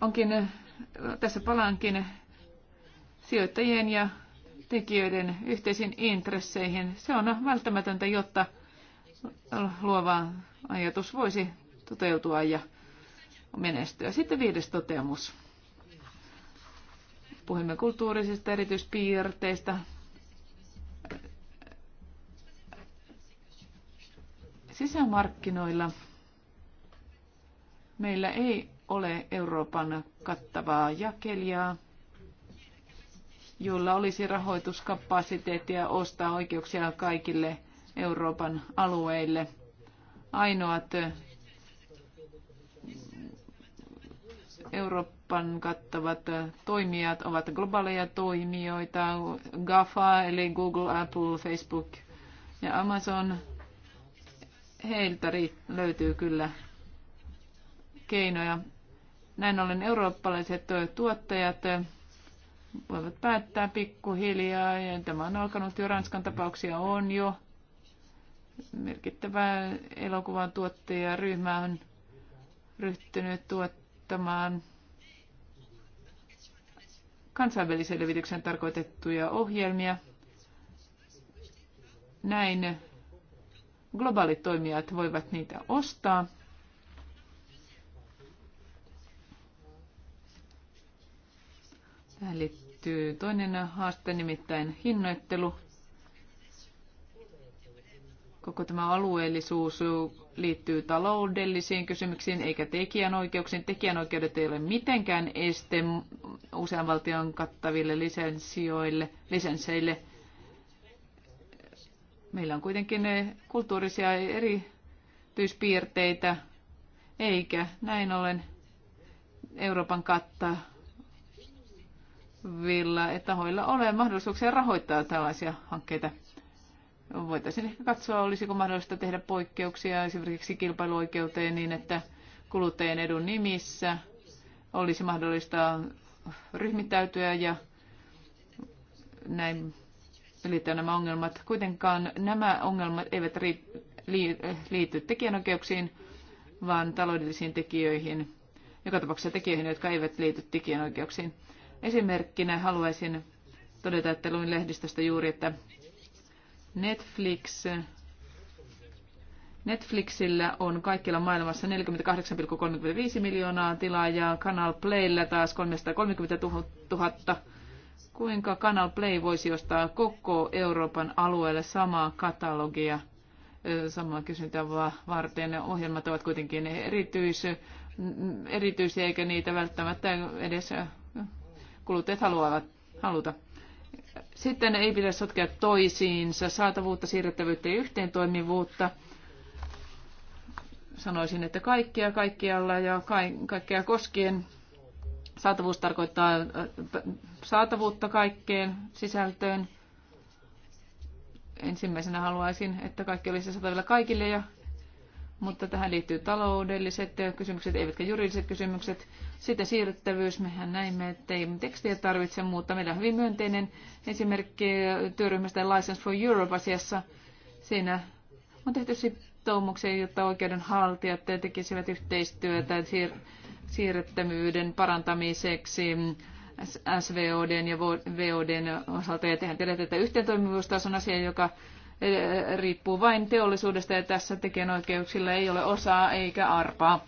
Onkin, tässä palaankin sijoittajien ja tekijöiden yhteisiin intresseihin. Se on välttämätöntä, jotta luova ajatus voisi toteutua ja menestyä. Sitten viides toteamus. Puhumme kulttuurisista erityispiirteistä. Sisämarkkinoilla meillä ei ole Euroopan kattavaa jakelijaa, jolla olisi rahoituskapasiteettia ostaa oikeuksia kaikille – Euroopan alueille. Ainoat Euroopan kattavat toimijat ovat globaaleja toimijoita, GAFA eli Google, Apple, Facebook ja Amazon. Heiltä löytyy kyllä keinoja. Näin ollen eurooppalaiset tuottajat voivat päättää pikkuhiljaa, ja tämä on alkanut jo, Ranskan tapauksia on jo, merkittävää elokuvan tuottajaryhmä on ryhtynyt tuottamaan kansainvälisen levityksen tarkoitettuja ohjelmia. Näin globaalit toimijat voivat niitä ostaa. Tähän liittyy toinen haaste, nimittäin hinnoittelu. Koko tämä alueellisuus liittyy taloudellisiin kysymyksiin eikä tekijänoikeuksiin. Tekijänoikeudet ei ole mitenkään este usean valtion kattaville lisenssioille, lisensseille. Meillä on kuitenkin kulttuurisia erityispiirteitä, eikä näin ollen Euroopan kattavilla hoilla ole mahdollisuuksia rahoittaa tällaisia hankkeita voitaisiin ehkä katsoa, olisiko mahdollista tehdä poikkeuksia esimerkiksi kilpailuoikeuteen niin, että kuluttajien edun nimissä olisi mahdollista ryhmittäytyä ja näin liittyä nämä ongelmat. Kuitenkaan nämä ongelmat eivät liity tekijänoikeuksiin, vaan taloudellisiin tekijöihin, joka tapauksessa tekijöihin, jotka eivät liity tekijänoikeuksiin. Esimerkkinä haluaisin todeta, että luin lehdistöstä juuri, että Netflix Netflixillä on kaikilla maailmassa 48,35 miljoonaa tilaajaa, Canal Playllä taas 330 000. Kuinka Canal Play voisi ostaa koko Euroopan alueelle samaa katalogia samaa kysyntää varten? Ohjelmat ovat kuitenkin erityis, erityisiä, eikä niitä välttämättä edes kuluttajat haluavat haluta. Sitten ei pidä sotkea toisiinsa saatavuutta, siirrettävyyttä ja yhteentoimivuutta. Sanoisin, että kaikkia kaikkialla ja kaikkea koskien saatavuus tarkoittaa äh, saatavuutta kaikkeen sisältöön. Ensimmäisenä haluaisin, että kaikki olisi saatavilla kaikille, ja, mutta tähän liittyy taloudelliset kysymykset, eivätkä juridiset kysymykset. Sitten siirrettävyys, mehän näimme, että ei tekstiä tarvitse mutta Meillä on hyvin myönteinen esimerkki työryhmästä License for Europe-asiassa. Siinä on tehty sitoumuksia, jotta oikeudenhaltijat tekisivät yhteistyötä siir- siirrettävyyden parantamiseksi SVODn ja VODn osalta. Ja tehän tiedät, että yhteentoimivuustaso on asia, joka eh, riippuu vain teollisuudesta ja tässä tekijänoikeuksilla ei ole osaa eikä arpaa.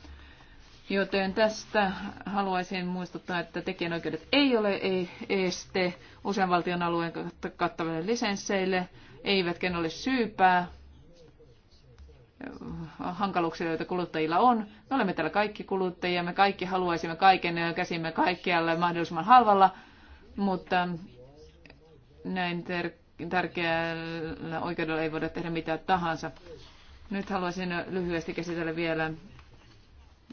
Joten tästä haluaisin muistuttaa, että tekijänoikeudet ei ole e- este usean valtion alueen kattaville lisensseille, eivätkä ne ole syypää hankaluuksia, joita kuluttajilla on. Me olemme täällä kaikki kuluttajia, me kaikki haluaisimme kaiken ja käsimme kaikkialle mahdollisimman halvalla, mutta näin ter- tärkeällä oikeudella ei voida tehdä mitä tahansa. Nyt haluaisin lyhyesti käsitellä vielä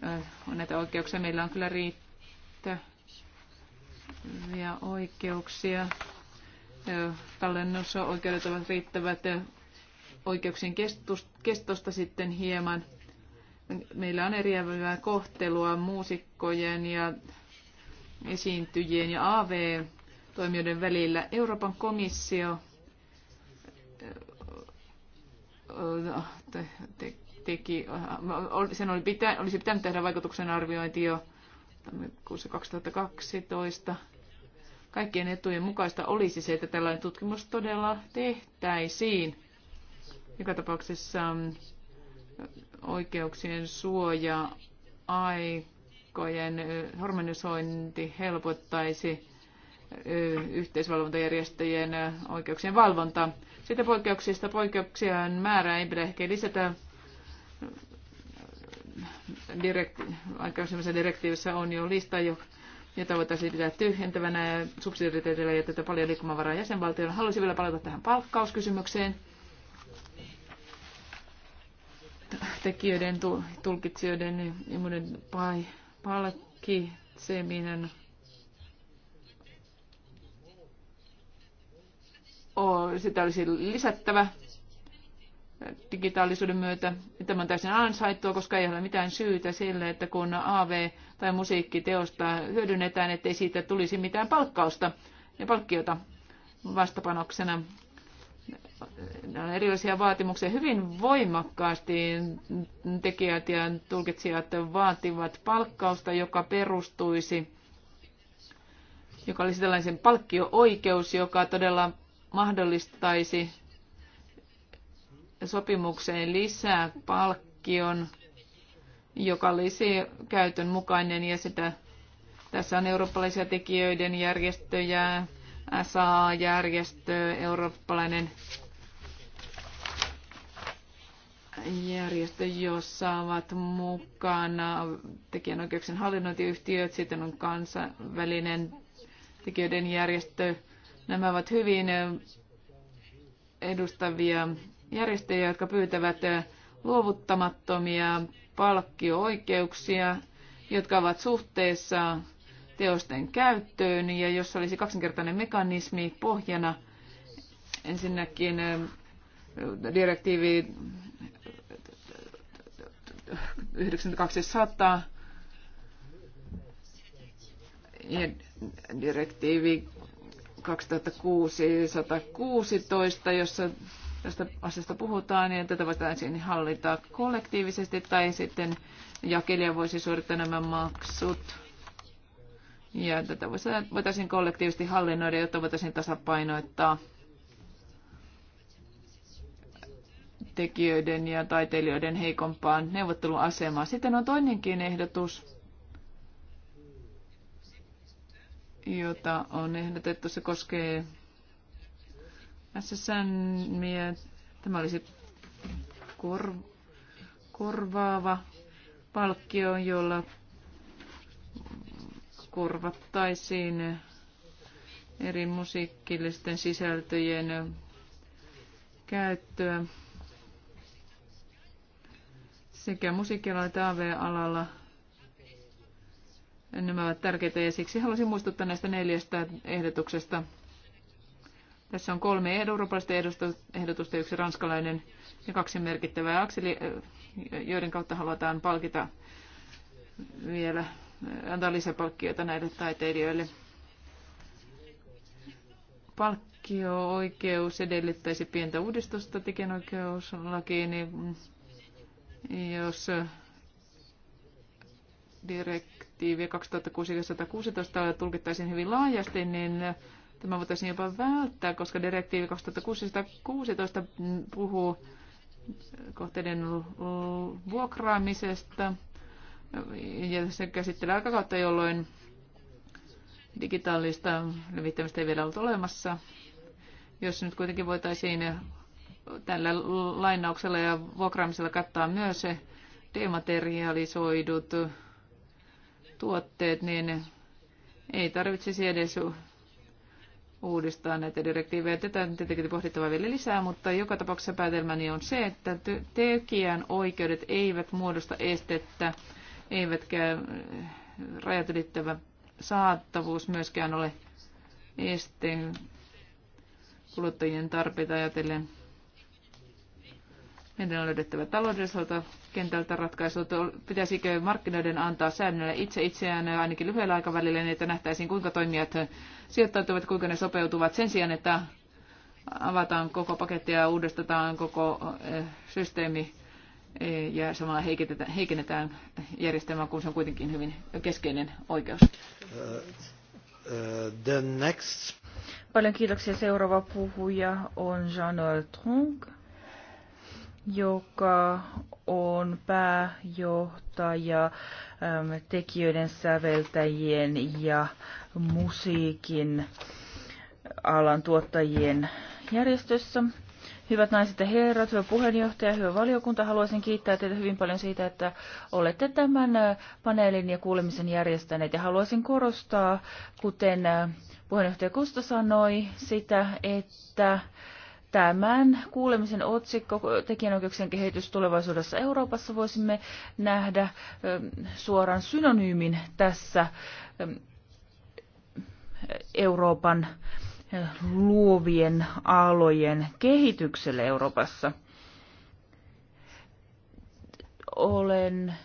Äh, näitä oikeuksia. Meillä on kyllä riittäviä oikeuksia. Tallennusoikeudet ovat riittävät oikeuksien kestosta sitten hieman. Meillä on eriävää kohtelua muusikkojen ja esiintyjien ja AV-toimijoiden välillä. Euroopan komissio te, teki, äh, sen oli pitä, olisi pitänyt tehdä vaikutuksen arviointi jo 2012. Kaikkien etujen mukaista olisi se, että tällainen tutkimus todella tehtäisiin. Joka tapauksessa mm, oikeuksien suoja aikojen äh, hormonisointi helpottaisi yhteisvalvontajärjestöjen oikeuksien valvonta. Sitten poikkeuksista poikkeuksien määrää ei pidä ehkä lisätä. Direkti, direktiivissä on jo lista, jota voitaisiin pitää tyhjentävänä ja subsidiariteetillä ja tätä paljon liikkumavaraa jäsenvaltioon. Haluaisin vielä palata tähän palkkauskysymykseen. Tekijöiden, tulkitsijoiden ja muiden palkkitseminen sitä olisi lisättävä digitaalisuuden myötä. Tämä on täysin ansaittua, koska ei ole mitään syytä sille, että kun AV- tai musiikkiteosta hyödynnetään, ettei siitä tulisi mitään palkkausta ja palkkiota vastapanoksena. Ne on erilaisia vaatimuksia. Hyvin voimakkaasti tekijät ja tulkitsijat vaativat palkkausta, joka perustuisi, joka olisi tällaisen palkkio-oikeus, joka todella mahdollistaisi sopimukseen lisää palkkion, joka olisi käytön mukainen ja sitä tässä on eurooppalaisia tekijöiden järjestöjä, SA-järjestö, eurooppalainen järjestö, jossa ovat mukana tekijänoikeuksien hallinnointiyhtiöt, sitten on kansainvälinen tekijöiden järjestö, Nämä ovat hyvin edustavia järjestöjä, jotka pyytävät luovuttamattomia palkkio-oikeuksia, jotka ovat suhteessa teosten käyttöön ja jos olisi kaksinkertainen mekanismi pohjana ensinnäkin direktiivi 9200 ja direktiivi 2006 jossa tästä asiasta puhutaan, niin tätä voitaisiin hallita kollektiivisesti tai sitten jakelija voisi suorittaa nämä maksut. Ja tätä voitaisiin kollektiivisesti hallinnoida, jotta voitaisiin tasapainoittaa tekijöiden ja taiteilijoiden heikompaan neuvotteluasemaan. Sitten on toinenkin ehdotus, jota on ehdotettu. Se koskee SSNmiä. Tämä olisi kor, korvaava palkkio, jolla korvattaisiin eri musiikillisten sisältöjen käyttöä sekä musiikkialalla että AV-alalla Nämä ovat tärkeitä ja siksi haluaisin muistuttaa näistä neljästä ehdotuksesta. Tässä on kolme eurooppalaista ehdotusta, yksi ranskalainen ja kaksi merkittävää akseli, eh, joiden kautta halutaan palkita vielä, eh, antaa lisäpalkkioita näille taiteilijoille. Palkkio-oikeus edellyttäisi pientä uudistusta tekijänoikeuslakiin, niin jos eh, direktiiviä 2006-116 tulkittaisiin hyvin laajasti, niin tämä voitaisiin jopa välttää, koska direktiivi 2016 puhuu kohteiden vuokraamisesta ja se käsittelee aikakautta, jolloin digitaalista levittämistä ei vielä ollut olemassa. Jos nyt kuitenkin voitaisiin tällä lainauksella ja vuokraamisella kattaa myös se dematerialisoidut tuotteet, niin ei tarvitsisi edes uudistaa näitä direktiivejä. Tätä on tietenkin pohdittava vielä lisää, mutta joka tapauksessa päätelmäni on se, että tekijän oikeudet eivät muodosta estettä, eivätkä eh, rajat ylittävä saattavuus myöskään ole este kuluttajien tarpeita ajatellen. Meidän on löydettävä taloudellisuutta kentältä ratkaisut? Pitäisikö markkinoiden antaa säännöllä itse itseään ainakin lyhyellä aikavälillä, niin että nähtäisiin kuinka toimijat sijoittautuvat, kuinka ne sopeutuvat sen sijaan, että avataan koko paketti ja uudistetaan koko eh, systeemi eh, ja samalla heikennetään järjestelmää, kun se on kuitenkin
hyvin keskeinen oikeus.
Eh, the next.
Paljon kiitoksia. Seuraava puhuja on Jean-Noël Trunk joka on pääjohtaja tekijöiden, säveltäjien ja musiikin alan tuottajien järjestössä. Hyvät naiset ja herrat, hyvä puheenjohtaja, hyvä valiokunta, haluaisin kiittää teitä hyvin paljon siitä, että olette tämän äh, paneelin ja kuulemisen järjestäneet. Ja haluaisin korostaa, kuten äh, puheenjohtaja Kusta sanoi, sitä, että tämän kuulemisen otsikko tekijänoikeuksien kehitys tulevaisuudessa Euroopassa voisimme nähdä ähm, suoran synonyymin tässä ähm, Euroopan äh, luovien alojen kehitykselle Euroopassa. Olen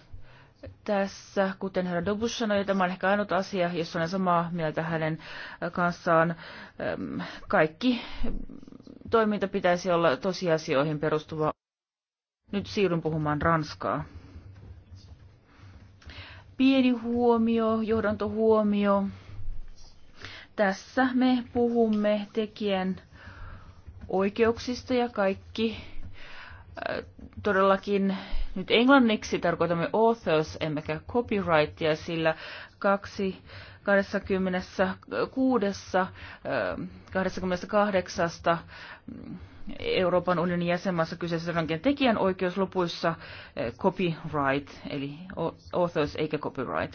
tässä, kuten herra Dobus sanoi, ja tämä on ehkä ainut asia, jossa olen samaa mieltä hänen kanssaan. Kaikki toiminta pitäisi olla tosiasioihin perustuva. Nyt siirryn puhumaan ranskaa. Pieni huomio, johdantohuomio. Tässä me puhumme tekijän oikeuksista ja kaikki äh, todellakin nyt englanniksi tarkoitamme authors emmekä copyrightia, sillä kaksi 26 28 mm, Euroopan unionin jäsenmaassa kyseessä rankin tekijänoikeuslupuissa copyright, eli authors eikä copyright.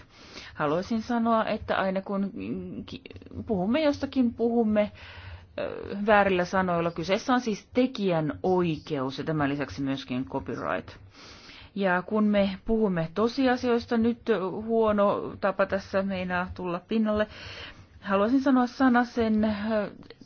Haluaisin sanoa, että aina kun puhumme jostakin, puhumme väärillä sanoilla. Kyseessä on siis tekijän oikeus ja tämän lisäksi myöskin copyright. Ja kun me puhumme tosiasioista, nyt huono tapa tässä meinaa tulla pinnalle. Haluaisin sanoa sana sen äh,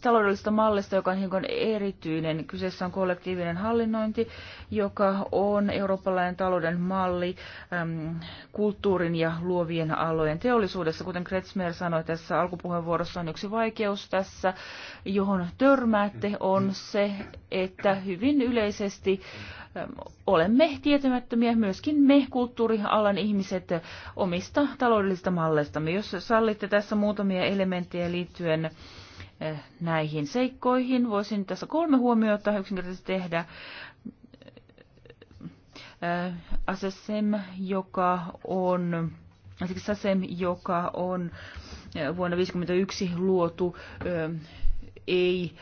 taloudellisesta mallista, joka on hiukan erityinen. Kyseessä on kollektiivinen hallinnointi, joka on eurooppalainen talouden malli äm, kulttuurin ja luovien alojen teollisuudessa. Kuten Kretsmer sanoi tässä alkupuheenvuorossa, on yksi vaikeus tässä, johon törmäätte, on se, että hyvin yleisesti olemme tietämättömiä myöskin me kulttuurialan ihmiset omista taloudellisista malleistamme. Jos sallitte tässä muutamia elementtejä liittyen näihin seikkoihin, voisin tässä kolme huomiota yksinkertaisesti tehdä. SSM, joka on, SSM, joka on vuonna 1951 luotu ei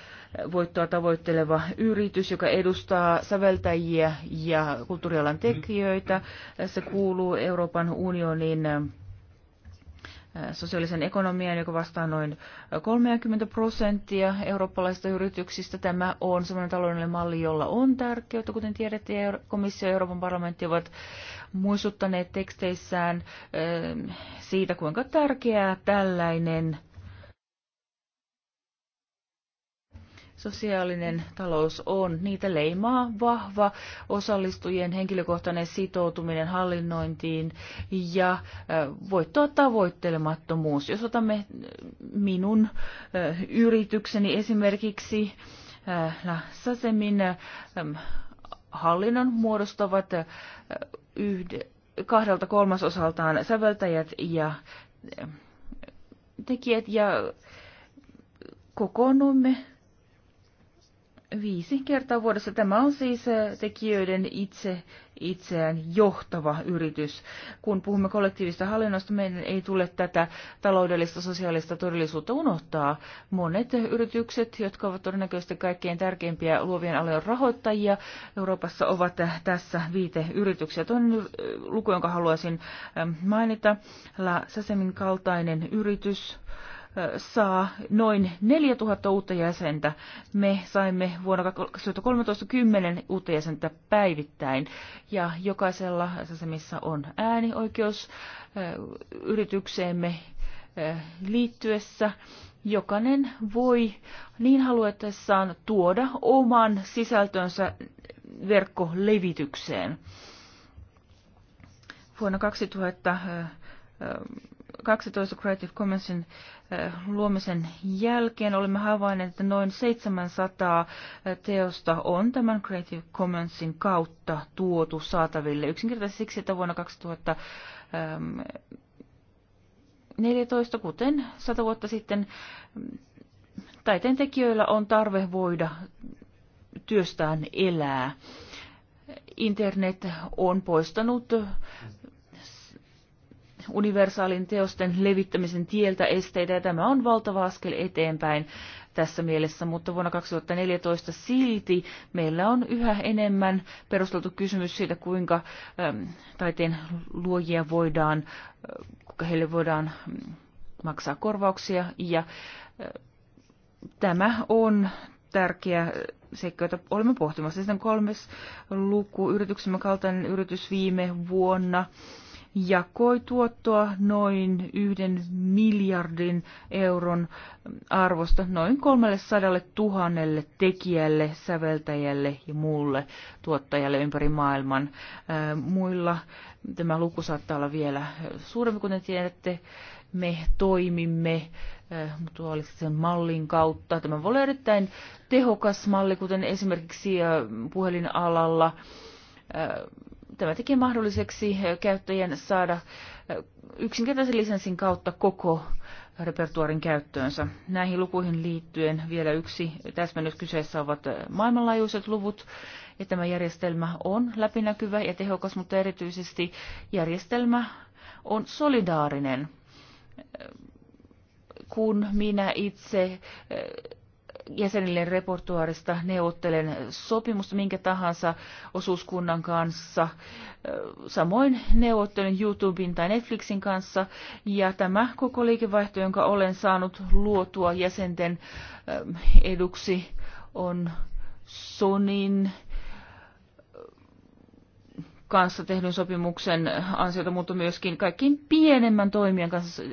voittoa tavoitteleva yritys, joka edustaa säveltäjiä ja kulttuurialan tekijöitä. Se kuuluu Euroopan unionin äh, sosiaalisen ekonomian, joka vastaa noin 30 prosenttia eurooppalaisista yrityksistä. Tämä on sellainen taloudellinen malli, jolla on tärkeyttä, kuten tiedätte, ja komissio ja Euroopan parlamentti ovat muistuttaneet teksteissään äh, siitä, kuinka tärkeää tällainen sosiaalinen talous on. Niitä leimaa vahva osallistujien henkilökohtainen sitoutuminen hallinnointiin ja voittoa tavoittelemattomuus. Jos otamme minun yritykseni esimerkiksi Sasemin hallinnon muodostavat yhde, kahdelta kolmasosaltaan säveltäjät ja tekijät ja kokoonnumme viisi kertaa vuodessa. Tämä on siis tekijöiden itse itseään johtava yritys. Kun puhumme kollektiivista hallinnosta, meidän ei tule tätä taloudellista sosiaalista todellisuutta unohtaa. Monet yritykset, jotka ovat todennäköisesti kaikkein tärkeimpiä luovien alojen rahoittajia Euroopassa, ovat tässä viite yrityksiä. Toinen luku, jonka haluaisin mainita, La Sasemin kaltainen yritys saa noin 4000 uutta jäsentä. Me saimme vuonna 2013 10 uutta jäsentä päivittäin ja jokaisella missä on äänioikeus eh, yritykseemme eh, liittyessä. Jokainen voi niin haluettessaan tuoda oman sisältönsä verkkolevitykseen. Vuonna 2000 12 eh, Creative Commonsin luomisen jälkeen olemme havainneet, että noin 700 teosta on tämän Creative Commonsin kautta tuotu saataville. Yksinkertaisesti siksi, että vuonna 2014, kuten 100 vuotta sitten, taiteen tekijöillä on tarve voida työstään elää. Internet on poistanut universaalin teosten levittämisen tieltä esteitä, ja tämä on valtava askel eteenpäin tässä mielessä, mutta vuonna 2014 silti meillä on yhä enemmän perusteltu kysymys siitä, kuinka taiteen luojia voidaan, äh, kuinka heille voidaan mm, maksaa korvauksia, ja äh, tämä on tärkeä seikka, jota olemme pohtimassa. Sitten kolmas luku, yrityksemme kaltainen yritys viime vuonna jakoi tuottoa noin yhden miljardin euron arvosta noin 300 000 tekijälle, säveltäjälle ja muulle tuottajalle ympäri maailman. Äh, muilla tämä luku saattaa olla vielä suurempi, kuten tiedätte. Me toimimme äh, sen mallin kautta. Tämä voi olla erittäin tehokas malli, kuten esimerkiksi äh, puhelinalalla Tämä tekee mahdolliseksi käyttäjien saada yksinkertaisen lisenssin kautta koko repertuarin käyttöönsä. Näihin lukuihin liittyen vielä yksi täsmennys kyseessä ovat maailmanlaajuiset luvut, ja tämä järjestelmä on läpinäkyvä ja tehokas, mutta erityisesti järjestelmä on solidaarinen. Kun minä itse jäsenille reportuaarista neuvottelen sopimusta minkä tahansa osuuskunnan kanssa, samoin neuvottelen YouTuben tai Netflixin kanssa, ja tämä koko liikevaihto, jonka olen saanut luotua jäsenten ähm, eduksi, on Sonin äh, kanssa tehdyn sopimuksen ansiota, mutta myöskin kaikkiin pienemmän toimijan kanssa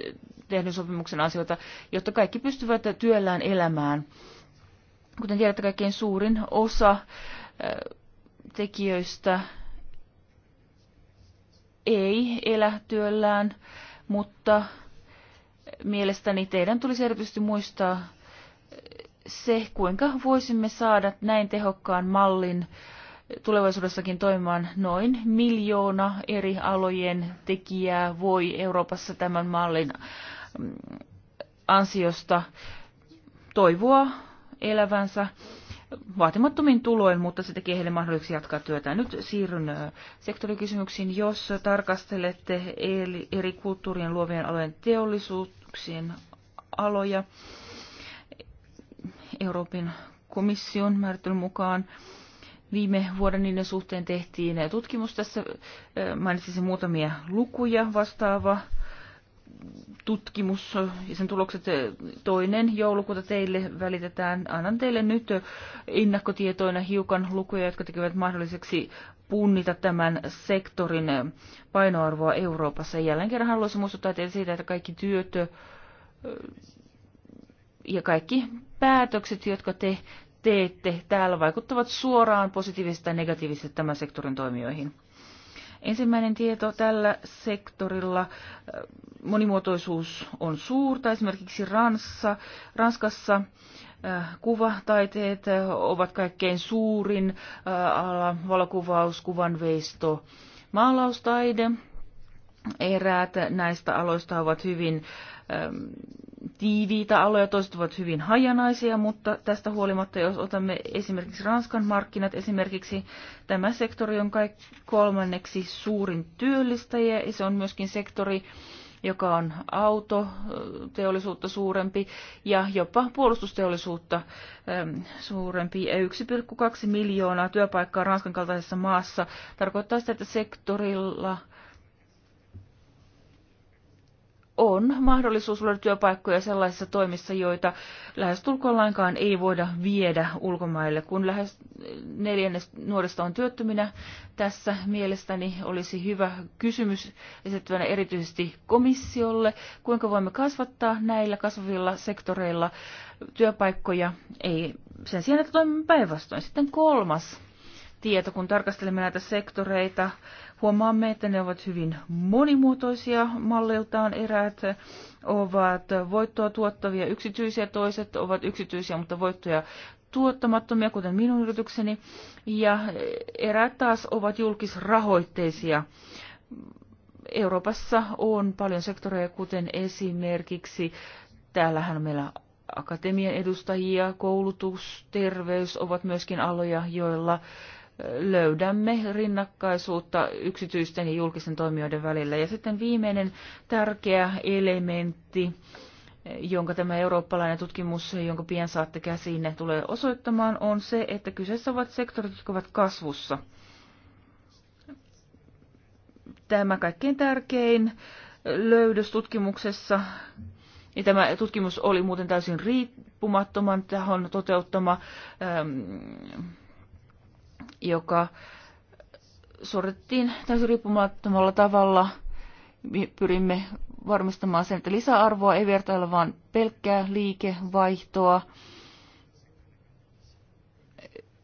tehdyn sopimuksen asioita, jotta kaikki pystyvät työllään elämään. Kuten tiedätte, kaikkein suurin osa tekijöistä ei elä työllään, mutta mielestäni teidän tulisi erityisesti muistaa se, kuinka voisimme saada näin tehokkaan mallin tulevaisuudessakin toimimaan noin miljoona eri alojen tekijää voi Euroopassa tämän mallin mm, ansiosta toivoa elävänsä vaatimattomin tuloin, mutta se tekee heille mahdolliseksi jatkaa työtä. Nyt siirryn sektorikysymyksiin. Jos tarkastelette eri kulttuurien luovien alojen teollisuuksien aloja Euroopan komission määrittelyn mukaan, Viime vuoden niiden suhteen tehtiin tutkimus tässä, mainitsisin muutamia lukuja vastaava tutkimus ja sen tulokset toinen joulukuuta teille välitetään. Annan teille nyt ennakkotietoina hiukan lukuja, jotka tekevät mahdolliseksi punnita tämän sektorin painoarvoa Euroopassa. Jälleen kerran haluaisin muistuttaa teille siitä, että kaikki työt ja kaikki päätökset, jotka te teette täällä, vaikuttavat suoraan positiivisesti tai negatiivisesti tämän sektorin toimijoihin. Ensimmäinen tieto tällä sektorilla äh, monimuotoisuus on suurta. Esimerkiksi Ranssa, Ranskassa äh, kuvataiteet äh, ovat kaikkein suurin ala, valokuvaus, kuvanveisto, maalaustaide. Eräät näistä aloista ovat hyvin ähm, tiiviitä aloja, toiset ovat hyvin hajanaisia, mutta tästä huolimatta, jos otamme esimerkiksi Ranskan markkinat, esimerkiksi tämä sektori on kolmanneksi suurin työllistäjä ja se on myöskin sektori, joka on autoteollisuutta suurempi ja jopa puolustusteollisuutta ähm, suurempi. 1,2 miljoonaa työpaikkaa Ranskan kaltaisessa maassa tarkoittaa sitä, että sektorilla – on mahdollisuus luoda työpaikkoja sellaisissa toimissa, joita lähestulkoon lainkaan ei voida viedä ulkomaille. Kun lähes neljännes nuorista on työttöminä, tässä mielestäni olisi hyvä kysymys esittävänä erityisesti komissiolle, kuinka voimme kasvattaa näillä kasvavilla sektoreilla työpaikkoja. Ei sen sijaan, että toimimme päinvastoin. Sitten kolmas tieto, kun tarkastelemme näitä sektoreita, Huomaamme, että ne ovat hyvin monimuotoisia malliltaan. Eräät ovat voittoa tuottavia yksityisiä, toiset ovat yksityisiä, mutta voittoja tuottamattomia, kuten minun yritykseni, ja eräät taas ovat julkisrahoitteisia. Euroopassa on paljon sektoreja, kuten esimerkiksi täällähän meillä akatemian edustajia, koulutus, terveys ovat myöskin aloja, joilla löydämme rinnakkaisuutta yksityisten ja julkisten toimijoiden välillä. Ja sitten viimeinen tärkeä elementti, jonka tämä eurooppalainen tutkimus, jonka pian saatte käsiin, tulee osoittamaan, on se, että kyseessä ovat sektorit, jotka ovat kasvussa. Tämä kaikkein tärkein löydös tutkimuksessa, ja tämä tutkimus oli muuten täysin riippumattoman tähän toteuttama ähm, joka suoritettiin täysin riippumattomalla tavalla. Pyrimme varmistamaan sen, että lisäarvoa ei vertailla vaan pelkkää liikevaihtoa.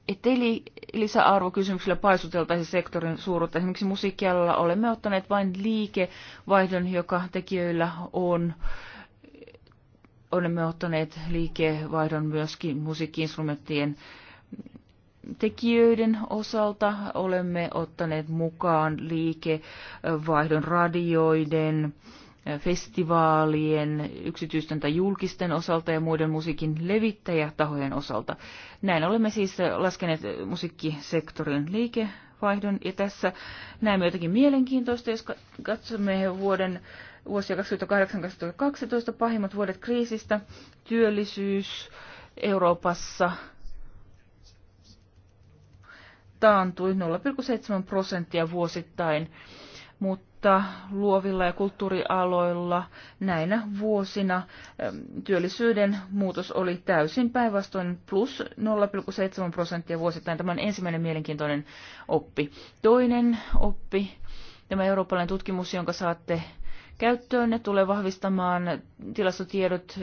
Ettei li- lisäarvokysymyksillä paisuteltaisi sektorin suuruutta. Esimerkiksi musiikkialalla olemme ottaneet vain liikevaihdon, joka tekijöillä on. Olemme ottaneet liikevaihdon myöskin musiikkiinstrumenttien tekijöiden osalta olemme ottaneet mukaan liikevaihdon radioiden, festivaalien, yksityisten tai julkisten osalta ja muiden musiikin levittäjätahojen osalta. Näin olemme siis laskeneet musiikkisektorin liikevaihdon ja tässä näemme jotakin mielenkiintoista, jos katsomme vuoden vuosia 2008-2012 pahimmat vuodet kriisistä, työllisyys Euroopassa taantui 0,7 prosenttia vuosittain, mutta luovilla ja kulttuurialoilla näinä vuosina työllisyyden muutos oli täysin päinvastoin plus 0,7 prosenttia vuosittain. Tämä on ensimmäinen mielenkiintoinen oppi. Toinen oppi, tämä eurooppalainen tutkimus, jonka saatte käyttöön, ne tulee vahvistamaan tilastotiedot,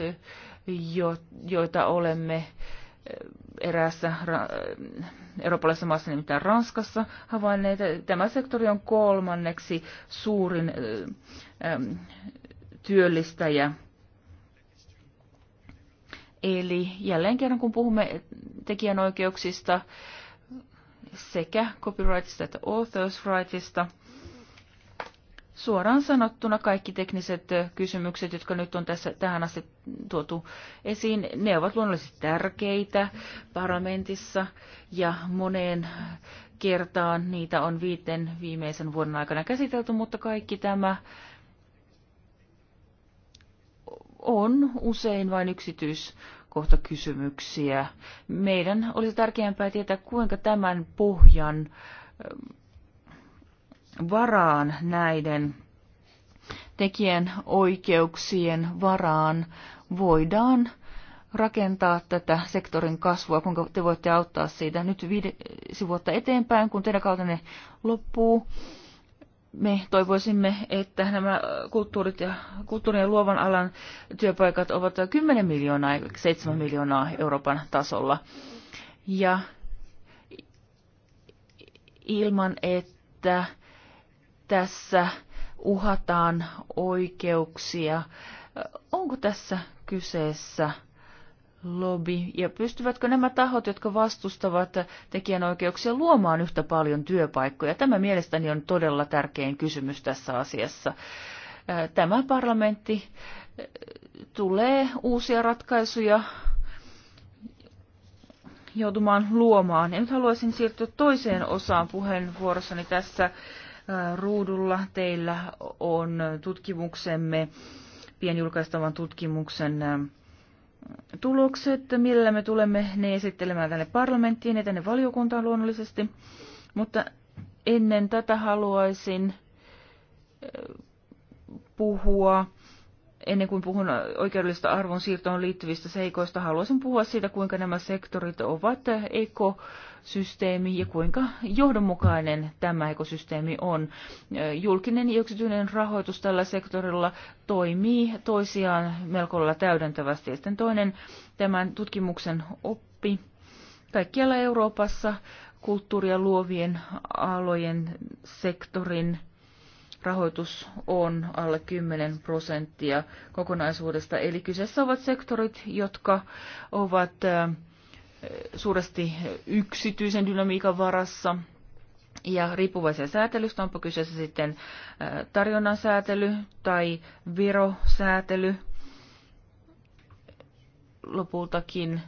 jo, joita olemme eräässä eurooppalaisessa maassa nimittäin Ranskassa havainneet. Tämä sektori on kolmanneksi suurin työllistäjä. Eli jälleen kerran kun puhumme tekijänoikeuksista sekä copyrightista että authors rightista, suoraan sanottuna kaikki tekniset kysymykset, jotka nyt on tässä tähän asti tuotu esiin, ne ovat luonnollisesti tärkeitä parlamentissa ja moneen kertaan niitä on viiten viimeisen vuoden aikana käsitelty, mutta kaikki tämä on usein vain yksityiskohta kysymyksiä. Meidän olisi tärkeämpää tietää, kuinka tämän pohjan varaan näiden tekijän oikeuksien varaan voidaan rakentaa tätä sektorin kasvua, kuinka te voitte auttaa siitä nyt viisi vuotta eteenpäin, kun teidän kautenne loppuu. Me toivoisimme, että nämä kulttuurit ja, kulttuurin ja luovan alan työpaikat ovat 10 miljoonaa, 7 miljoonaa Euroopan tasolla. Ja ilman, että tässä uhataan oikeuksia. Onko tässä kyseessä lobby ja pystyvätkö nämä tahot, jotka vastustavat tekijänoikeuksia luomaan yhtä paljon työpaikkoja? Tämä mielestäni on todella tärkein kysymys tässä asiassa. Tämä parlamentti eh, tulee uusia ratkaisuja joutumaan luomaan. Ja nyt haluaisin siirtyä toiseen osaan puheenvuorossani tässä ruudulla. Teillä on tutkimuksemme, pienjulkaistavan tutkimuksen tulokset, millä me tulemme ne esittelemään tänne parlamenttiin ja tänne valiokuntaan luonnollisesti. Mutta ennen tätä haluaisin puhua, ennen kuin puhun oikeudellista arvonsiirtoon liittyvistä seikoista, haluaisin puhua siitä, kuinka nämä sektorit ovat eko systeemi ja kuinka johdonmukainen tämä ekosysteemi on. Julkinen ja yksityinen rahoitus tällä sektorilla toimii toisiaan melko lailla täydentävästi. Ja sitten toinen tämän tutkimuksen oppi. Kaikkialla Euroopassa kulttuuria luovien alojen sektorin rahoitus on alle 10 prosenttia kokonaisuudesta. Eli kyseessä ovat sektorit, jotka ovat äh, suuresti yksityisen dynamiikan varassa ja riippuvaisen säätelystä, onpa kyseessä sitten tarjonnan säätely tai verosäätely. Lopultakin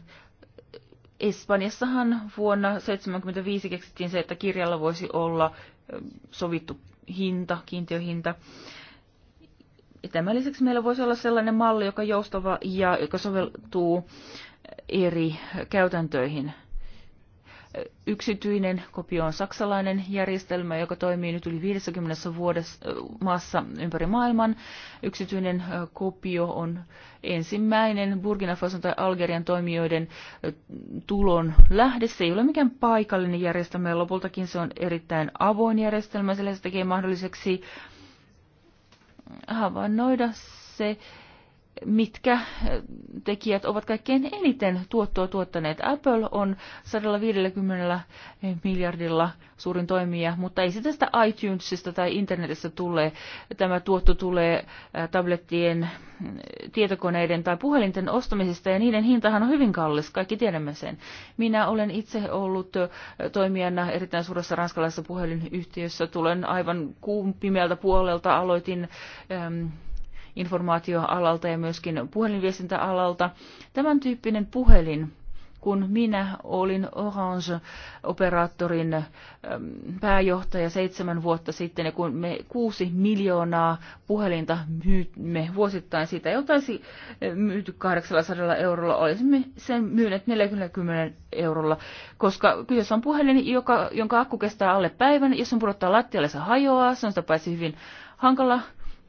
Espanjassahan vuonna 1975 keksittiin se, että kirjalla voisi olla sovittu hinta, kiintiöhinta. Ja tämän lisäksi meillä voisi olla sellainen malli, joka joustava ja joka soveltuu eri käytäntöihin. Yksityinen kopio on saksalainen järjestelmä, joka toimii nyt yli 50 vuodessa maassa ympäri maailman. Yksityinen kopio on ensimmäinen Burkina Faso tai Algerian toimijoiden tulon lähde. Se ei ole mikään paikallinen järjestelmä ja lopultakin se on erittäin avoin järjestelmä, sillä se tekee mahdolliseksi havainnoida se, mitkä eh, tekijät ovat kaikkein eniten tuottoa tuottaneet. Apple on 150 miljardilla suurin toimija, mutta ei se tästä iTunesista tai internetistä tule. Tämä tuotto tulee eh, tablettien, eh, tietokoneiden tai puhelinten ostamisesta ja niiden hintahan on hyvin kallis, kaikki tiedämme sen. Minä olen itse ollut toimijana erittäin suuressa ranskalaisessa puhelinyhtiössä, tulen aivan kuumpimeltä puolelta, aloitin informaatioalalta ja myöskin puhelinviestintäalalta. Tämän tyyppinen puhelin, kun minä olin Orange-operaattorin pääjohtaja seitsemän vuotta sitten, ja kun me kuusi miljoonaa puhelinta myymme vuosittain, siitä ei oltaisi myyty 800 eurolla, olisimme sen myyneet 40 eurolla, koska kyseessä on puhelin, joka, jonka akku kestää alle päivän, jos on pudottaa lattialle, se hajoaa, se on sitä paitsi hyvin hankala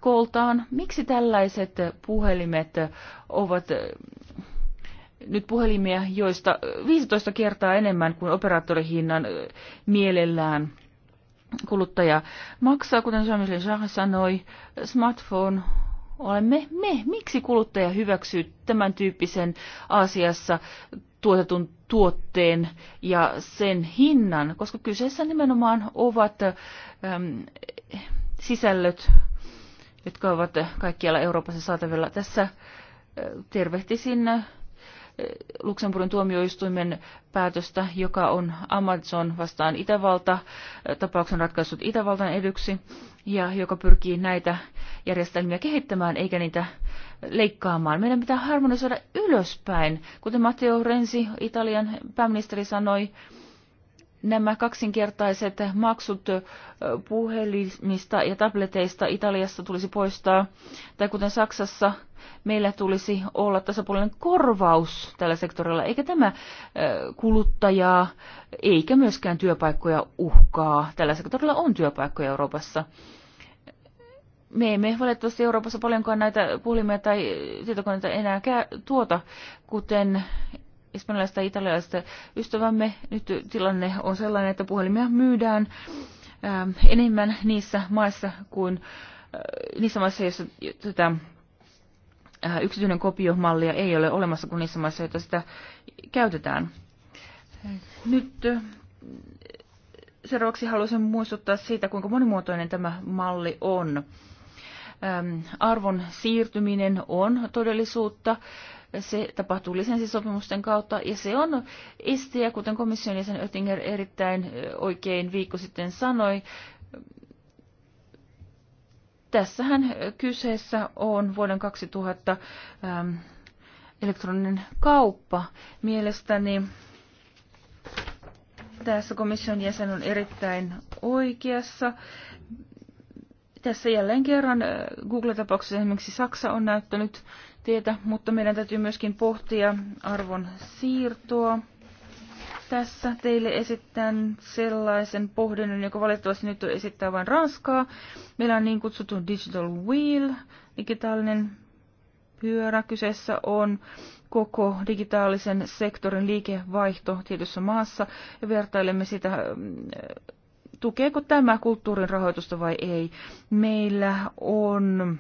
kooltaan. Miksi tällaiset puhelimet ovat eh, nyt puhelimia, joista 15 eh, kertaa enemmän kuin operaattorihinnan eh, mielellään kuluttaja maksaa, kuten Jean-Michel sanoi, smartphone olemme me. Miksi kuluttaja hyväksyy tämän tyyppisen asiassa tuotetun tuotteen ja sen hinnan, koska kyseessä nimenomaan ovat äm, ehm, sisällöt, jotka ovat kaikkialla Euroopassa saatavilla. Tässä tervehtisin Luxemburgin tuomioistuimen päätöstä, joka on Amazon vastaan Itävalta, tapauksen ratkaisut Itävaltan edyksi, ja joka pyrkii näitä järjestelmiä kehittämään eikä niitä leikkaamaan. Meidän pitää harmonisoida ylöspäin, kuten Matteo Renzi, Italian pääministeri, sanoi, nämä kaksinkertaiset maksut puhelimista ja tableteista Italiassa tulisi poistaa, tai kuten Saksassa, meillä tulisi olla tasapuolinen korvaus tällä sektorilla, eikä tämä kuluttajaa eikä myöskään työpaikkoja uhkaa. Tällä sektorilla on työpaikkoja Euroopassa. Me emme valitettavasti Euroopassa paljonkaan näitä puhelimia tai tietokoneita enää tuota, kuten espanjalaista ja italialaista ystävämme. Nyt tilanne on sellainen, että puhelimia myydään enemmän niissä maissa kuin niissä maissa, joissa tätä yksityinen kopiomallia ei ole olemassa kuin niissä maissa, joita sitä käytetään. Nyt seuraavaksi haluaisin muistuttaa siitä, kuinka monimuotoinen tämä malli on. Arvon siirtyminen on todellisuutta se tapahtuu lisenssisopimusten kautta ja se on este, kuten komission jäsen Oettinger erittäin oikein viikko sitten sanoi, tässähän kyseessä on vuoden 2000 ähm, elektroninen kauppa. Mielestäni tässä komission jäsen on erittäin oikeassa tässä jälleen kerran äh, Google-tapauksessa esimerkiksi Saksa on näyttänyt tietä, mutta meidän täytyy myöskin pohtia arvon siirtoa. Tässä teille esitän sellaisen pohdinnon, joka valitettavasti nyt esittää vain Ranskaa. Meillä on niin kutsuttu Digital Wheel, digitaalinen pyörä. Kyseessä on koko digitaalisen sektorin liikevaihto tietyssä maassa ja vertailemme sitä äh, tukeeko tämä kulttuurin rahoitusta vai ei. Meillä on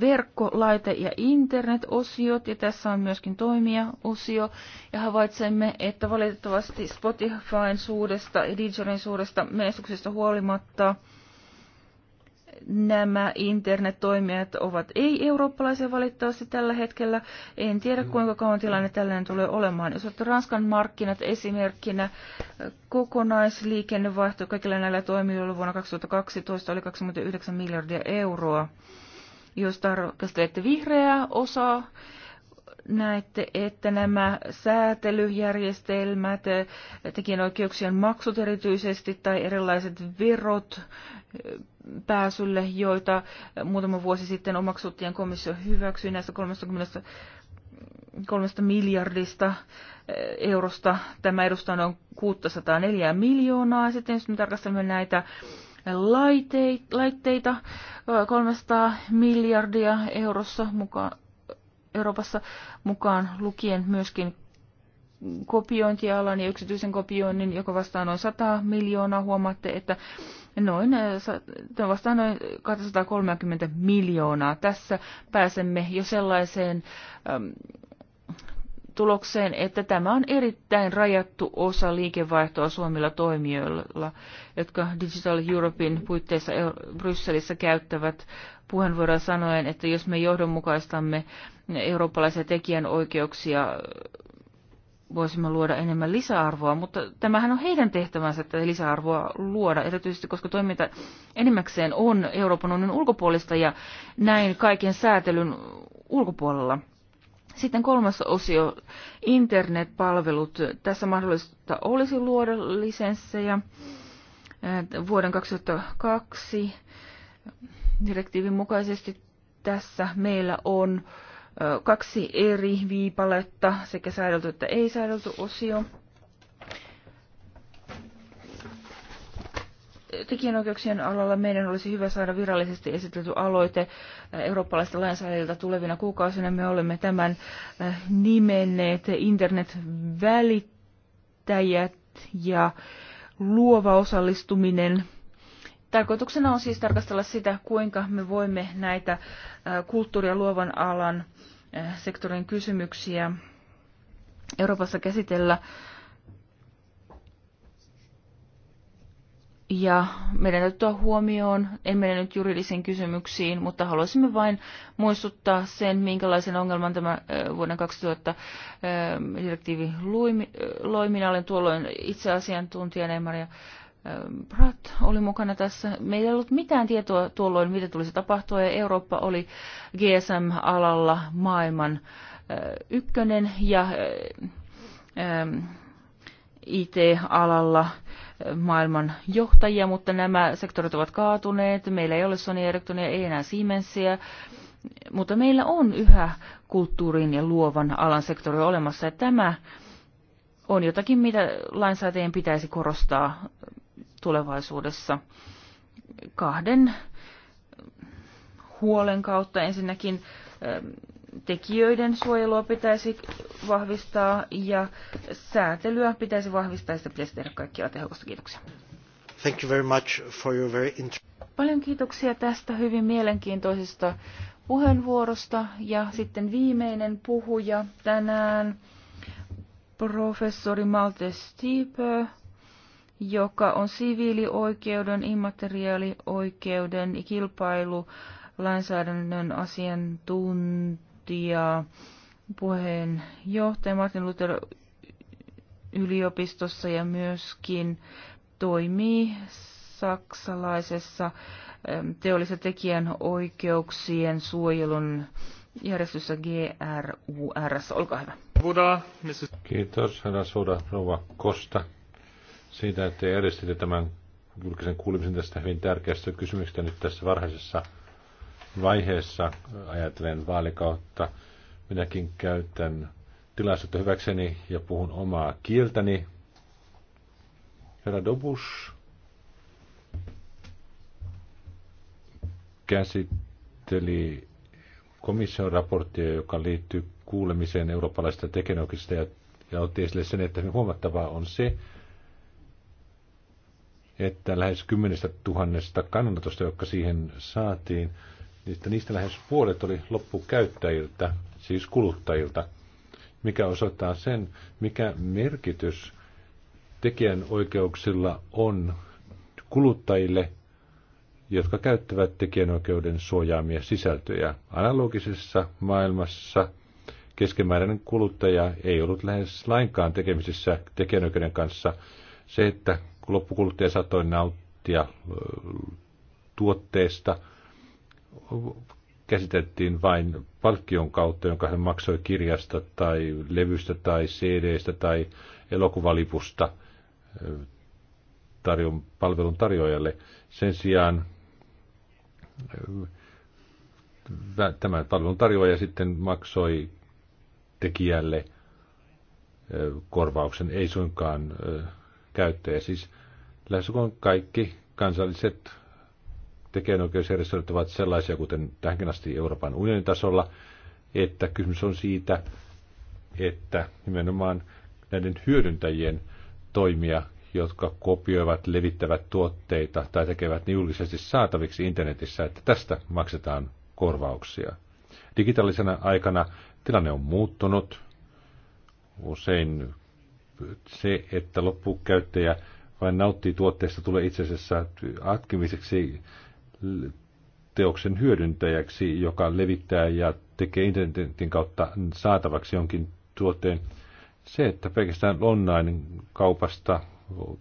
verkkolaite ja internet-osiot, ja tässä on myöskin toimija-osio, ja havaitsemme, että valitettavasti Spotifyn suudesta ja Deezerin suudesta menestyksestä huolimatta – nämä internettoimijat ovat ei-eurooppalaisia valittavasti tällä hetkellä. En tiedä kuinka kauan tilanne tällainen tulee olemaan. Jos olette Ranskan markkinat esimerkkinä, kokonaisliikennevaihto kaikilla näillä toimijoilla vuonna 2012 oli 29 miljardia euroa. Jos tarkastelette vihreää osaa, näette, että nämä säätelyjärjestelmät, tekijänoikeuksien maksut erityisesti tai erilaiset verot, pääsylle, joita muutama vuosi sitten omaksuttiin komissio hyväksyi näistä 30 kolmesta miljardista eh, eurosta. Tämä edustaa noin 604 miljoonaa. Sitten jos me tarkastelemme näitä laitteita 300 eh, miljardia eurossa mukaan, Euroopassa mukaan lukien myöskin kopiointialan ja yksityisen kopioinnin, joka vastaa noin 100 miljoonaa. Huomaatte, että noin, vastaan noin 230 miljoonaa. Tässä pääsemme jo sellaiseen äm, tulokseen, että tämä on erittäin rajattu osa liikevaihtoa Suomilla toimijoilla, jotka Digital Europein puitteissa Brysselissä käyttävät puheenvuoroa sanoen, että jos me johdonmukaistamme eurooppalaisia tekijänoikeuksia voisimme luoda enemmän lisäarvoa, mutta tämähän on heidän tehtävänsä, että lisäarvoa luoda, erityisesti koska toiminta enimmäkseen on Euroopan unionin ulkopuolista ja näin kaiken säätelyn ulkopuolella. Sitten kolmas osio, internetpalvelut. Tässä mahdollista olisi luoda lisenssejä vuoden 2002 direktiivin mukaisesti tässä meillä on äh, kaksi eri viipaletta, sekä säädelty että ei-säädelty osio. tekijänoikeuksien alalla meidän olisi hyvä saada virallisesti esitelty aloite eurooppalaista lainsäädäntöä tulevina kuukausina. Me olemme tämän nimenneet internetvälittäjät ja luova osallistuminen – Tarkoituksena on siis tarkastella sitä, kuinka me voimme näitä kulttuuri- ja luovan alan sektorin kysymyksiä Euroopassa käsitellä. Ja meidän täytyy ottaa huomioon, en mene nyt juridisiin kysymyksiin, mutta haluaisimme vain muistuttaa sen, minkälaisen ongelman tämä vuoden 2000 direktiivi loi. Minä olen tuolloin itse asiantuntijana, Maria Brat oli mukana tässä. Meillä ei ollut mitään tietoa tuolloin, mitä tulisi tapahtua, ja Eurooppa oli GSM-alalla maailman ykkönen, ja IT-alalla maailman johtajia, mutta nämä sektorit ovat kaatuneet. Meillä ei ole Sony Ericssonia, ei enää Siemensia, mutta meillä on yhä kulttuurin ja luovan alan sektori olemassa. Ja tämä on jotakin, mitä lainsäätäjien pitäisi korostaa tulevaisuudessa kahden huolen kautta. Ensinnäkin ähm, tekijöiden suojelua pitäisi vahvistaa ja säätelyä pitäisi vahvistaa ja sitä pitäisi tehdä kaikkialla tehokasta. Kiitoksia.
Thank you very much for your very
Paljon kiitoksia tästä hyvin mielenkiintoisesta puheenvuorosta ja sitten viimeinen puhuja tänään professori Malte Stieper joka on siviilioikeuden, immateriaalioikeuden ja kilpailulainsäädännön asiantuntija, puheenjohtaja Martin Luther yliopistossa ja myöskin toimii saksalaisessa ähm, teollisen tekijän oikeuksien suojelun järjestössä GRURS. Olkaa hyvä.
Kiitos, herra Suda, rouva Kosta siitä, että järjestitte tämän julkisen kuulemisen tästä hyvin tärkeästä kysymyksestä nyt tässä varhaisessa vaiheessa ajatellen vaalikautta. Minäkin käytän tilaisuutta hyväkseni ja puhun omaa kieltäni. Herra Dobus käsitteli komission raporttia, joka liittyy kuulemiseen eurooppalaisista teknologista ja, ja otti esille sen, että hyvin huomattavaa on se, että lähes kymmenestä tuhannesta kannanotosta, jotka siihen saatiin, että niistä lähes puolet oli loppukäyttäjiltä, siis kuluttajilta, mikä osoittaa sen, mikä merkitys tekijänoikeuksilla on kuluttajille, jotka käyttävät tekijänoikeuden suojaamia sisältöjä. Analogisessa maailmassa keskimääräinen kuluttaja ei ollut lähes lainkaan tekemisissä tekijänoikeuden kanssa. Se, että loppukuluttaja saattoi nauttia tuotteesta, käsiteltiin vain palkkion kautta, jonka hän maksoi kirjasta tai levystä tai CDstä tai elokuvalipusta tarjon, palvelun tarjoajalle. Sen sijaan tämä palvelun tarjoaja sitten maksoi tekijälle korvauksen, ei suinkaan ja Siis lähes kaikki kansalliset tekijänoikeusjärjestelmät ovat sellaisia, kuten tähänkin asti Euroopan unionin tasolla, että kysymys on siitä, että nimenomaan näiden hyödyntäjien toimia, jotka kopioivat, levittävät tuotteita tai tekevät ne julkisesti saataviksi internetissä, että tästä maksetaan korvauksia. Digitaalisena aikana tilanne on muuttunut. Usein se, että loppukäyttäjä vain nauttii tuotteesta, tulee itse asiassa atkimiseksi teoksen hyödyntäjäksi, joka levittää ja tekee internetin kautta saatavaksi jonkin tuotteen. Se, että pelkästään online-kaupasta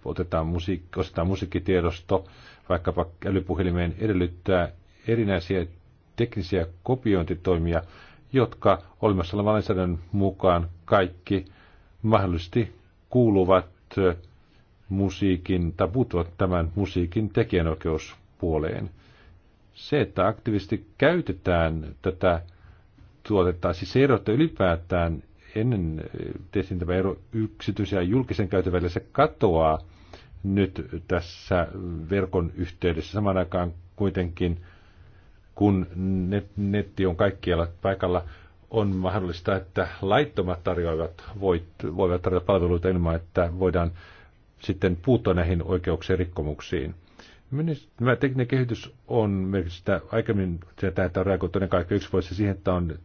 otetaan musiikki, ostetaan musiikkitiedosto, vaikkapa älypuhelimeen edellyttää erinäisiä teknisiä kopiointitoimia, jotka olemassa olevan lainsäädännön mukaan kaikki mahdollisesti kuuluvat musiikin tai puuttuvat tämän musiikin tekijänoikeuspuoleen. Se, että aktiivisesti käytetään tätä tuotetta, siis se ero, että ylipäätään ennen tehtiin tämä ero yksityisen ja julkisen käytön välillä, se katoaa nyt tässä verkon yhteydessä samaan aikaan kuitenkin, kun net, netti on kaikkialla paikalla, on mahdollista, että laittomat tarjoajat voit, voivat tarjota palveluita ilman, että voidaan sitten puuttua näihin oikeuksien rikkomuksiin. Tämä tekninen kehitys on merkitystä aikaisemmin sitä, että on reagoitu ennen kaikkea yksi vuosi siihen, että on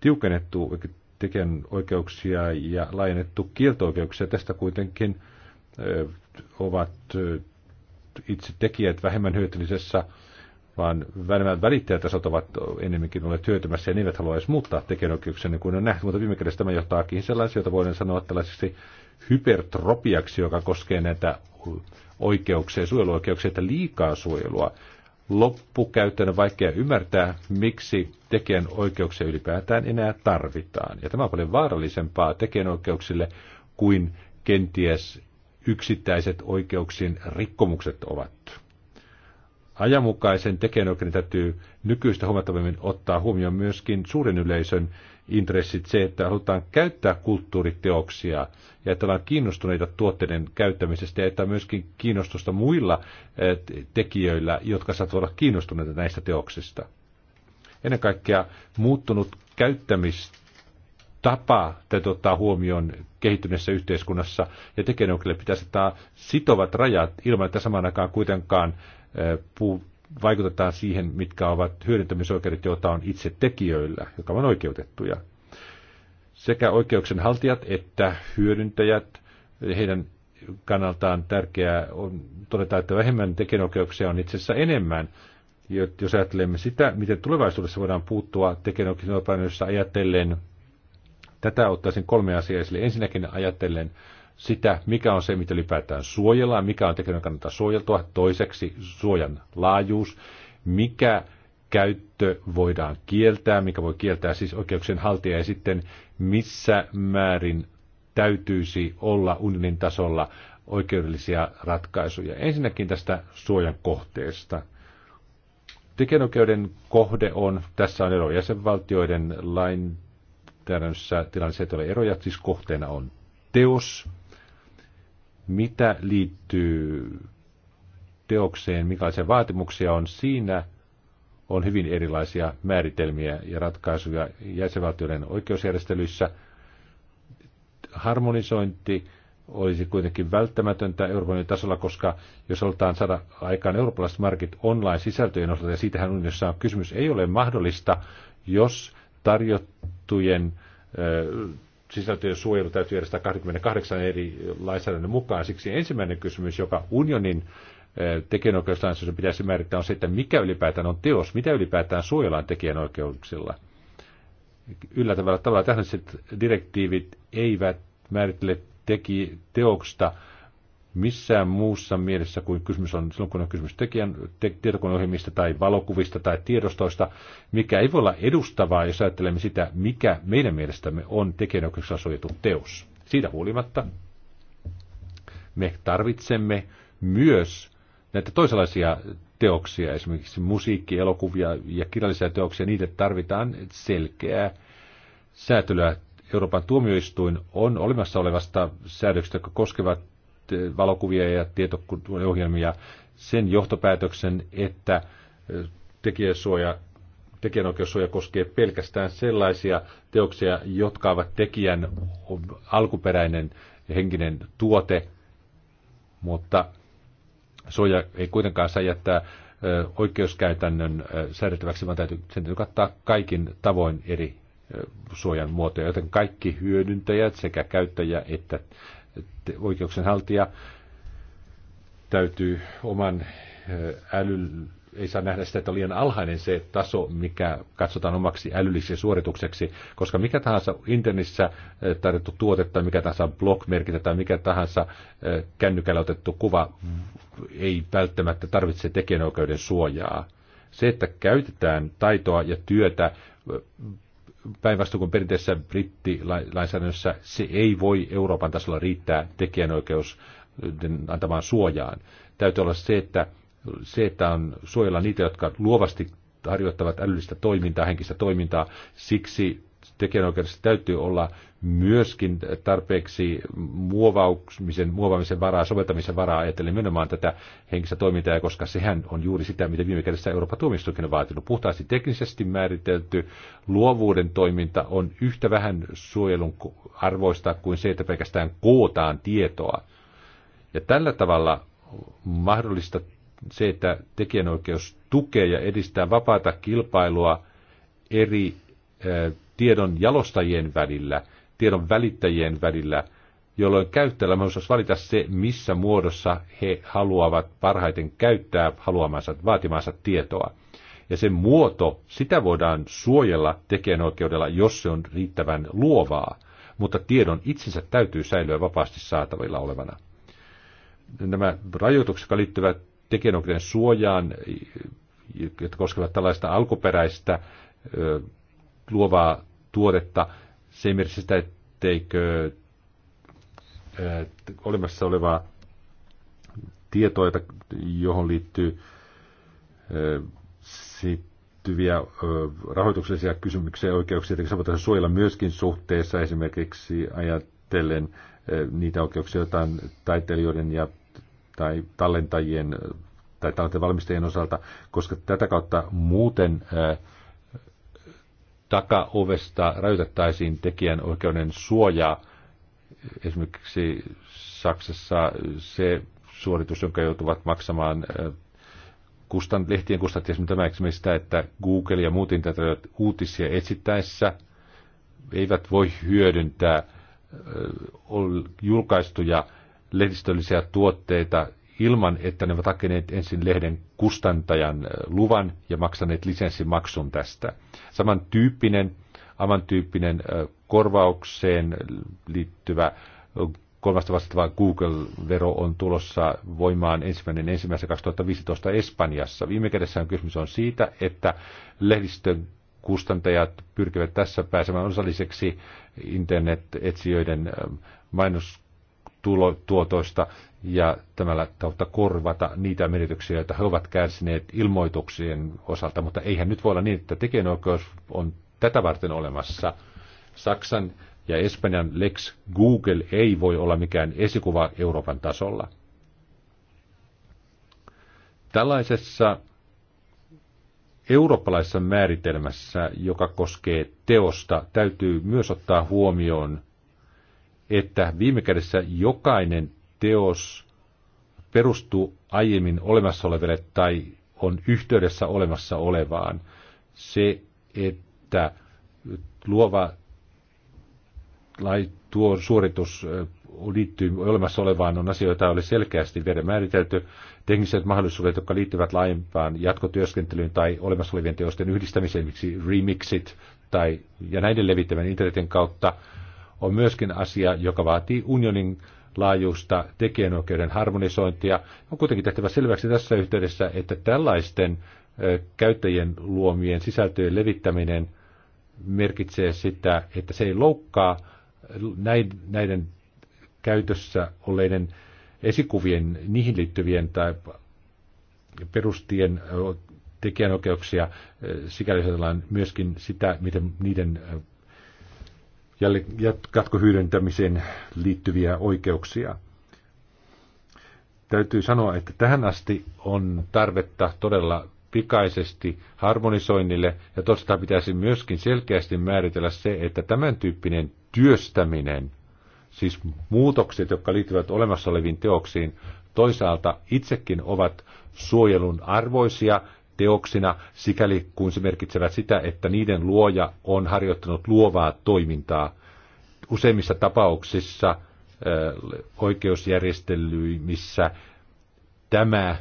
tiukennettu tekijän oikeuksia ja laajennettu kielto-oikeuksia. Tästä kuitenkin ovat itse tekijät vähemmän hyötyllisessä vaan välittäjät välittäjätasot ovat enemmänkin olleet hyötymässä ja ne eivät halua edes muuttaa tekijänoikeuksia niin kuin on nähty, mutta viime kädessä tämä johtaakin sellaisia, joita voidaan sanoa tällaisiksi hypertropiaksi, joka koskee näitä oikeuksia, suojeluoikeuksia, että liikaa suojelua. Loppukäyttäjän on vaikea ymmärtää, miksi tekijänoikeuksia ylipäätään enää tarvitaan. Ja tämä on paljon vaarallisempaa tekijänoikeuksille kuin kenties yksittäiset oikeuksien rikkomukset ovat ajanmukaisen tekijänoikeuden täytyy nykyistä huomattavammin ottaa huomioon myöskin suuren yleisön intressit, se, että halutaan käyttää kulttuuriteoksia ja että ollaan kiinnostuneita tuotteiden käyttämisestä ja että on myöskin kiinnostusta muilla eh, tekijöillä, jotka saattavat olla kiinnostuneita näistä teoksista. Ennen kaikkea muuttunut käyttämistapa täytyy ottaa huomioon kehittyneessä yhteiskunnassa ja tekijänoikeudelle pitäisi ottaa sitovat rajat ilman, että samaan aikaan kuitenkaan puu, vaikutetaan siihen, mitkä ovat hyödyntämisoikeudet, joita on itse tekijöillä, jotka ovat oikeutettuja. Sekä oikeuksien haltijat että hyödyntäjät, heidän kannaltaan tärkeää on todeta, että vähemmän tekijänoikeuksia on itse asiassa enemmän. Jos ajattelemme sitä, miten tulevaisuudessa voidaan puuttua tekijänoikeuksien ajatellen, tätä ottaisin kolme asiaa esille. Ensinnäkin ajatellen sitä, mikä on se, mitä ylipäätään suojellaan, mikä on tekijän kannalta suojeltua, toiseksi suojan laajuus, mikä käyttö voidaan kieltää, mikä voi kieltää siis oikeuksien haltia ja sitten missä määrin täytyisi olla unionin tasolla oikeudellisia ratkaisuja. Ensinnäkin tästä suojan kohteesta. Tekijänoikeuden kohde on, tässä on ero jäsenvaltioiden lain tilanne se, että ole eroja, siis kohteena on teos, mitä liittyy teokseen, minkälaisia vaatimuksia on siinä, on hyvin erilaisia määritelmiä ja ratkaisuja jäsenvaltioiden oikeusjärjestelyissä. Harmonisointi olisi kuitenkin välttämätöntä Euroopan tasolla, koska jos halutaan saada aikaan eurooppalaiset markit online-sisältöjen osalta, ja siitähän unionissa on kysymys, ei ole mahdollista, jos tarjottujen sisältöjen suojelu täytyy järjestää 28 eri lainsäädännön mukaan. Siksi ensimmäinen kysymys, joka unionin eh, tekijänoikeuslainsäädännössä pitäisi määrittää, on se, että mikä ylipäätään on teos, mitä ylipäätään suojellaan tekijänoikeuksilla. Yllättävällä tavalla tähän direktiivit eivät määrittele teki, teoksta missään muussa mielessä kuin kysymys on, silloin kun on kysymys tekijän te, tietokoneohjelmista tai valokuvista tai tiedostoista, mikä ei voi olla edustavaa, jos ajattelemme sitä, mikä meidän mielestämme on tekijänoikeuksilla suojattu teos. Siitä huolimatta me tarvitsemme myös näitä toisenlaisia teoksia, esimerkiksi musiikki, elokuvia ja kirjallisia teoksia, niitä tarvitaan selkeää säätelyä. Euroopan tuomioistuin on olemassa olevasta säädöksestä, jotka koskevat Eh, valokuvia ja tietokoneohjelmia sen johtopäätöksen, että eh, tekijäsuoja tekijänoikeussuoja koskee pelkästään sellaisia teoksia, jotka ovat tekijän alkuperäinen henkinen tuote, mutta suoja ei kuitenkaan saa jättää eh, oikeuskäytännön säädettäväksi, vaan täytyy, sen täytyy kattaa kaikin tavoin eri suojan muotoja, joten kaikki hyödyntäjät, sekä käyttäjä että että haltija täytyy oman äly, ei saa nähdä sitä, että on liian alhainen se taso, mikä katsotaan omaksi älylliseksi suoritukseksi, koska mikä tahansa internetissä tarjottu tuote tai mikä tahansa blogmerkintä tai mikä tahansa kännykällä otettu kuva ei välttämättä tarvitse tekijänoikeuden suojaa. Se, että käytetään taitoa ja työtä päinvastoin kuin perinteisessä brittilainsäädännössä se ei voi Euroopan tasolla riittää tekijänoikeus antamaan suojaan. Täytyy olla se, että, se, että on suojella niitä, jotka luovasti harjoittavat älyllistä toimintaa, henkistä toimintaa. Siksi tekijänoikeudessa täytyy olla myöskin tarpeeksi muovauksen, muovaamisen varaa, soveltamisen varaa ajatellen nimenomaan tätä henkistä toimintaa, koska sehän on juuri sitä, mitä viime kädessä Euroopan tuomioistuinkin on vaatinut. Puhtaasti teknisesti määritelty luovuuden toiminta on yhtä vähän suojelun arvoista kuin se, että pelkästään kootaan tietoa. Ja tällä tavalla mahdollista se, että tekijänoikeus tukee ja edistää vapaata kilpailua eri eh, tiedon jalostajien välillä, tiedon välittäjien välillä, jolloin käyttäjällä on mahdollisuus valita se, missä muodossa he haluavat parhaiten käyttää haluamansa, vaatimansa tietoa. Ja sen muoto, sitä voidaan suojella tekijänoikeudella, jos se on riittävän luovaa, mutta tiedon itsensä täytyy säilyä vapaasti saatavilla olevana. Nämä rajoitukset, jotka liittyvät tekijänoikeuden suojaan, jotka koskevat tällaista alkuperäistä luovaa tuotetta. Se ei merkitse sitä, etteikö eh, olemassa olevaa tietoa, johon liittyy eh, sittyviä eh, rahoituksellisia kysymyksiä ja oikeuksia, että voitaisiin suojella myöskin suhteessa esimerkiksi ajatellen niitä oikeuksia, joita on taiteilijoiden ja, tai tallentajien tai tallentajien valmistajien osalta, koska tätä kautta muuten ää, takaovesta rajoitettaisiin tekijänoikeuden suojaa. Esimerkiksi Saksassa se suoritus, jonka joutuvat maksamaan kustan, lehtien kustantajat, tämä esimerkiksi sitä, että Google ja muut internet uutisia etsittäessä eivät voi hyödyntää julkaistuja lehdistöllisiä tuotteita ilman, että ne ovat hakeneet ensin lehden kustantajan äh, luvan ja maksaneet lisenssimaksun tästä. Samantyyppinen, amantyyppinen äh, korvaukseen liittyvä äh, kolmasta vastaava Google-vero on tulossa voimaan ensimmäinen ensimmäisen 2015 Espanjassa. Viime kädessä on kysymys on siitä, että lehdistön kustantajat pyrkivät tässä pääsemään osalliseksi internet-etsijöiden mainos tulo, tuotoista ja tämällä kautta korvata niitä menetyksiä, joita he ovat kärsineet ilmoituksien osalta, mutta eihän nyt voi olla niin, että tekijänoikeus on tätä varten olemassa. Saksan ja Espanjan Lex Google ei voi olla mikään esikuva Euroopan tasolla. Tällaisessa eurooppalaisessa määritelmässä, joka koskee teosta, täytyy myös ottaa huomioon että viime kädessä jokainen teos perustuu aiemmin olemassa oleville tai on yhteydessä olemassa olevaan. Se, että luova lai, tuo suoritus liittyy olemassa olevaan, on asioita, joita oli selkeästi vielä määritelty. Tekniset mahdollisuudet, jotka liittyvät laajempaan jatkotyöskentelyyn tai olemassa olevien teosten yhdistämiseen, miksi remixit tai, ja näiden levittäminen internetin kautta – on myöskin asia, joka vaatii unionin laajuista tekijänoikeuden harmonisointia. On kuitenkin tehtävä selväksi tässä yhteydessä, että tällaisten käyttäjien luomien sisältöjen levittäminen merkitsee sitä, että se ei loukkaa näiden käytössä oleiden esikuvien, niihin liittyvien tai perustien tekijänoikeuksia, sikäli ajatellaan myöskin sitä, miten niiden jatkohyödyntämiseen liittyviä oikeuksia. Täytyy sanoa, että tähän asti on tarvetta todella pikaisesti harmonisoinnille, ja tuosta pitäisi myöskin selkeästi määritellä se, että tämän tyyppinen työstäminen, siis muutokset, jotka liittyvät olemassa oleviin teoksiin, toisaalta itsekin ovat suojelun arvoisia teoksina, sikäli kun se merkitsevät sitä, että niiden luoja on harjoittanut luovaa toimintaa. Useimmissa tapauksissa äh, oikeusjärjestelyissä tämä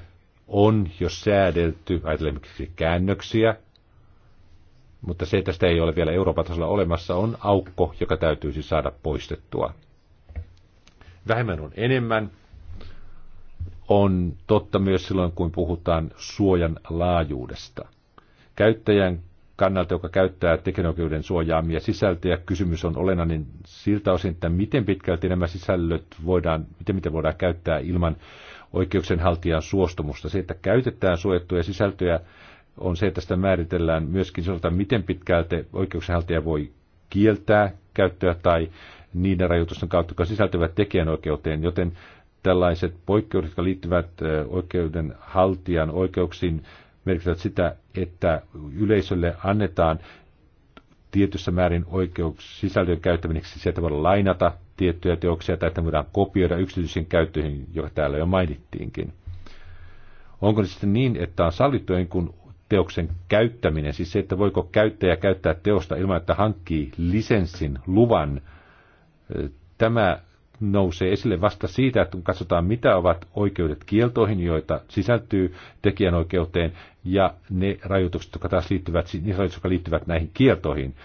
on jo säädelty, ajatellaan käännöksiä, mutta se, että sitä ei ole vielä Euroopan tasolla olemassa, on aukko, joka täytyisi saada poistettua. Vähemmän on enemmän, on totta myös silloin, kun puhutaan suojan laajuudesta. Käyttäjän kannalta, joka käyttää tekijänoikeuden suojaamia sisältöjä, kysymys on olennainen siltä osin, että miten pitkälti nämä sisällöt voidaan, miten miten voidaan käyttää ilman oikeuksenhaltijan suostumusta. Se, että käytetään suojattuja sisältöjä, on se, että sitä määritellään myöskin siltä, miten pitkälti oikeuksenhaltija voi kieltää käyttöä tai niiden rajoitusten kautta, jotka sisältyvät tekijänoikeuteen, joten tällaiset poikkeudet, jotka liittyvät oikeudenhaltijan oikeuksiin, merkitsevät sitä, että yleisölle annetaan tietyssä määrin oikeuksia sisältöjen käyttämiseksi, sieltä voidaan lainata tiettyjä teoksia tai että voidaan kopioida yksityisen käyttöihin, joka täällä jo mainittiinkin. Onko se sitten niin, että on sallittu kuin teoksen käyttäminen, siis se, että voiko käyttäjä käyttää teosta ilman, että hankkii lisenssin, luvan, tämä nousee esille vasta siitä, että kun katsotaan, mitä ovat oikeudet kieltoihin, joita sisältyy tekijänoikeuteen, ja ne rajoitukset, jotka taas liittyvät, niin rajoitukset, jotka liittyvät näihin kieltoihin.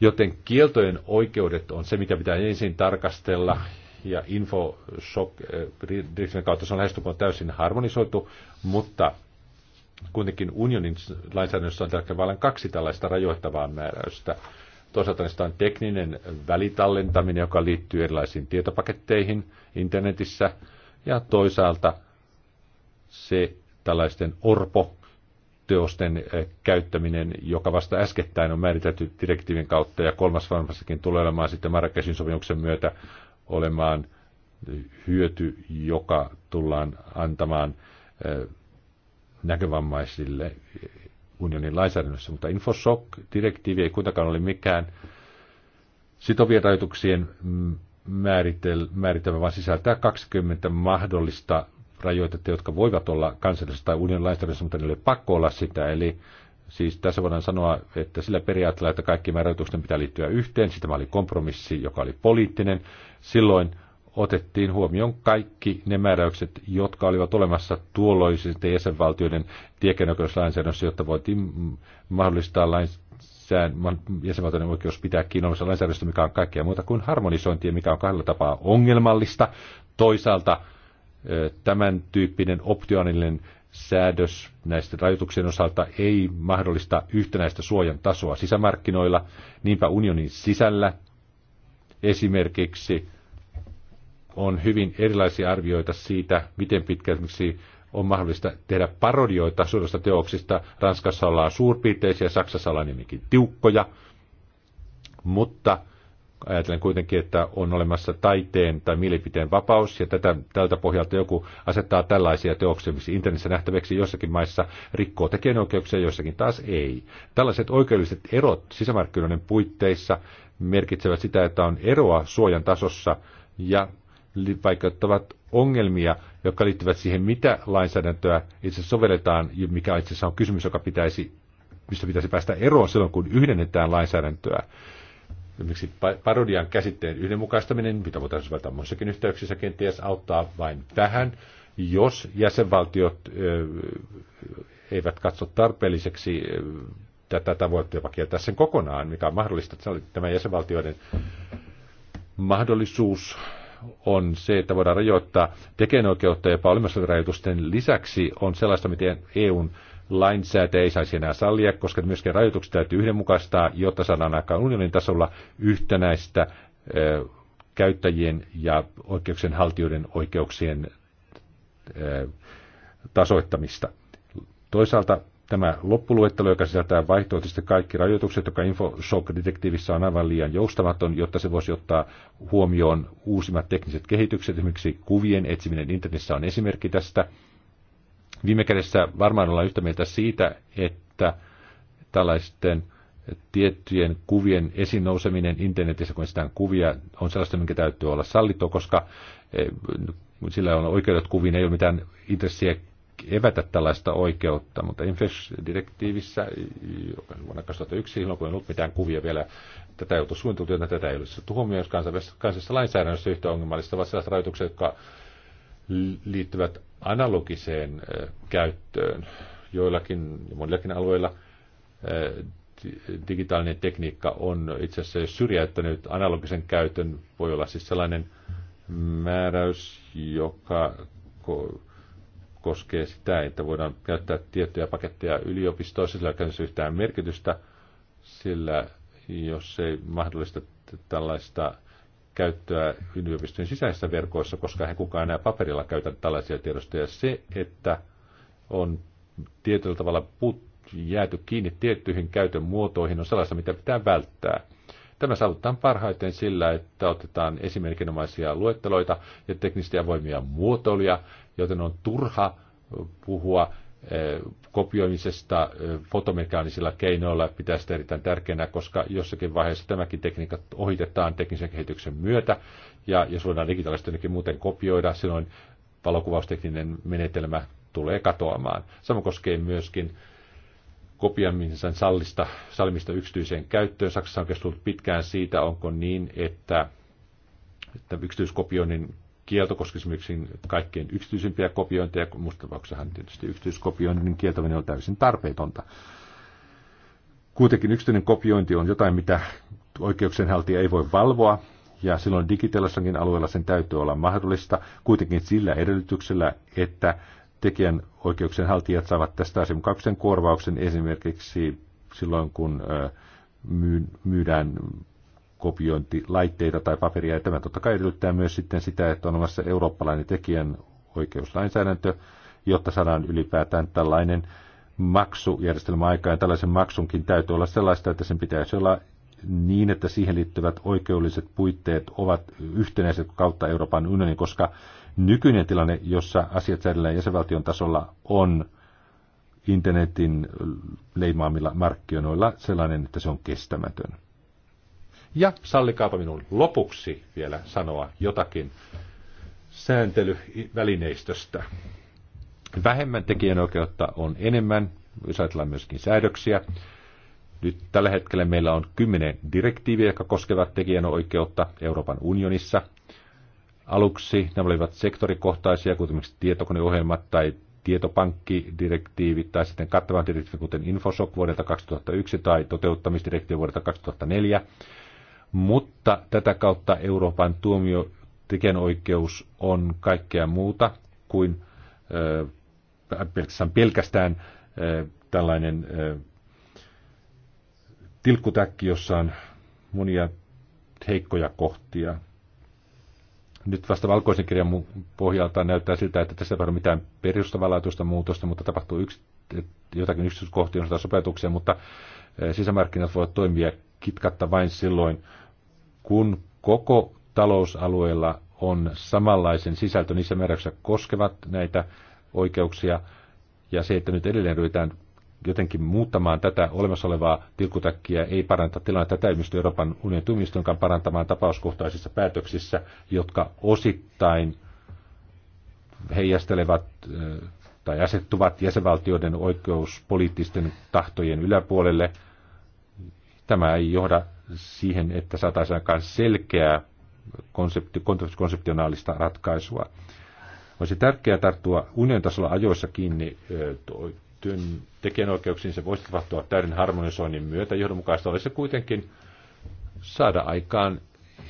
Joten kieltojen oikeudet on se, mitä pitää ensin tarkastella, ja infoshock-direktiivin eh, kautta se on lähestulkoon täysin harmonisoitu, mutta kuitenkin unionin lainsäädännössä on tällä vallan kaksi tällaista rajoittavaa määräystä – Toisaalta niistä on tekninen välitallentaminen, joka liittyy erilaisiin tietopaketteihin internetissä. Ja toisaalta se tällaisten orpo teosten eh, käyttäminen, joka vasta äskettäin on määritelty direktiivin kautta, ja kolmas varmastikin tulee olemaan sitten Marrakesin sopimuksen myötä olemaan hyöty, joka tullaan antamaan eh, näkövammaisille unionin lainsäädännössä, mutta infoshock direktiivi ei kuitenkaan ole mikään sitovien rajoituksien mm, määritelmä, vaan sisältää 20 mahdollista rajoitetta, jotka voivat olla kansallisessa tai unionin lainsäädännössä, mutta ne ei ole pakko olla sitä. Eli siis tässä voidaan sanoa, että sillä periaatteella, että kaikki määräytysten pitää liittyä yhteen, sitä siis oli kompromissi, joka oli poliittinen. Silloin otettiin huomioon kaikki ne määräykset, jotka olivat olemassa tuolloisisten jäsenvaltioiden tiekenoikeuslainsäädännössä, jotta voitiin mahdollistaa lainsään, jäsenvaltioiden oikeus pitää kiinni olemassa lainsäädännössä, mikä on kaikkea muuta kuin harmonisointia, mikä on kahdella tapaa ongelmallista. Toisaalta tämän tyyppinen optionillinen säädös näistä rajoituksien osalta ei mahdollista yhtenäistä suojan tasoa sisämarkkinoilla, niinpä unionin sisällä esimerkiksi on hyvin erilaisia arvioita siitä, miten pitkä esimerkiksi on mahdollista tehdä parodioita suurista teoksista. Ranskassa ollaan suurpiirteisiä, Saksassa ollaan nimikin tiukkoja, mutta ajattelen kuitenkin, että on olemassa taiteen tai mielipiteen vapaus, ja tätä, tältä pohjalta joku asettaa tällaisia teoksia, missä internetissä nähtäväksi jossakin maissa rikkoo tekijänoikeuksia, jossakin taas ei. Tällaiset oikeudelliset erot sisämarkkinoiden puitteissa merkitsevät sitä, että on eroa suojan tasossa ja vaikeuttavat ongelmia, jotka liittyvät siihen, mitä lainsäädäntöä itse sovelletaan ja mikä itse asiassa on kysymys, joka pitäisi, mistä pitäisi päästä eroon silloin, kun yhdennetään lainsäädäntöä. Esimerkiksi parodian käsitteen yhdenmukaistaminen, mitä voitaisiin soveltaa muissakin yhteyksissä, kenties auttaa vain tähän, jos jäsenvaltiot eivät katso tarpeelliseksi tätä tavoitetta jopa kieltää sen kokonaan, mikä on mahdollista. Tämä jäsenvaltioiden mahdollisuus on se, että voidaan rajoittaa tekijänoikeutta ja olemassa rajoitusten lisäksi on sellaista, miten EUn lainsäätä ei saisi enää sallia, koska myöskin rajoitukset täytyy yhdenmukaistaa, jotta saadaan aikaan unionin tasolla yhtenäistä ö, käyttäjien ja oikeuksien haltijoiden oikeuksien ö, tasoittamista. Toisaalta Tämä loppuluettelo, joka sisältää vaihtoehtoisesti kaikki rajoitukset, joka infoshock detektiivissä on aivan liian joustamaton, jotta se voisi ottaa huomioon uusimmat tekniset kehitykset. Esimerkiksi kuvien etsiminen internetissä on esimerkki tästä. Viime kädessä varmaan ollaan yhtä mieltä siitä, että tällaisten tiettyjen kuvien esiin nouseminen internetissä, kun sitä kuvia, on sellaista, minkä täytyy olla sallittua, koska eh, sillä on oikeudet kuviin, ei ole mitään intressiä evätä tällaista oikeutta, mutta Infesh-direktiivissä vuonna 2001, silloin kun ei ollut mitään kuvia vielä, tätä ei ollut suunniteltu, tätä ei olisi huomioon kansainvälisessä, kansainvälisessä lainsäädännössä yhtä ongelmallista, vaan sellaiset rajoitukset, jotka liittyvät analogiseen käyttöön. Joillakin ja monillakin alueilla digitaalinen tekniikka on itse asiassa syrjäyttänyt analogisen käytön, voi olla siis sellainen määräys, joka koskee sitä, että voidaan käyttää tiettyjä paketteja yliopistoissa, sillä ei yhtään merkitystä, sillä jos ei mahdollista tällaista käyttöä yliopistojen sisäisissä verkoissa, koska he kukaan enää paperilla käytä tällaisia tiedostoja. Se, että on tietyllä tavalla put, jääty kiinni tiettyihin käytön muotoihin, on sellaista, mitä pitää välttää. Tämä saavutetaan parhaiten sillä, että otetaan esimerkinomaisia luetteloita ja teknisesti avoimia muotoiluja, joten on turha puhua kopioimisesta fotomekaanisilla keinoilla pitää sitä erittäin tärkeänä, koska jossakin vaiheessa tämäkin tekniikka ohitetaan teknisen kehityksen myötä, ja jos voidaan digitaalisesti jotenkin muuten kopioida, silloin valokuvaustekninen menetelmä tulee katoamaan. Sama koskee myöskin kopioimisen sallista, sallimista yksityiseen käyttöön. Saksassa on keskustellut pitkään siitä, onko niin, että, että yksityiskopioinnin kielto koskisi esimerkiksi kaikkein yksityisimpiä kopiointeja, kun muussa tapauksessahan tietysti yksityiskopioinnin niin kieltäminen on täysin tarpeetonta. Kuitenkin yksityinen kopiointi on jotain, mitä oikeuksienhaltija ei voi valvoa, ja silloin digitaalisessakin alueella sen täytyy olla mahdollista, kuitenkin sillä edellytyksellä, että tekijän oikeuksienhaltijat saavat tästä asiakkaan korvauksen esimerkiksi silloin, kun myydään kopiointilaitteita tai paperia. Ja tämä totta kai edellyttää myös sitten sitä, että on olemassa eurooppalainen tekijän oikeuslainsäädäntö, jotta saadaan ylipäätään tällainen maksujärjestelmä aikaan. Tällaisen maksunkin täytyy olla sellaista, että sen pitäisi olla niin, että siihen liittyvät oikeudelliset puitteet ovat yhtenäiset kautta Euroopan unionin, koska nykyinen tilanne, jossa asiat säädellään jäsenvaltion tasolla, on internetin leimaamilla markkinoilla sellainen, että se on kestämätön. Ja sallikaapa minun lopuksi vielä sanoa jotakin sääntelyvälineistöstä. Vähemmän tekijänoikeutta on enemmän, jos ajatellaan myöskin säädöksiä. Nyt tällä hetkellä meillä on kymmenen direktiiviä, jotka koskevat tekijänoikeutta Euroopan unionissa. Aluksi nämä olivat sektorikohtaisia, kuten esimerkiksi tietokoneohjelmat tai tietopankkidirektiivi tai sitten kattavan direktiivi, kuten Infosoc vuodelta 2001 tai toteuttamisdirektiivi vuodelta 2004 mutta tätä kautta Euroopan tuomio tekijänoikeus on kaikkea muuta kuin äh, pelkästään, äh, tällainen äh, tilkkutäkki, jossa on monia heikkoja kohtia. Nyt vasta valkoisen kirjan pohjalta näyttää siltä, että tässä ei ole mitään perustavanlaatuista muutosta, mutta tapahtuu yksi, jotakin yksityiskohtia sopeutuksia, mutta äh, sisämarkkinat voivat toimia kitkatta vain silloin, kun koko talousalueella on samanlaisen sisältö niissä määräyksissä koskevat näitä oikeuksia, ja se, että nyt edelleen ryhdytään jotenkin muuttamaan tätä olemassa olevaa tilkutakkia ei paranta tilannetta. Tätä ilmestyy Euroopan unionin tuomioistuinkaan parantamaan tapauskohtaisissa päätöksissä, jotka osittain heijastelevat tai asettuvat jäsenvaltioiden oikeuspoliittisten tahtojen yläpuolelle. Tämä ei johda siihen, että saataisiin aikaan selkeää konsepti, konseptionaalista ratkaisua. Olisi tärkeää tarttua union tasolla ajoissa kiinni työn tekijänoikeuksiin. Se voisi tapahtua täyden harmonisoinnin myötä. Johdonmukaista olisi kuitenkin saada aikaan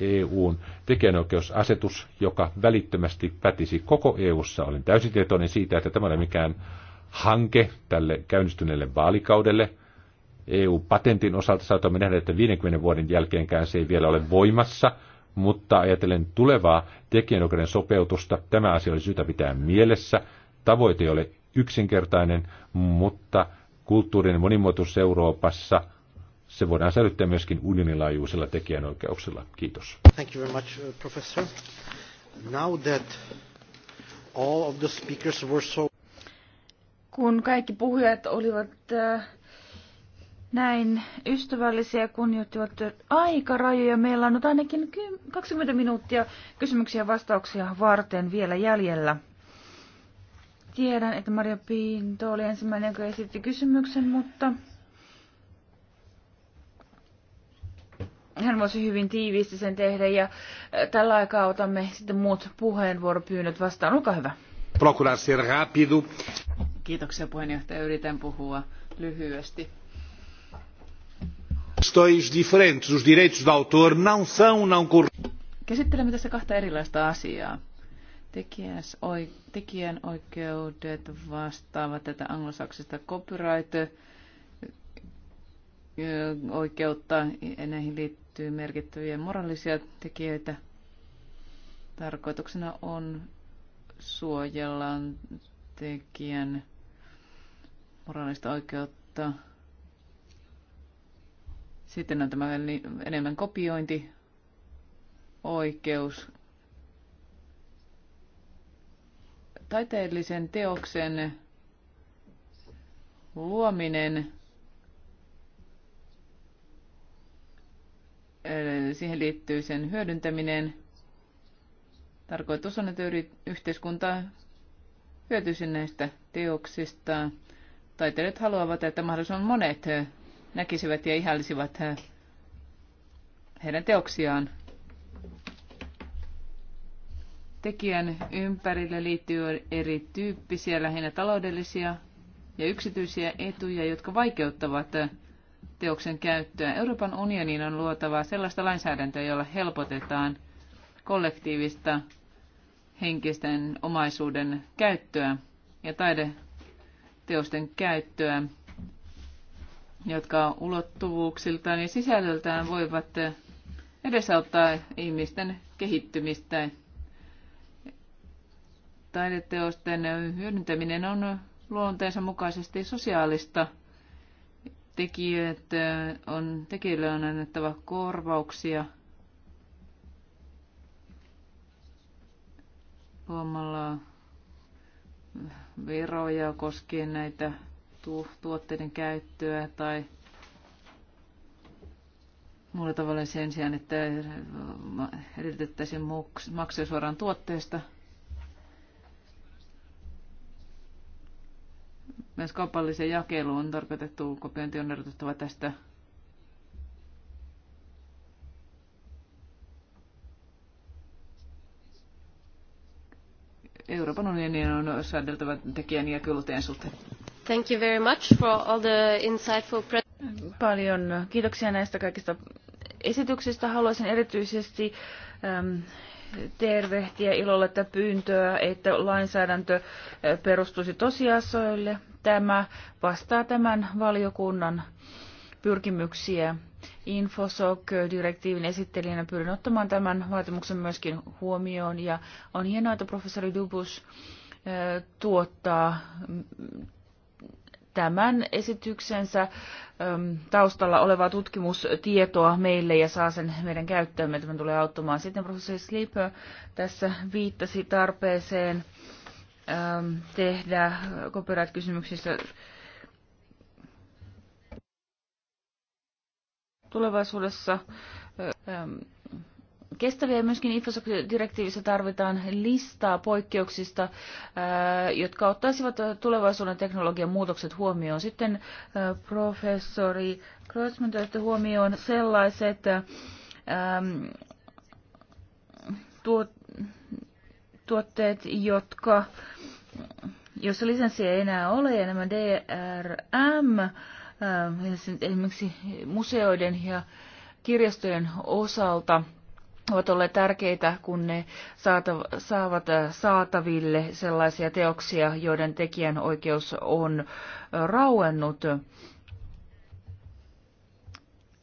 EUn tekijänoikeusasetus, joka välittömästi pätisi koko EUssa. Olen täysin tietoinen siitä, että tämä ei ole mikään hanke tälle käynnistyneelle vaalikaudelle – EU-patentin osalta saatamme nähdä, että 50 vuoden jälkeenkään se ei vielä ole voimassa, mutta ajatellen tulevaa tekijänoikeuden sopeutusta, tämä asia oli syytä pitää mielessä. Tavoite ei ole yksinkertainen, mutta kulttuurin monimuotoisuus Euroopassa – se voidaan säilyttää myöskin unioninlaajuisilla tekijänoikeuksilla. Kiitos.
Thank you very much, uh, professor. Now that all of the speakers were so...
Kun kaikki puhujat olivat äh, näin ystävällisiä kunnioittivat aikarajoja. Meillä on nyt ainakin 20 minuuttia kysymyksiä ja vastauksia varten vielä jäljellä. Tiedän, että Maria Pinto oli ensimmäinen, joka esitti kysymyksen, mutta hän voisi hyvin tiiviisti sen tehdä ja tällä aikaa otamme sitten muut puheenvuoropyynnöt vastaan. Olkaa hyvä.
Kiitoksia
puheenjohtaja. Yritän puhua lyhyesti
Questões diferentes. Os direitos de autor não são não
Käsittelemme tässä kahta erilaista asiaa. Tekijän oikeudet vastaavat tätä anglosaksista copyright oikeutta. Näihin liittyy merkittäviä moraalisia tekijöitä. Tarkoituksena on suojella tekijän moraalista oikeutta sitten on tämä enemmän kopiointi, oikeus. Taiteellisen teoksen luominen, siihen liittyy sen hyödyntäminen. Tarkoitus on, että yhteiskunta hyötyisi näistä teoksista. Taiteilijat haluavat, että mahdollisimman monet näkisivät ja ihailisivat eh, heidän teoksiaan. Tekijän ympärille liittyy erityyppisiä, lähinnä taloudellisia ja yksityisiä etuja, jotka vaikeuttavat eh, teoksen käyttöä. Euroopan unionin on luotava sellaista lainsäädäntöä, jolla helpotetaan kollektiivista henkisten omaisuuden käyttöä ja taideteosten käyttöä jotka ulottuvuuksiltaan ja sisällöltään voivat edesauttaa ihmisten kehittymistä. Taideteosten hyödyntäminen on luonteensa mukaisesti sosiaalista. Tekijät äh, on, tekijöille on annettava korvauksia luomalla veroja koskien näitä rajoittuu tuotteiden käyttöä tai muulla tavalla sen sijaan, että edellytettäisiin maksaa suoraan tuotteesta. Myös kaupalliseen jakeluun tarkoitettu kopiointi on erotettava tästä Euroopan unionin on säädeltävä tekijän ja kuluttajan suhteen.
Paljon kiitoksia näistä kaikista esityksistä. Haluaisin erityisesti äm, tervehtiä ilolla tätä pyyntöä, että lainsäädäntö perustuisi tosiasioille. Tämä vastaa tämän valiokunnan pyrkimyksiä. InfoSoc-direktiivin esittelijänä pyrin ottamaan tämän vaatimuksen myöskin huomioon. Ja on hienoa, että professori Dubus tuottaa tämän esityksensä ähm, taustalla olevaa tutkimustietoa meille ja saa sen meidän käyttöömme. Tämä tulee auttamaan. Sitten professori Sleeper tässä viittasi tarpeeseen ähm, tehdä copyright-kysymyksissä tulevaisuudessa äh, ähm, kestäviä. Myöskin infrastruktuuridirektiivissä tarvitaan listaa poikkeuksista, äh, jotka ottaisivat tulevaisuuden teknologian muutokset huomioon. Sitten äh, professori Grossman täytyy huomioon sellaiset äh, ähm, tuot, tuotteet, jotka, jos lisenssiä ei enää ole, ja nämä DRM, esimerkiksi museoiden ja kirjastojen osalta – ovat olleet tärkeitä, kun ne saatav- saavat äh, saataville sellaisia teoksia, joiden tekijän oikeus on äh, rauennut.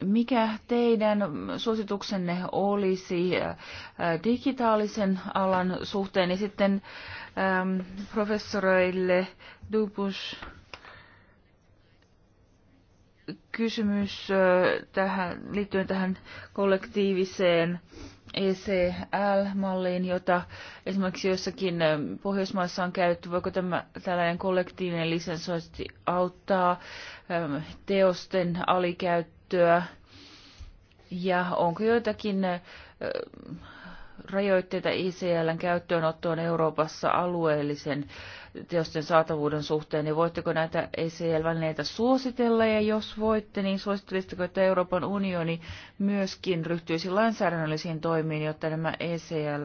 Mikä teidän suosituksenne olisi äh, digitaalisen alan suhteen? Ja sitten ähm, professoreille Dubus kysymys äh, tähän, liittyen tähän kollektiiviseen äh, ECL-malliin, jota esimerkiksi jossakin Pohjoismaissa on käytetty. Voiko tämä tällainen kollektiivinen lisensointi auttaa teosten alikäyttöä? Ja onko joitakin rajoitteita ICLn käyttöönottoon Euroopassa alueellisen teosten saatavuuden suhteen, niin voitteko näitä ECL-välineitä suositella, ja jos voitte, niin suosittelisitteko, että Euroopan unioni myöskin ryhtyisi lainsäädännöllisiin toimiin, jotta nämä ECL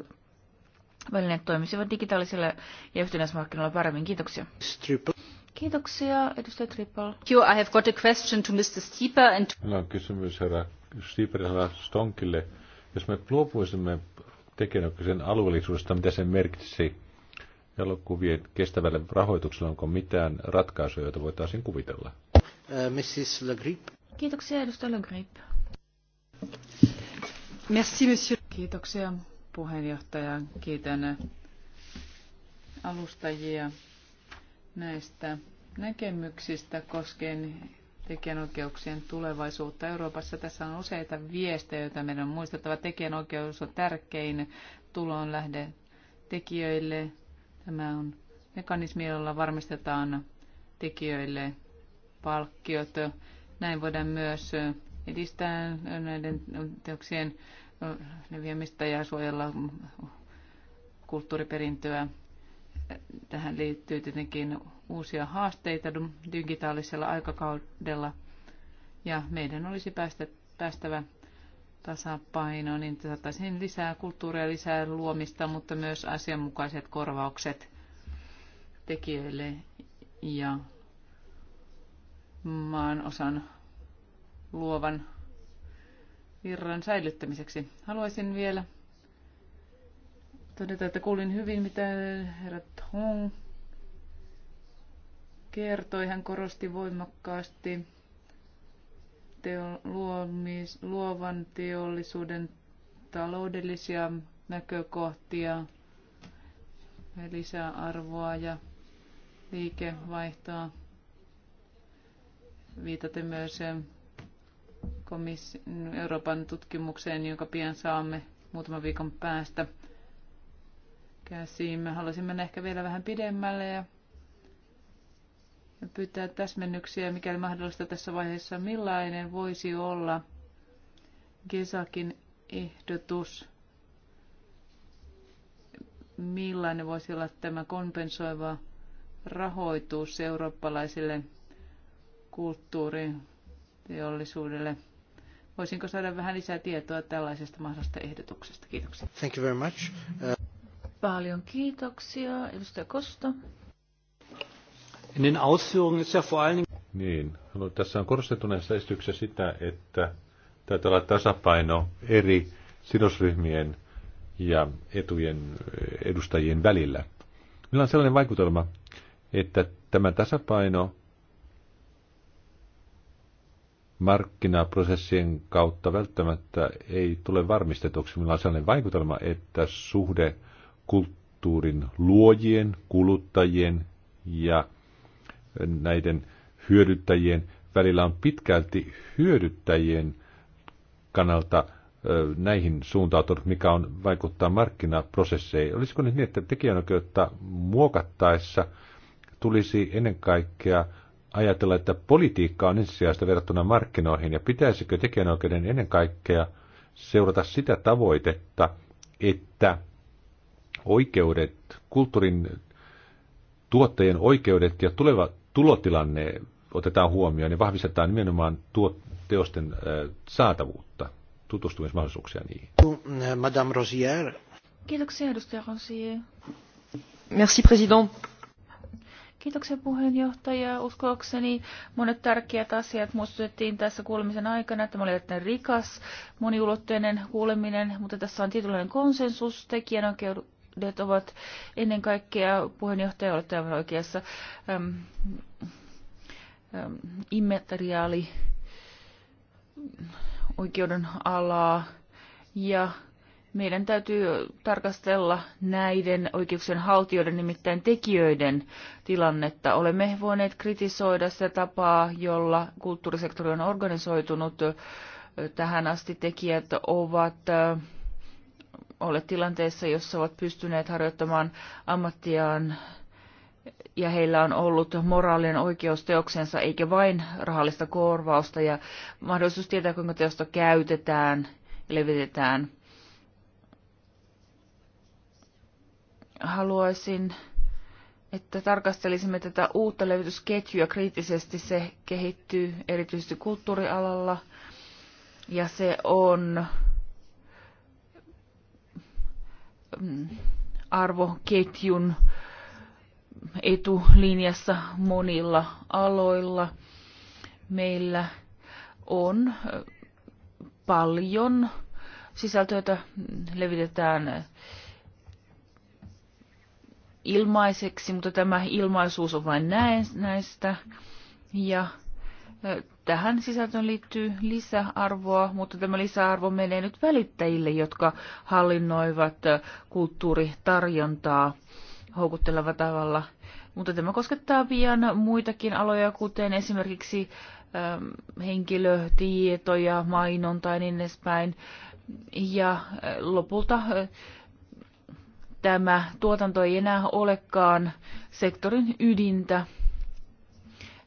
välineet toimisivat digitaalisella ja yhtenäismarkkinoilla paremmin. Kiitoksia. Stripple. Kiitoksia, edustaja Triple. You, I have got a question to Mr. Stieper. And...
Meillä on kysymys herra Stieperin Stonkille. Jos me luopuisimme tekeekö sen alueellisuudesta, mitä sen merkitsisi elokuvien kestävälle rahoitukselle, onko mitään ratkaisuja, joita voitaisiin kuvitella?
Äh, Mrs. Le Grip.
Kiitoksia, edustaja Le Grip.
Merci, monsieur. Kiitoksia, puheenjohtaja. Kiitän alustajia näistä näkemyksistä koskien tekijänoikeuksien tulevaisuutta Euroopassa. Tässä on useita viestejä, joita meidän on muistettava. Tekijänoikeus on tärkein tulonlähde tekijöille. Tämä on mekanismi, jolla varmistetaan tekijöille palkkiot. Näin voidaan myös edistää näiden teoksien leviämistä ja suojella kulttuuriperintöä. Tähän liittyy tietenkin uusia haasteita digitaalisella aikakaudella ja meidän olisi päästä, päästävä tasapainoon, niin saataisiin lisää kulttuuria, lisää luomista, mutta myös asianmukaiset korvaukset tekijöille ja maan osan luovan virran säilyttämiseksi. Haluaisin vielä todeta, että kuulin hyvin, mitä herra Hong kertoi. Hän korosti voimakkaasti teo, luomis, luovan teollisuuden taloudellisia näkökohtia, lisäarvoa ja liikevaihtoa. Viitaten myös eh, Euroopan tutkimukseen, jonka pian saamme muutaman viikon päästä käsiin. Me haluaisimme ehkä vielä vähän pidemmälle ja pyytää täsmennyksiä, mikäli mahdollista tässä vaiheessa, millainen voisi olla Gesakin ehdotus, millainen voisi olla tämä kompensoiva rahoitus eurooppalaisille kulttuuriteollisuudelle. Voisinko saada vähän lisää tietoa tällaisesta mahdollisesta ehdotuksesta? Kiitoksia. Thank you very
much. Uh...
Paljon
kiitoksia. Edustaja Kosto.
In den Ausführungen ist ja vor allen Dingen... Niin, no, tässä on korostettu näissä esityksissä sitä, että täytyy olla tasapaino eri sidosryhmien ja etujen eh, edustajien välillä. Meillä on sellainen vaikutelma, että tämä tasapaino markkinaprosessien kautta välttämättä ei tule varmistetuksi. Meillä on sellainen vaikutelma, että suhde kulttuurin luojien, kuluttajien ja näiden hyödyttäjien välillä on pitkälti hyödyttäjien kannalta näihin suuntautunut, mikä on vaikuttaa markkinaprosesseihin. Olisiko nyt niin, että tekijänoikeutta muokattaessa tulisi ennen kaikkea ajatella, että politiikka on ensisijaista verrattuna markkinoihin, ja pitäisikö tekijänoikeuden ennen kaikkea seurata sitä tavoitetta, että oikeudet, kulttuurin tuottajien oikeudet ja tulevat tulotilanne otetaan huomioon niin vahvistetaan nimenomaan tuot, teosten äh, saatavuutta, tutustumismahdollisuuksia niihin.
Madame Rosier.
Kiitoksia, edustaja Rosier.
Merci, president.
Kiitoksia puheenjohtaja. Uskoakseni monet tärkeät asiat muistutettiin tässä kuulemisen aikana. että oli erittäin rikas, moniulotteinen kuuleminen, mutta tässä on tietynlainen konsensus tekijänoikeudet oikeudet ovat ennen kaikkea, puheenjohtaja olette aivan oikeassa, äm, äm, immateriaali oikeuden alaa ja meidän täytyy tarkastella näiden oikeuksien haltijoiden, nimittäin tekijöiden tilannetta. Olemme voineet kritisoida sitä tapaa, jolla kulttuurisektori on organisoitunut tähän asti. Tekijät ovat äh, ole tilanteessa, jossa ovat pystyneet harjoittamaan ammattiaan ja heillä on ollut moraalinen oikeus teoksensa eikä vain rahallista korvausta ja mahdollisuus tietää, kuinka teosta käytetään ja levitetään. Haluaisin, että tarkastelisimme tätä uutta levitysketjua kriittisesti. Se kehittyy erityisesti kulttuurialalla ja se on Mm, arvoketjun etulinjassa monilla aloilla. Meillä on paljon sisältöä, levitetään ilmaiseksi, mutta tämä ilmaisuus on vain näistä. Ja Tähän sisältöön liittyy lisäarvoa, mutta tämä lisäarvo menee nyt välittäjille, jotka hallinnoivat kulttuuritarjontaa houkutteleva tavalla. Mutta tämä koskettaa pian muitakin aloja, kuten esimerkiksi ähm, henkilötietoja, mainontaa ja niin edespäin. Ja äh, lopulta äh, tämä tuotanto ei enää olekaan sektorin ydintä,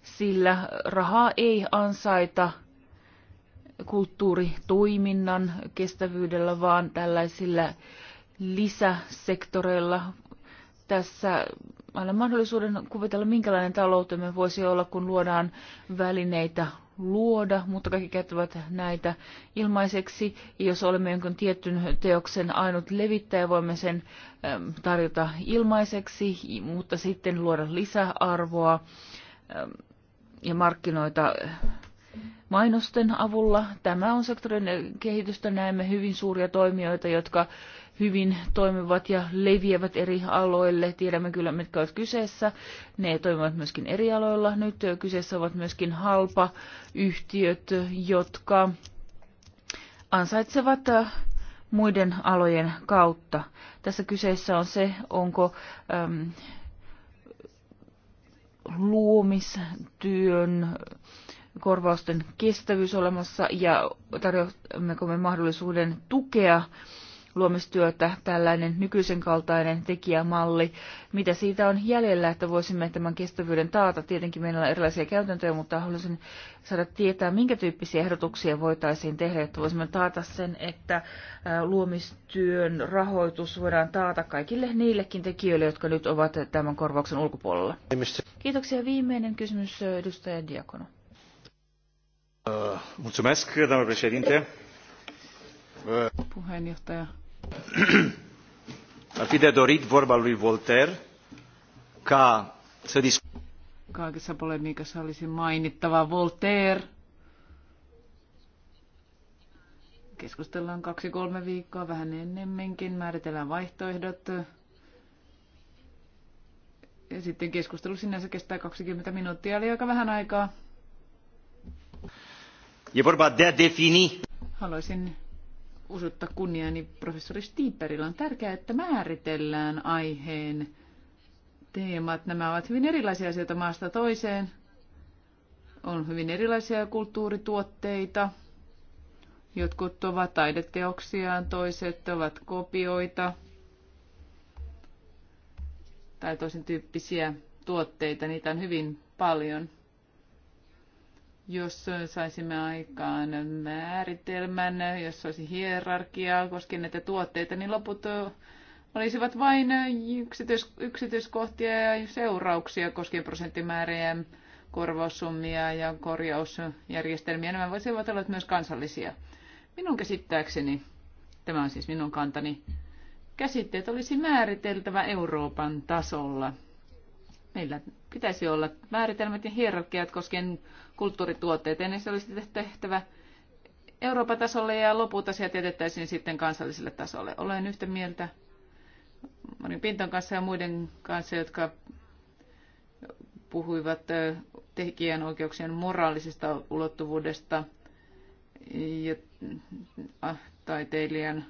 sillä rahaa ei ansaita kulttuuritoiminnan kestävyydellä, vaan tällaisilla lisäsektoreilla. Tässä annan mahdollisuuden kuvitella, minkälainen taloutemme voisi olla, kun luodaan välineitä luoda, mutta kaikki käyttävät näitä ilmaiseksi. Jos olemme jonkun tietyn teoksen ainut levittäjä, voimme sen tarjota ilmaiseksi, mutta sitten luoda lisäarvoa ja markkinoita mainosten avulla. Tämä on sektorin kehitystä. Näemme hyvin suuria toimijoita, jotka hyvin toimivat ja leviävät eri aloille. Tiedämme kyllä, mitkä ovat kyseessä. Ne toimivat myöskin eri aloilla. Nyt kyseessä ovat myöskin halpa yhtiöt, jotka ansaitsevat muiden alojen kautta. Tässä kyseessä on se, onko ähm, luomistyön korvausten kestävyys olemassa ja tarjoammeko me mahdollisuuden tukea luomistyötä tällainen nykyisen kaltainen tekijämalli. Mitä siitä on jäljellä, että voisimme tämän kestävyyden taata? Tietenkin meillä on erilaisia käytäntöjä, mutta haluaisin saada tietää, minkä tyyppisiä ehdotuksia voitaisiin tehdä, että voisimme taata sen, että luomistyön rahoitus voidaan taata kaikille niillekin tekijöille, jotka nyt ovat tämän korvauksen ulkopuolella. Kiitoksia. Viimeinen kysymys edustaja Diakono.
Äh, mulțumesc, doamnă președinte.
Puheenjohtaja.
Ar fi de dorit vorba lui
Voltaire ca să discutăm.
Kaikessa polemiikassa olisi mainittava Voltaire. Keskustellaan kaksi-kolme viikkoa vähän ennemminkin, määritellään vaihtoehdot. Ja sitten keskustelu sinänsä kestää 20 minuuttia, eli aika vähän aikaa.
Ja e de defini.
Haluaisin uusutta kunniani professori Stieperillä. On tärkeää, että määritellään aiheen teemat. Nämä ovat hyvin erilaisia asioita maasta toiseen. On hyvin erilaisia kulttuurituotteita. Jotkut ovat taideteoksiaan, toiset ovat kopioita tai toisen tyyppisiä tuotteita. Niitä on hyvin paljon jos saisimme aikaan määritelmän, jos olisi hierarkiaa koskien näitä tuotteita, niin loput olisivat vain yksityis- yksityiskohtia ja seurauksia koskien prosenttimääriä, korvaussummia ja korjausjärjestelmiä. Nämä voisivat olla myös kansallisia. Minun käsittääkseni, tämä on siis minun kantani, käsitteet olisi määriteltävä Euroopan tasolla. Meillä pitäisi olla määritelmät ja hierarkiat koskien kulttuurituotteita, ennen se olisi tehtävä Euroopan tasolle ja loput asiat jätettäisiin sitten kansalliselle tasolle. Olen yhtä mieltä Marin Pinton kanssa ja muiden kanssa, jotka puhuivat tekijänoikeuksien moraalisesta ulottuvuudesta ja äh, taiteilijan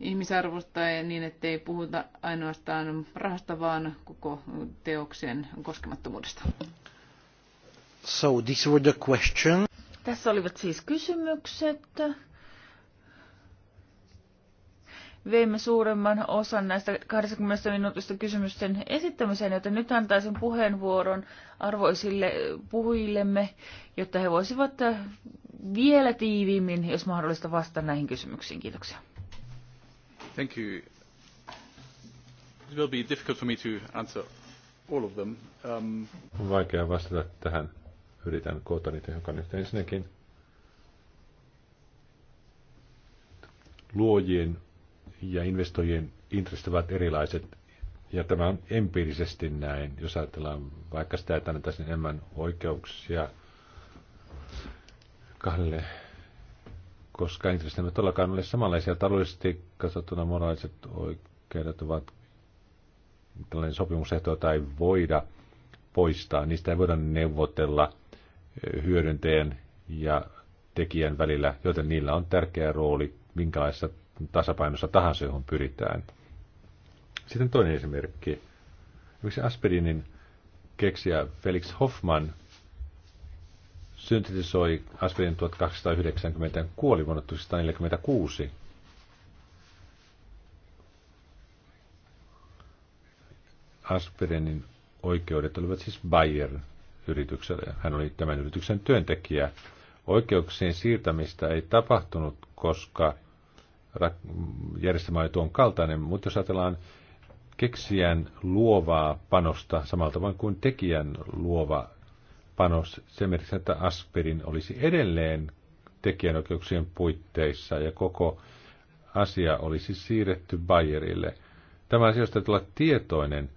ihmisarvosta niin, ettei puhuta ainoastaan rahasta, vaan koko teoksen koskemattomuudesta.
So these were the questions.
Tässä olivat siis kysymykset. Veimme suuremman osan näistä 20 minuutista kysymysten esittämiseen, joten nyt antaisin puheenvuoron arvoisille puhujillemme, jotta he voisivat vielä tiiviimmin, jos mahdollista, vastata näihin
kysymyksiin. Kiitoksia. Thank you. It will be difficult for me to answer all of them. Um...
On vaikea vastata tähän. Yritän koota niitä joka nyt Ensinnäkin luojien ja investoijien intressit ovat erilaiset. Ja tämä on empiirisesti näin, jos ajatellaan vaikka sitä, että annetaan enemmän oikeuksia kahdelle koska intressit eivät todellakaan ole samanlaisia. Taloudellisesti katsottuna moraaliset oikeudet ovat tällainen sopimusehto, jota ei voida poistaa. Niistä ei voida neuvotella eh, hyödyntäjän ja tekijän välillä, joten niillä on tärkeä rooli, minkälaisessa tasapainossa tahansa, johon pyritään. Sitten toinen esimerkki. Yksi Aspirinin keksijä Felix Hoffman – syntetisoi aspirin 1290 kuoli vuonna 1946. Aspirinin oikeudet olivat siis Bayer-yrityksellä. Hän oli tämän yrityksen työntekijä. Oikeuksien siirtämistä ei tapahtunut, koska järjestelmä oli tuon kaltainen, mutta jos ajatellaan keksijän luovaa panosta, samalla tavoin kuin tekijän luova panos sen merkitsen, että aspirin olisi edelleen tekijänoikeuksien puitteissa ja koko asia olisi siirretty Bayerille. Tämä asia, josta olla tietoinen,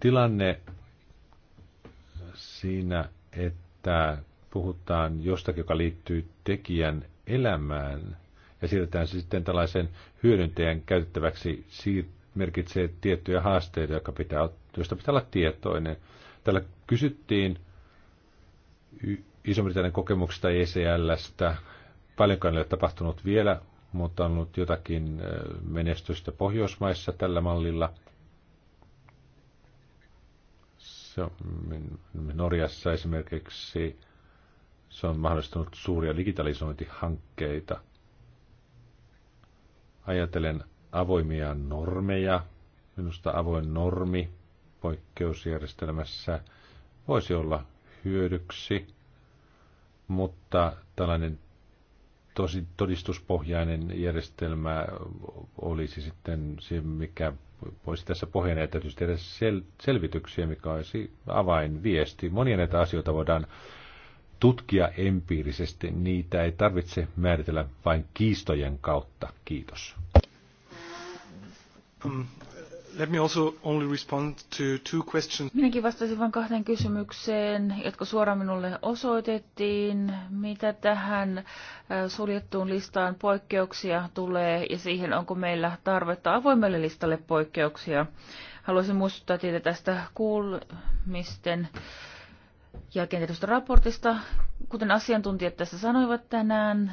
tilanne siinä, että puhutaan jostakin, joka liittyy tekijän elämään ja siirretään se sitten tällaisen hyödyntäjän käytettäväksi, merkitsee tiettyjä haasteita, jotka pitää, joista pitää olla tietoinen. Täällä kysyttiin Iso-Britannian kokemuksesta ECLstä. Paljonkaan ei ole tapahtunut vielä, mutta on ollut jotakin menestystä Pohjoismaissa tällä mallilla. Se on, Norjassa esimerkiksi se on mahdollistanut suuria digitalisointihankkeita. Ajatelen avoimia normeja. Minusta avoin normi poikkeusjärjestelmässä voisi olla hyödyksi, mutta tällainen tosi todistuspohjainen järjestelmä olisi sitten se, mikä voisi tässä pohjana, että täytyisi tehdä sel- selvityksiä, mikä olisi avainviesti. Monia näitä asioita voidaan tutkia empiirisesti, niitä ei tarvitse määritellä vain kiistojen kautta. Kiitos.
Mm. Let me also only respond to two questions.
Minäkin vastasin vain kahteen kysymykseen, jotka suoraan minulle osoitettiin. Mitä tähän äh, suljettuun listaan poikkeuksia tulee ja siihen onko meillä tarvetta avoimelle listalle poikkeuksia? Haluaisin muistuttaa teitä tästä kuulmisten jälkeen tehdystä raportista. Kuten asiantuntijat tässä sanoivat tänään,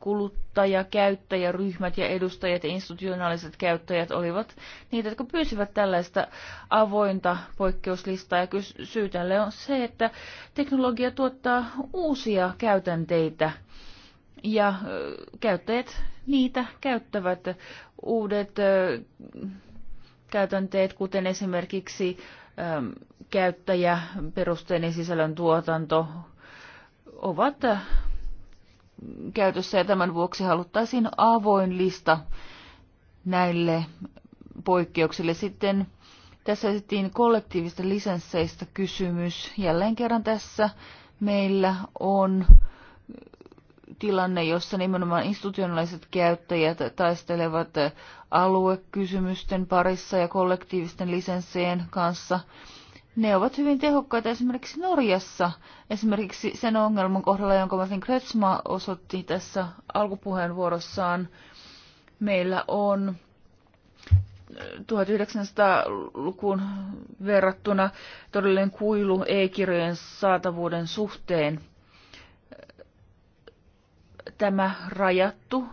kuluttajakäyttäjäryhmät ja edustajat ja institutionaaliset käyttäjät olivat niitä, jotka pyysivät tällaista avointa poikkeuslistaa. Ja syy tälle on se, että teknologia tuottaa uusia käytänteitä ja käyttäjät niitä käyttävät. Uudet käytänteet, kuten esimerkiksi käyttäjäperusteinen sisällön tuotanto, ovat käytössä ja tämän vuoksi haluttaisiin avoin lista näille poikkeuksille. Sitten tässä esitettiin kollektiivista lisensseistä kysymys. Jälleen kerran tässä meillä on tilanne, jossa nimenomaan institutionaaliset käyttäjät taistelevat aluekysymysten parissa ja kollektiivisten lisenssien kanssa – ne ovat hyvin tehokkaita esimerkiksi Norjassa, esimerkiksi sen ongelman kohdalla, jonka Martin Kretsma osoitti tässä alkupuheenvuorossaan. Meillä on 1900-lukuun eh, verrattuna todellinen kuilu e-kirjojen saatavuuden suhteen. Tämä rajattu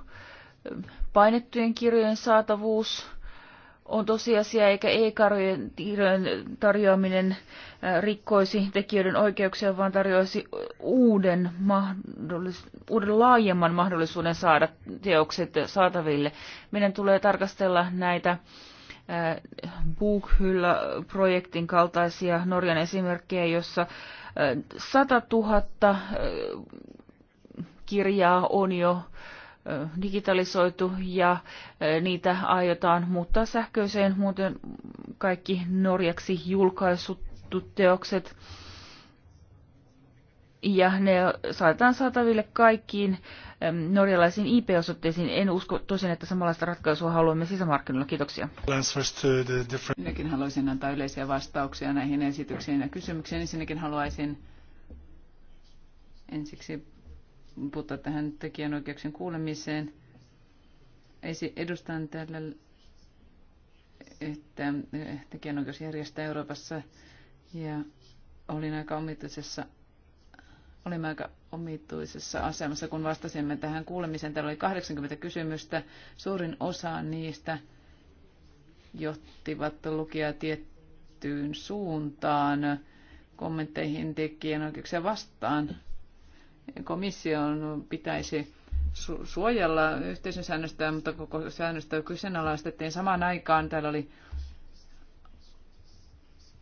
painettujen kirjojen saatavuus – on tosiasia, eikä e-karjojen tarjoaminen äh, rikkoisi tekijöiden oikeuksia, vaan tarjoaisi uuden, mahdollis- uuden laajemman mahdollisuuden saada teokset saataville. Meidän tulee tarkastella näitä äh, bookhylla projektin kaltaisia Norjan esimerkkejä, jossa 100 äh, 000 kirjaa on jo digitalisoitu ja niitä aiotaan muuttaa sähköiseen, muuten kaikki norjaksi julkaisut teokset ja ne saatetaan saataville kaikkiin norjalaisiin IP-osoitteisiin. En usko tosin, että samanlaista ratkaisua haluamme sisämarkkinoilla. Kiitoksia. Minäkin haluaisin antaa yleisiä vastauksia näihin esityksiin ja
kysymyksiin. Ensinnäkin haluaisin ensiksi puuttua tähän tekijänoikeuksien kuulemiseen. Edustan tällä, että eh, tekijänoikeusjärjestää Euroopassa ja olin aika omituisessa olimme aika omituisessa asemassa, kun vastasimme tähän kuulemiseen. Täällä oli 80 kysymystä. Suurin osa niistä johtivat lukijaa tiettyyn suuntaan kommentteihin tekijänoikeuksia vastaan komission pitäisi suojella yhteisön säännöstä, mutta koko säännöstä kyseenalaistettiin samaan aikaan. Täällä oli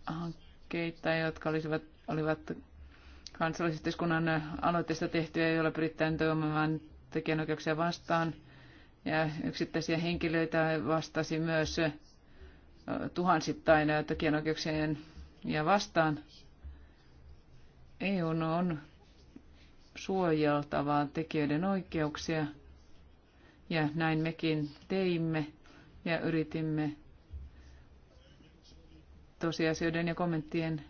hankkeita, jotka olisivat, olivat kansallisyhteiskunnan aloitteesta tehtyjä, joilla pyritään toimimaan tekijänoikeuksia vastaan. Ja yksittäisiä henkilöitä vastasi myös tuhansittain tekijänoikeuksien ja vastaan. EU on suojeltavaa tekijöiden oikeuksia. Ja näin mekin teimme ja yritimme tosiasioiden ja kommenttien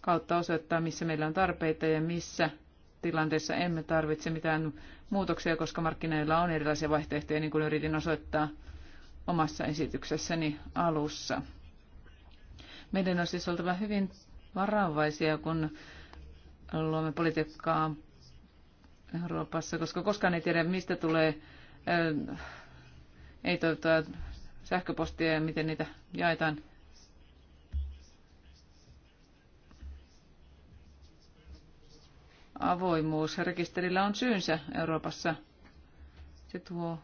kautta osoittaa, missä meillä on tarpeita ja missä tilanteessa emme tarvitse mitään muutoksia, koska markkinoilla on erilaisia vaihtoehtoja, niin kuin yritin osoittaa omassa esityksessäni alussa. Meidän on siis oltava hyvin varovaisia, kun luomme politiikkaa Euroopassa, koska koskaan ei tiedä, mistä tulee ei toivottavaa sähköpostia ja miten niitä jaetaan. Avoimuus rekisterillä on syynsä Euroopassa. Se tuo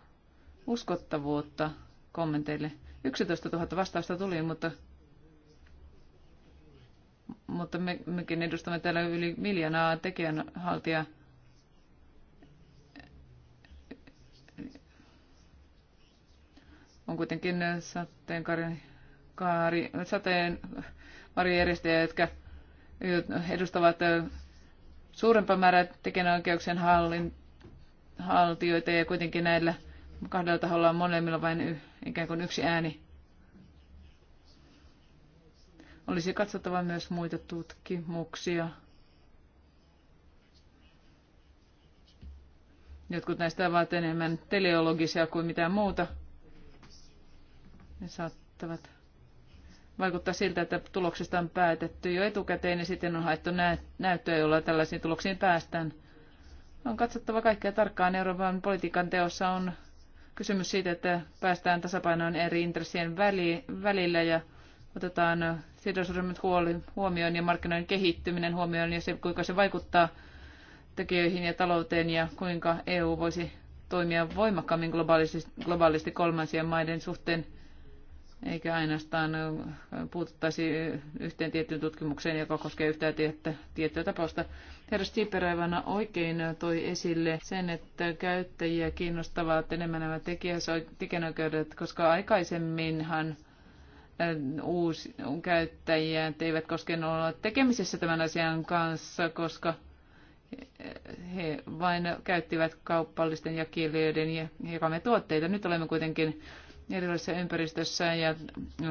uskottavuutta kommenteille. 11 000 vastausta tuli, mutta, mutta me, mekin edustamme täällä yli miljoonaa tekijänhaltijaa On kuitenkin äh, sateenkaari, kaari, sateen jotka edustavat äh, suurempaa määrää tekijänoikeuksien hallin, haltijoita ja kuitenkin näillä kahdella taholla on molemmilla vain y, ikään kuin yksi ääni. Olisi katsottava myös muita tutkimuksia. Jotkut näistä ovat enemmän teleologisia kuin mitään muuta. Ne saattavat vaikuttaa siltä, että tuloksista on päätetty jo etukäteen ja sitten on haettu näyttöä, jolla tällaisiin tuloksiin päästään. On katsottava kaikkea tarkkaan. Euroopan politiikan teossa on kysymys siitä, että päästään tasapainoon eri intressien välillä ja otetaan sidosryhmät huomioon ja markkinoiden kehittyminen huomioon ja se, kuinka se vaikuttaa tekijöihin ja talouteen ja kuinka EU voisi toimia voimakkaammin globaalisti, globaalisti kolmansien maiden suhteen – eikä ainoastaan puututtaisi yhteen tiettyyn tutkimukseen, joka koskee yhtään tiettyä, tiettyä tapausta. Herra Stieper aivan oikein toi esille sen, että käyttäjiä kiinnostavat enemmän nämä tekijänoikeudet, koska aikaisemminhan uusi käyttäjiä eivät koskaan olla tekemisessä tämän asian kanssa, koska he vain käyttivät kauppallisten jakelijoiden ja jakamme tuotteita. Nyt olemme kuitenkin erilaisessa ympäristössä ja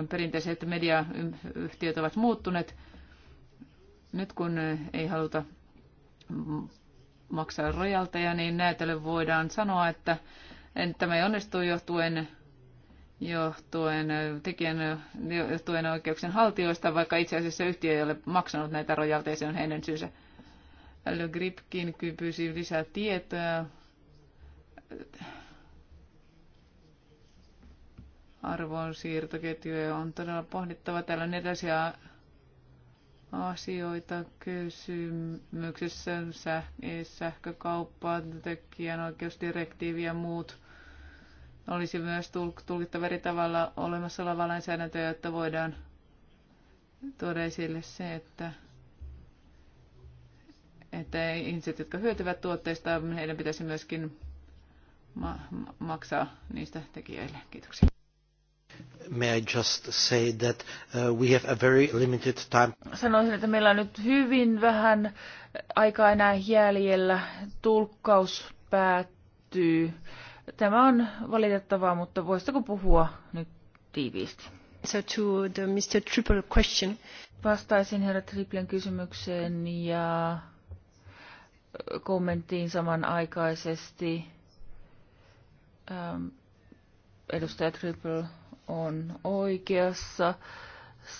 perinteiset mediayhtiöt ovat muuttuneet. Nyt kun ei haluta maksaa rojalteja, niin näytölle voidaan sanoa, että tämä ei onnistu johtuen johtuen, tekijän, johtuen oikeuksien haltijoista, vaikka itse asiassa yhtiö ei ole maksanut näitä rojalteja, se on heidän syynsä. Le Gripkin pyysi lisää tietoa arvonsiirtoketjuja on todella pohdittava. Täällä on erilaisia asioita kysymyksessä, e, sähkökauppa, tekijänoikeusdirektiivi ja muut. Olisi myös tulkittava eri tavalla olemassa oleva lainsäädäntö, jotta voidaan tuoda esille se, että, että ihmiset, jotka hyötyvät tuotteista, heidän pitäisi myöskin ma- maksaa niistä tekijöille. Kiitoksia.
May I just say that uh, we have a very limited time.
Sanoisin, että meillä on nyt hyvin vähän aikaa enää jäljellä. Tulkkaus päättyy. Tämä on valitettavaa, mutta voisitko puhua nyt tiiviisti? So to the Mr. Triple question. Vastaisin herra Triplen kysymykseen ja kommenttiin samanaikaisesti. Um, edustaja Triple on oikeassa,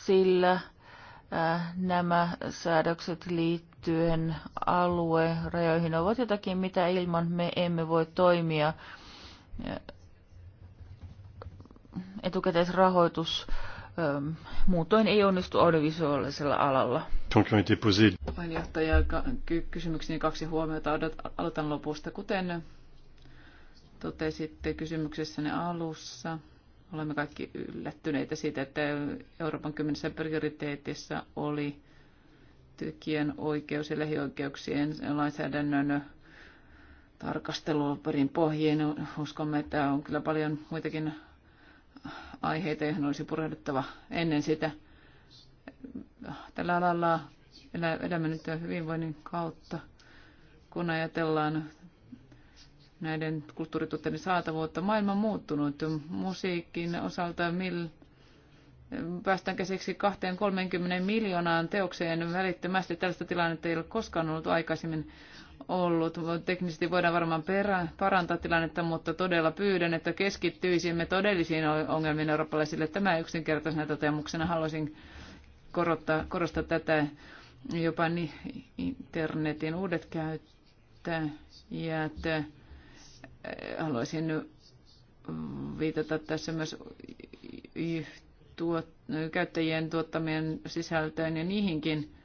sillä äh, nämä säädökset liittyen aluerajoihin ovat jotakin, mitä ilman me emme voi toimia äh, etukäteisrahoitus ähm, muutoin ei onnistu audiovisuaalisella alalla.
Puheenjohtaja, kysymykseni kaksi huomiota. Aloitan lopusta. Kuten totesitte kysymyksessäne alussa, olemme kaikki yllättyneitä siitä, että Euroopan kymmenessä prioriteetissa oli tykkien oikeus ja lähioikeuksien lainsäädännön tarkastelu perin pohjiin. Uskomme, että on kyllä paljon muitakin aiheita, joihin olisi purehduttava ennen sitä. Tällä alalla elämme nyt hyvinvoinnin kautta, kun ajatellaan näiden kulttuurituotteiden saatavuutta. Maailma on muuttunut musiikin osalta, mil, päästään käsiksi 2-30 miljoonaan teokseen välittömästi. Tällaista tilannetta ei ole koskaan ollut aikaisemmin ollut. Teknisesti voidaan varmaan perä, parantaa tilannetta, mutta todella pyydän, että keskittyisimme todellisiin ongelmiin eurooppalaisille. Tämä yksinkertaisena toteamuksena haluaisin korottaa, korostaa tätä jopa internetin uudet käyttäjät Haluaisin nyt viitata tässä myös tuot, käyttäjien tuottamien sisältöön ja niihinkin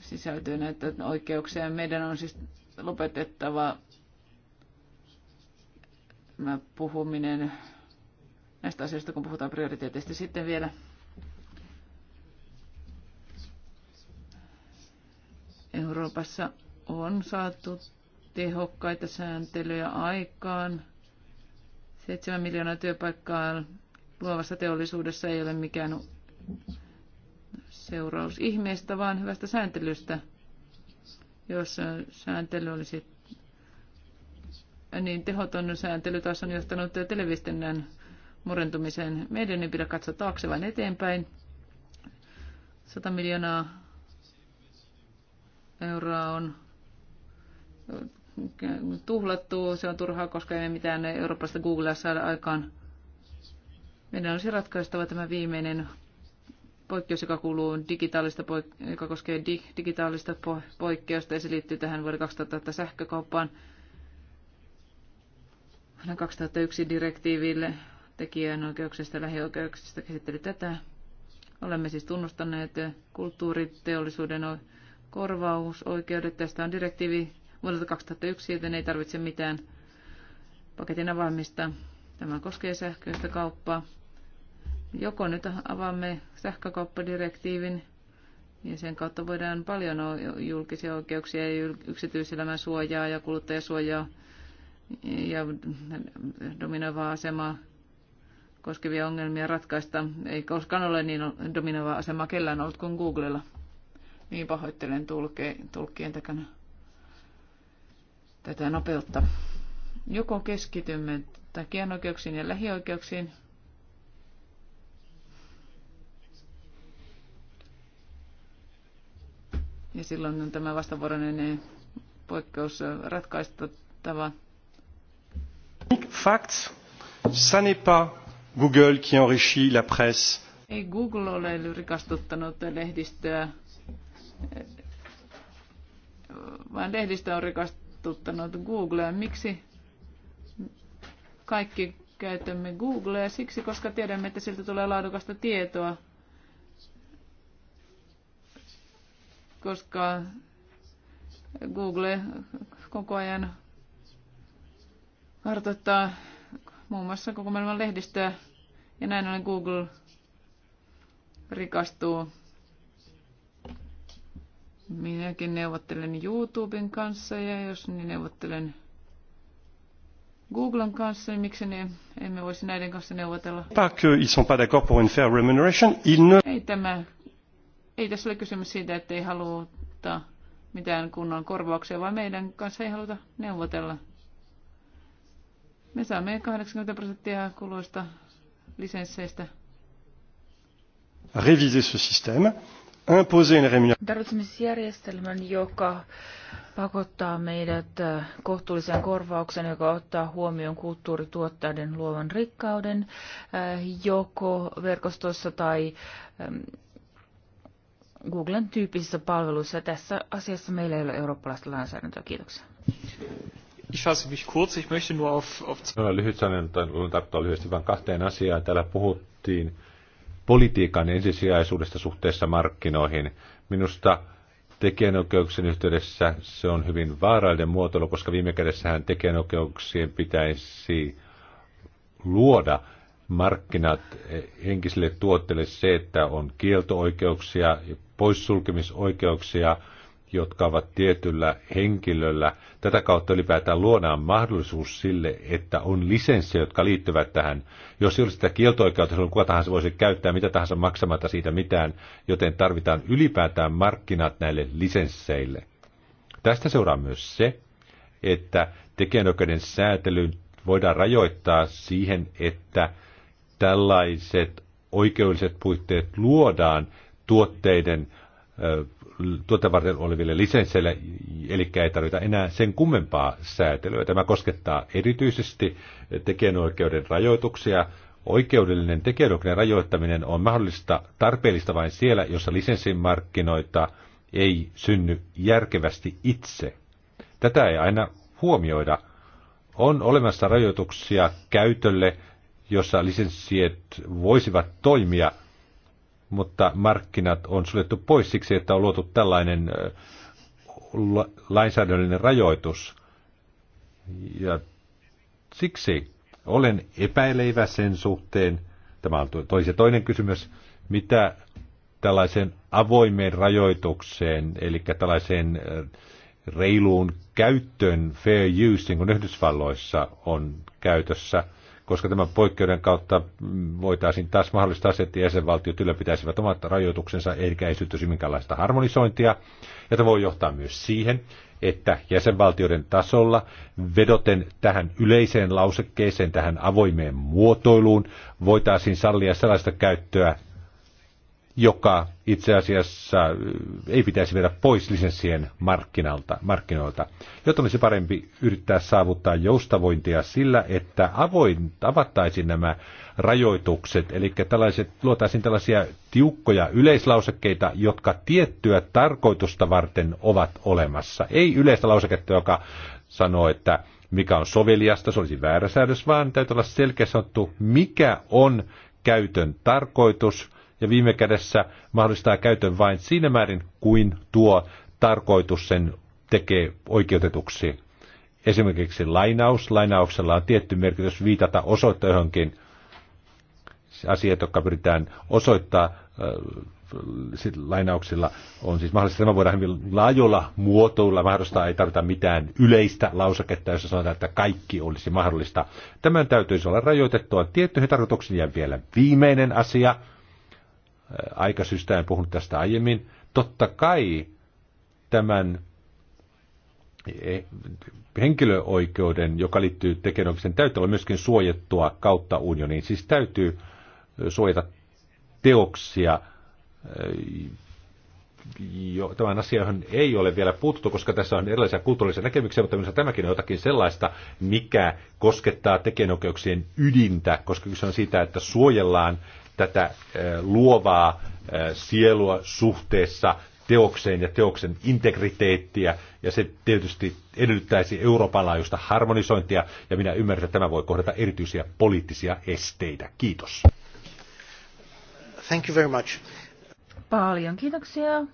sisältöön, näitä oikeuksia. Meidän on siis lopetettava puhuminen näistä asioista, kun puhutaan prioriteeteista. Sitten vielä Euroopassa on saatu tehokkaita sääntelyjä aikaan. 7 miljoonaa työpaikkaa luovassa teollisuudessa ei ole mikään seuraus ihmeestä, vaan hyvästä sääntelystä. Jos sääntely olisi niin tehoton sääntely taas on johtanut televistinnän murentumiseen. Meidän ei pidä katsoa taakse, vaan eteenpäin. 100 miljoonaa euroa on tuhlattu, se on turhaa, koska ei mitään Euroopasta Googlea saada aikaan. Meidän olisi ratkaistava tämä viimeinen poikkeus, joka kuuluu digitaalista, poik- joka koskee di- digitaalista po- poikkeusta ja se liittyy tähän vuoden 2000 sähkökauppaan. Vuonna 2001 direktiiville tekijänoikeuksista ja lähioikeuksista käsitteli tätä. Olemme siis tunnustaneet kulttuuriteollisuuden korvausoikeudet. Tästä on direktiivi vuodelta 2001, joten ei tarvitse mitään paketin avaamista. Tämä koskee sähköistä kauppaa. Joko nyt avaamme sähkökauppadirektiivin, ja sen kautta voidaan paljon julkisia oikeuksia ja yksityiselämän suojaa ja kuluttajasuojaa ja dominoivaa asemaa koskevia ongelmia ratkaista. Ei koskaan ole niin dominoivaa asemaa kellään ollut kuin Googlella. Niin pahoittelen tulke, tulkkien takana tätä nopeutta. Joko keskitymme tekijänoikeuksiin ja lähioikeuksiin, ja silloin on tämä vastavuoroinen poikkeus ratkaistettava.
Facts. Ça n'est pas Google
qui enrichit la presse.
Ei Google ole rikastuttanut lehdistöä, vaan lehdistö on rikastuttanut huolestuttanut Googlea. Miksi kaikki käytämme Googlea? Siksi, koska tiedämme, että siltä tulee laadukasta tietoa. Koska Google koko ajan kartoittaa muun muassa koko maailman lehdistöä. Ja näin ollen Google rikastuu Minäkin neuvottelen YouTuben kanssa ja jos niin neuvottelen Googlen kanssa, niin miksi ne, emme voisi näiden kanssa neuvotella? Pas
sont pas pour une fair remuneration, ils ne...
Ei, tämä, ei tässä ole kysymys siitä, että ei haluta mitään kunnon korvauksia, vaan meidän kanssa ei haluta neuvotella. Me saamme 80 prosenttia kuluista
lisensseistä.
Réviser ce système Tarvitsemme
siis järjestelmän, joka pakottaa meidät äh, kohtuullisen korvauksen, joka ottaa huomioon kulttuurituottajien luovan rikkauden äh, joko verkostossa tai ähm, Googlen tyyppisissä palveluissa. Tässä asiassa meillä ei ole eurooppalaista lainsäädäntöä. Kiitoksia.
Ich fasse mich kurz, ich möchte nur auf... Lyhyt sanon, olen tarttua lyhyesti vain kahteen asiaan. Täällä puhuttiin politiikan ensisijaisuudesta suhteessa markkinoihin. Minusta tekijänoikeuksien yhteydessä se on hyvin vaarallinen muotoilu, koska viime kädessähän tekijänoikeuksien pitäisi luoda markkinat henkisille tuotteille se, että on kieltooikeuksia, poissulkemisoikeuksia, jotka ovat tietyllä henkilöllä. Tätä kautta ylipäätään luodaan mahdollisuus sille, että on lisenssejä, jotka liittyvät tähän. Jos ei olisi sitä kieltoikeutta, niin kuka tahansa voisi käyttää mitä tahansa maksamatta siitä mitään, joten tarvitaan ylipäätään markkinat näille lisensseille. Tästä seuraa myös se, että tekijänoikeuden säätely voidaan rajoittaa siihen, että tällaiset oikeudelliset puitteet luodaan tuotteiden tuotevarten oleville lisensseille, eli ei tarvita enää sen kummempaa säätelyä. Tämä koskettaa erityisesti tekijänoikeuden rajoituksia. Oikeudellinen tekijänoikeuden rajoittaminen on mahdollista tarpeellista vain siellä, jossa markkinoita ei synny järkevästi itse. Tätä ei aina huomioida. On olemassa rajoituksia käytölle, jossa lisenssiet voisivat toimia – mutta markkinat on suljettu pois siksi, että on luotu tällainen lainsäädännöllinen rajoitus. Ja siksi olen epäilevä sen suhteen, tämä on toisi toinen kysymys, mitä tällaiseen avoimeen rajoitukseen, eli tällaiseen reiluun käyttöön, fair use, niin kuin Yhdysvalloissa on käytössä – koska tämän poikkeuden kautta voitaisiin taas mahdollistaa se, että jäsenvaltiot ylläpitäisivät omat rajoituksensa, eikä esityisi minkäänlaista harmonisointia. Ja tämä voi johtaa myös siihen, että jäsenvaltioiden tasolla vedoten tähän yleiseen lausekkeeseen, tähän avoimeen muotoiluun, voitaisiin sallia sellaista käyttöä, joka itse asiassa ei pitäisi viedä pois lisenssien markkinalta, markkinoilta, jotta olisi parempi yrittää saavuttaa joustavointia sillä, että avoin, avattaisiin nämä rajoitukset, eli tällaiset, luotaisiin tällaisia tiukkoja yleislausekkeita, jotka tiettyä tarkoitusta varten ovat olemassa. Ei yleistä lauseketta, joka sanoo, että mikä on soveliasta, se olisi väärä säädös, vaan täytyy olla selkeä sanottu, mikä on käytön tarkoitus – ja viime kädessä mahdollistaa käytön vain siinä määrin, kuin tuo tarkoitus sen tekee oikeutetuksi. Esimerkiksi lainaus. Lainauksella on tietty merkitys viitata osoittaa johonkin asiat, jotka pyritään osoittaa äh, lainauksilla on siis mahdollista, että voidaan hyvin laajolla muotoilla mahdollistaa, ei tarvita mitään yleistä lausaketta, jossa sanotaan, että kaikki olisi mahdollista. Tämän täytyisi olla rajoitettua tiettyihin tarkoituksiin ja vielä viimeinen asia – Äh, aikasystä, en puhunut tästä aiemmin. Totta kai tämän e, henkilöoikeuden, joka liittyy tekijänoikeuksien, täytyy olla myöskin suojettua kautta unioniin. Siis täytyy suojata teoksia, jo, tämän asian ei ole vielä puuttu, koska tässä on erilaisia kulttuurisia näkemyksiä, mutta myös tämäkin on jotakin sellaista, mikä koskettaa tekijänoikeuksien ydintä, koska kyse on siitä, että suojellaan tätä äh, luovaa äh, sielua suhteessa teokseen ja teoksen integriteettiä, ja se tietysti edellyttäisi Euroopan laajuista harmonisointia, ja minä ymmärrän, että tämä voi kohdata erityisiä poliittisia esteitä. Kiitos. Thank you very much.
Paljon kiitoksia. Äh,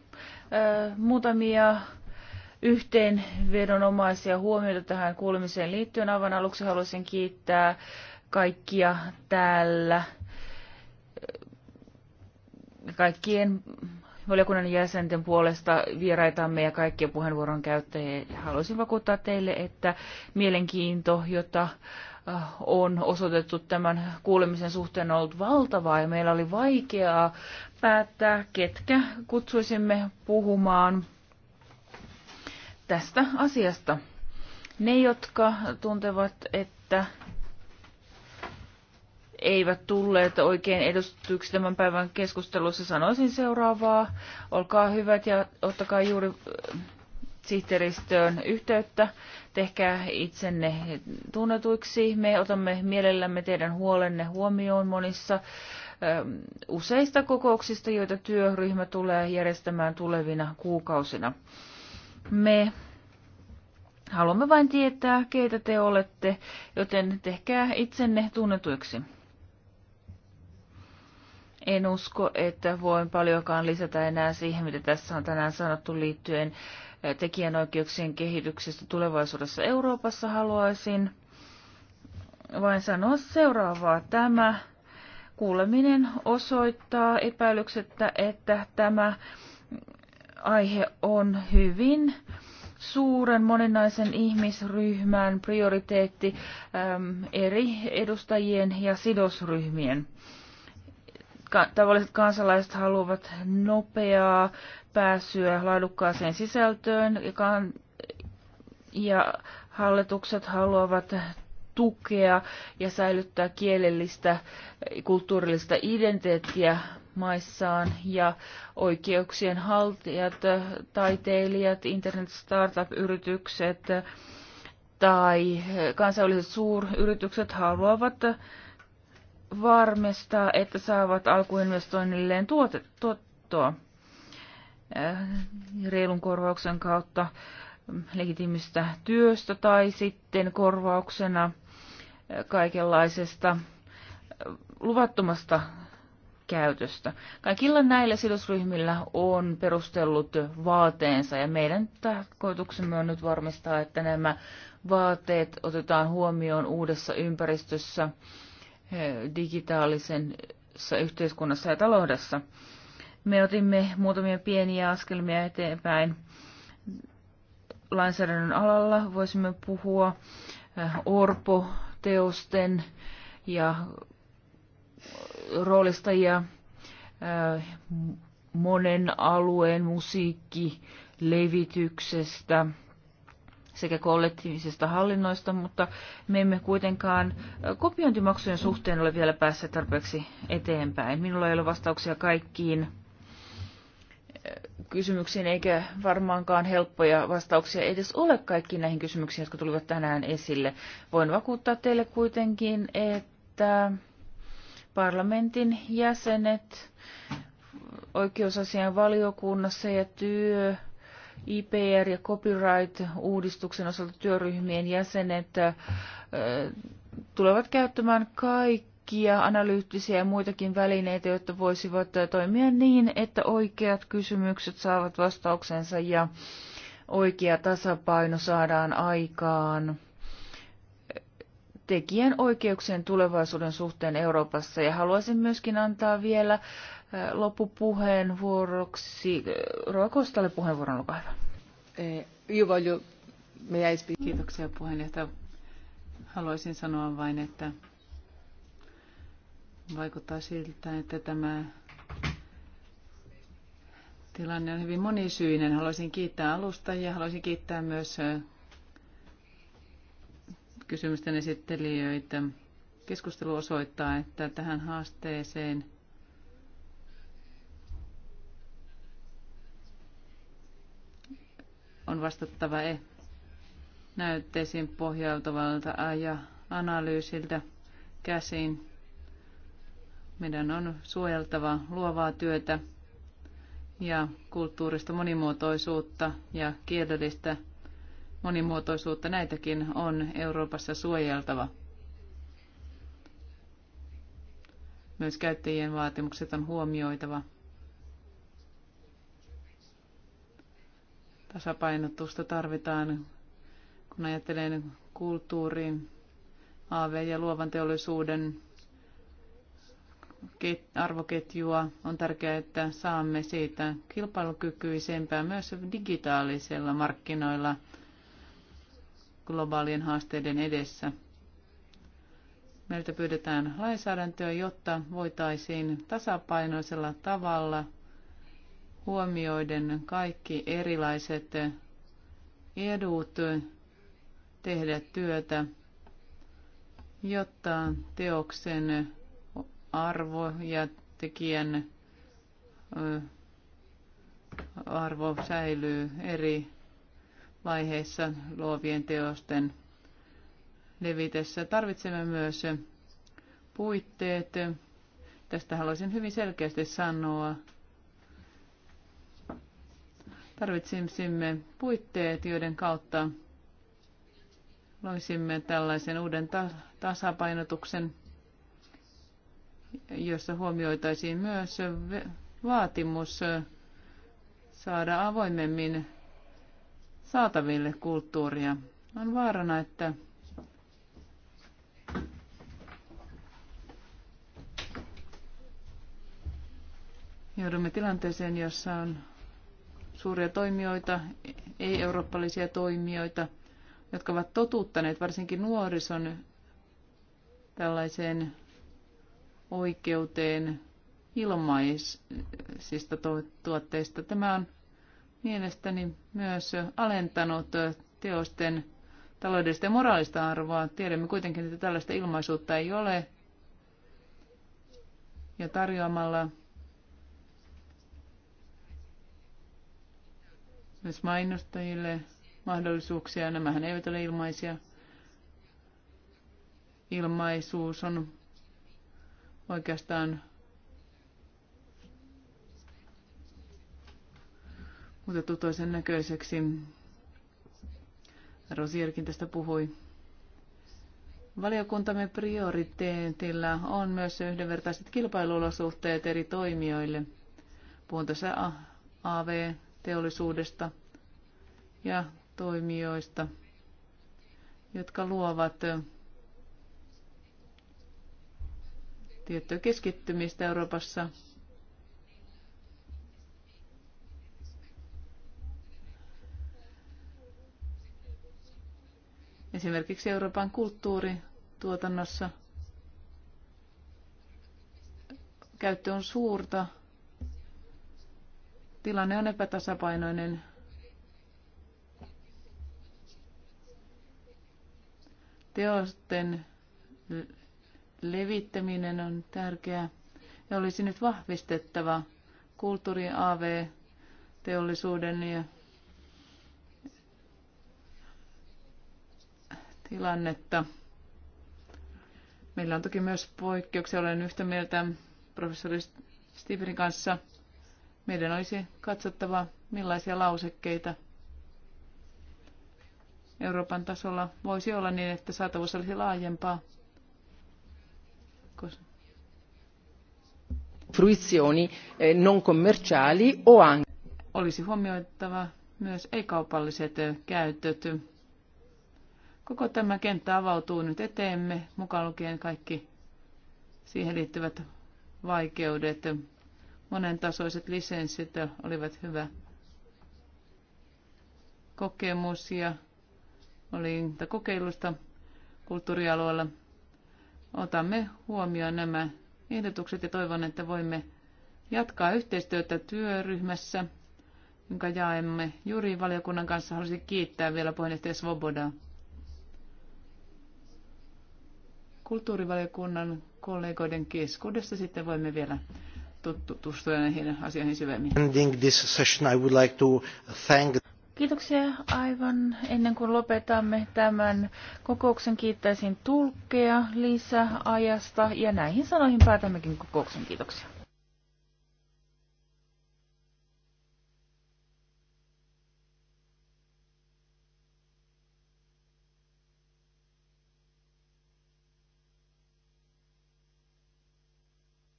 muutamia yhteenvedonomaisia huomioita tähän kuulemiseen liittyen. Aivan aluksi haluaisin kiittää kaikkia täällä kaikkien valiokunnan jäsenten puolesta vieraitamme ja kaikkien puheenvuoron käyttäjiä. Haluaisin vakuuttaa teille, että mielenkiinto, jota äh, on osoitettu tämän kuulemisen suhteen on ollut valtavaa ja meillä oli vaikeaa päättää, ketkä kutsuisimme puhumaan tästä asiasta. Ne, jotka tuntevat, että eivät tulleet oikein edustetuiksi tämän päivän keskustelussa, sanoisin seuraavaa. Olkaa hyvät ja ottakaa juuri äh, sihteeristöön yhteyttä. Tehkää itsenne tunnetuiksi. Me otamme mielellämme teidän huolenne huomioon monissa ähm, useista kokouksista, joita työryhmä tulee järjestämään tulevina kuukausina. Me haluamme vain tietää, keitä te olette, joten tehkää itsenne tunnetuiksi. En usko, että voin paljonkaan lisätä enää siihen, mitä tässä on tänään sanottu liittyen eh, tekijänoikeuksien kehityksestä tulevaisuudessa Euroopassa. Haluaisin vain sanoa seuraavaa. Tämä kuuleminen osoittaa epäilyksettä, että tämä aihe on hyvin suuren moninaisen ihmisryhmän prioriteetti äm, eri edustajien ja sidosryhmien tavalliset kansalaiset haluavat nopeaa pääsyä laadukkaaseen sisältöön ja hallitukset haluavat tukea ja säilyttää kielellistä kulttuurillista identiteettiä maissaan ja oikeuksien haltijat, taiteilijat, internet-startup-yritykset tai kansainväliset suuryritykset haluavat varmistaa, että saavat alkuinvestoinnilleen tuote, tuottoa äh, reilun korvauksen kautta legitiimistä työstä tai sitten korvauksena äh, kaikenlaisesta äh, luvattomasta käytöstä. Kaikilla näillä sidosryhmillä on perustellut vaateensa ja meidän tarkoituksemme on nyt varmistaa, että nämä vaateet otetaan huomioon uudessa ympäristössä digitaalisessa yhteiskunnassa ja taloudessa. Me otimme muutamia pieniä askelmia eteenpäin lainsäädännön alalla. Voisimme puhua äh, orpo-teosten ja roolista ja äh, monen alueen musiikkilevityksestä sekä kollektiivisesta hallinnoista, mutta me emme kuitenkaan kopiointimaksujen suhteen ole vielä päässeet tarpeeksi eteenpäin. Minulla ei ole vastauksia kaikkiin kysymyksiin, eikä varmaankaan helppoja vastauksia edes ole kaikkiin näihin kysymyksiin, jotka tulivat tänään esille. Voin vakuuttaa teille kuitenkin, että parlamentin jäsenet oikeusasian valiokunnassa ja työ IPR- ja copyright-uudistuksen osalta työryhmien jäsenet äh, tulevat käyttämään kaikkia analyyttisiä ja muitakin välineitä, jotta voisivat äh, toimia niin, että oikeat kysymykset saavat vastauksensa ja oikea tasapaino saadaan aikaan äh, tekijän oikeuksien tulevaisuuden suhteen Euroopassa. Ja haluaisin myöskin antaa vielä loppupuheenvuoroksi Roa Kostalle puheenvuoron, olkaa
hyvä. Juva, Kiitoksia puheenjohtaja. Haluaisin sanoa vain, että vaikuttaa siltä, että tämä tilanne on hyvin monisyinen. Haluaisin kiittää alusta ja haluaisin kiittää myös kysymysten esittelijöitä. Keskustelu osoittaa, että tähän haasteeseen – on vastattava e näytteisiin pohjautuvalta ja analyysiltä käsin. Meidän on suojeltava luovaa työtä ja kulttuurista monimuotoisuutta ja kielellistä monimuotoisuutta. Näitäkin on Euroopassa suojeltava. Myös käyttäjien vaatimukset on huomioitava. tasapainotusta tarvitaan, kun ajattelee kulttuurin, AV- ja luovan teollisuuden arvoketjua. On tärkeää, että saamme siitä kilpailukykyisempää myös digitaalisella markkinoilla globaalien haasteiden edessä. Meiltä pyydetään lainsäädäntöä, jotta voitaisiin tasapainoisella tavalla – huomioiden kaikki erilaiset edut tehdä työtä, jotta teoksen arvo ja tekijän arvo säilyy eri vaiheissa luovien teosten levitessä. Tarvitsemme myös puitteet. Tästä haluaisin hyvin selkeästi sanoa, Tarvitsisimme puitteet, joiden kautta loisimme tällaisen uuden tasapainotuksen, jossa huomioitaisiin myös vaatimus saada avoimemmin saataville kulttuuria. On vaarana, että joudumme tilanteeseen, jossa on suuria toimijoita, ei-eurooppalaisia toimijoita, jotka ovat totuttaneet varsinkin nuorison tällaiseen oikeuteen ilmaisista tuotteista. Tämä on mielestäni myös alentanut teosten taloudellista ja moraalista arvoa. Tiedämme kuitenkin, että tällaista ilmaisuutta ei ole. Ja tarjoamalla myös mainostajille mahdollisuuksia. Nämähän eivät ole ilmaisia. Ilmaisuus on oikeastaan mutta tutoisen näköiseksi. Rosierkin tästä puhui. Valiokuntamme prioriteetilla on myös yhdenvertaiset kilpailuolosuhteet eri toimijoille. Puhun tässä AV teollisuudesta ja toimijoista, jotka luovat tiettyä keskittymistä Euroopassa. Esimerkiksi Euroopan kulttuurituotannossa käyttö on suurta Tilanne on epätasapainoinen. Teosten levittäminen on tärkeää ja olisi nyt vahvistettava kulttuuri AV teollisuuden ja tilannetta. Meillä on toki myös poikkeuksia. Olen yhtä mieltä professori Stiverin kanssa – meidän olisi katsottava, millaisia lausekkeita Euroopan tasolla voisi olla niin, että saatavuus olisi laajempaa. Fruizioni eh, non commerciali o anche. Olisi huomioitava myös ei-kaupalliset eh, käytöt. Koko tämä kenttä avautuu nyt eteemme, mukaan lukien kaikki siihen liittyvät vaikeudet. Monen tasoiset lisenssit olivat hyvä kokemus ja olin kokeilusta kulttuurialueella. Otamme huomioon nämä ehdotukset ja toivon, että voimme jatkaa yhteistyötä työryhmässä, jonka jaemme juuri valiokunnan kanssa. Haluaisin kiittää vielä puheenjohtaja Svobodaa. Kulttuurivaliokunnan kollegoiden keskuudessa sitten voimme vielä tutustua näihin asioihin syvemmin.
Ending this session, I would like to thank...
Kiitoksia aivan ennen kuin lopetamme tämän kokouksen. Kiittäisin tulkkeja lisäajasta ja näihin sanoihin päätämmekin kokouksen. Kiitoksia.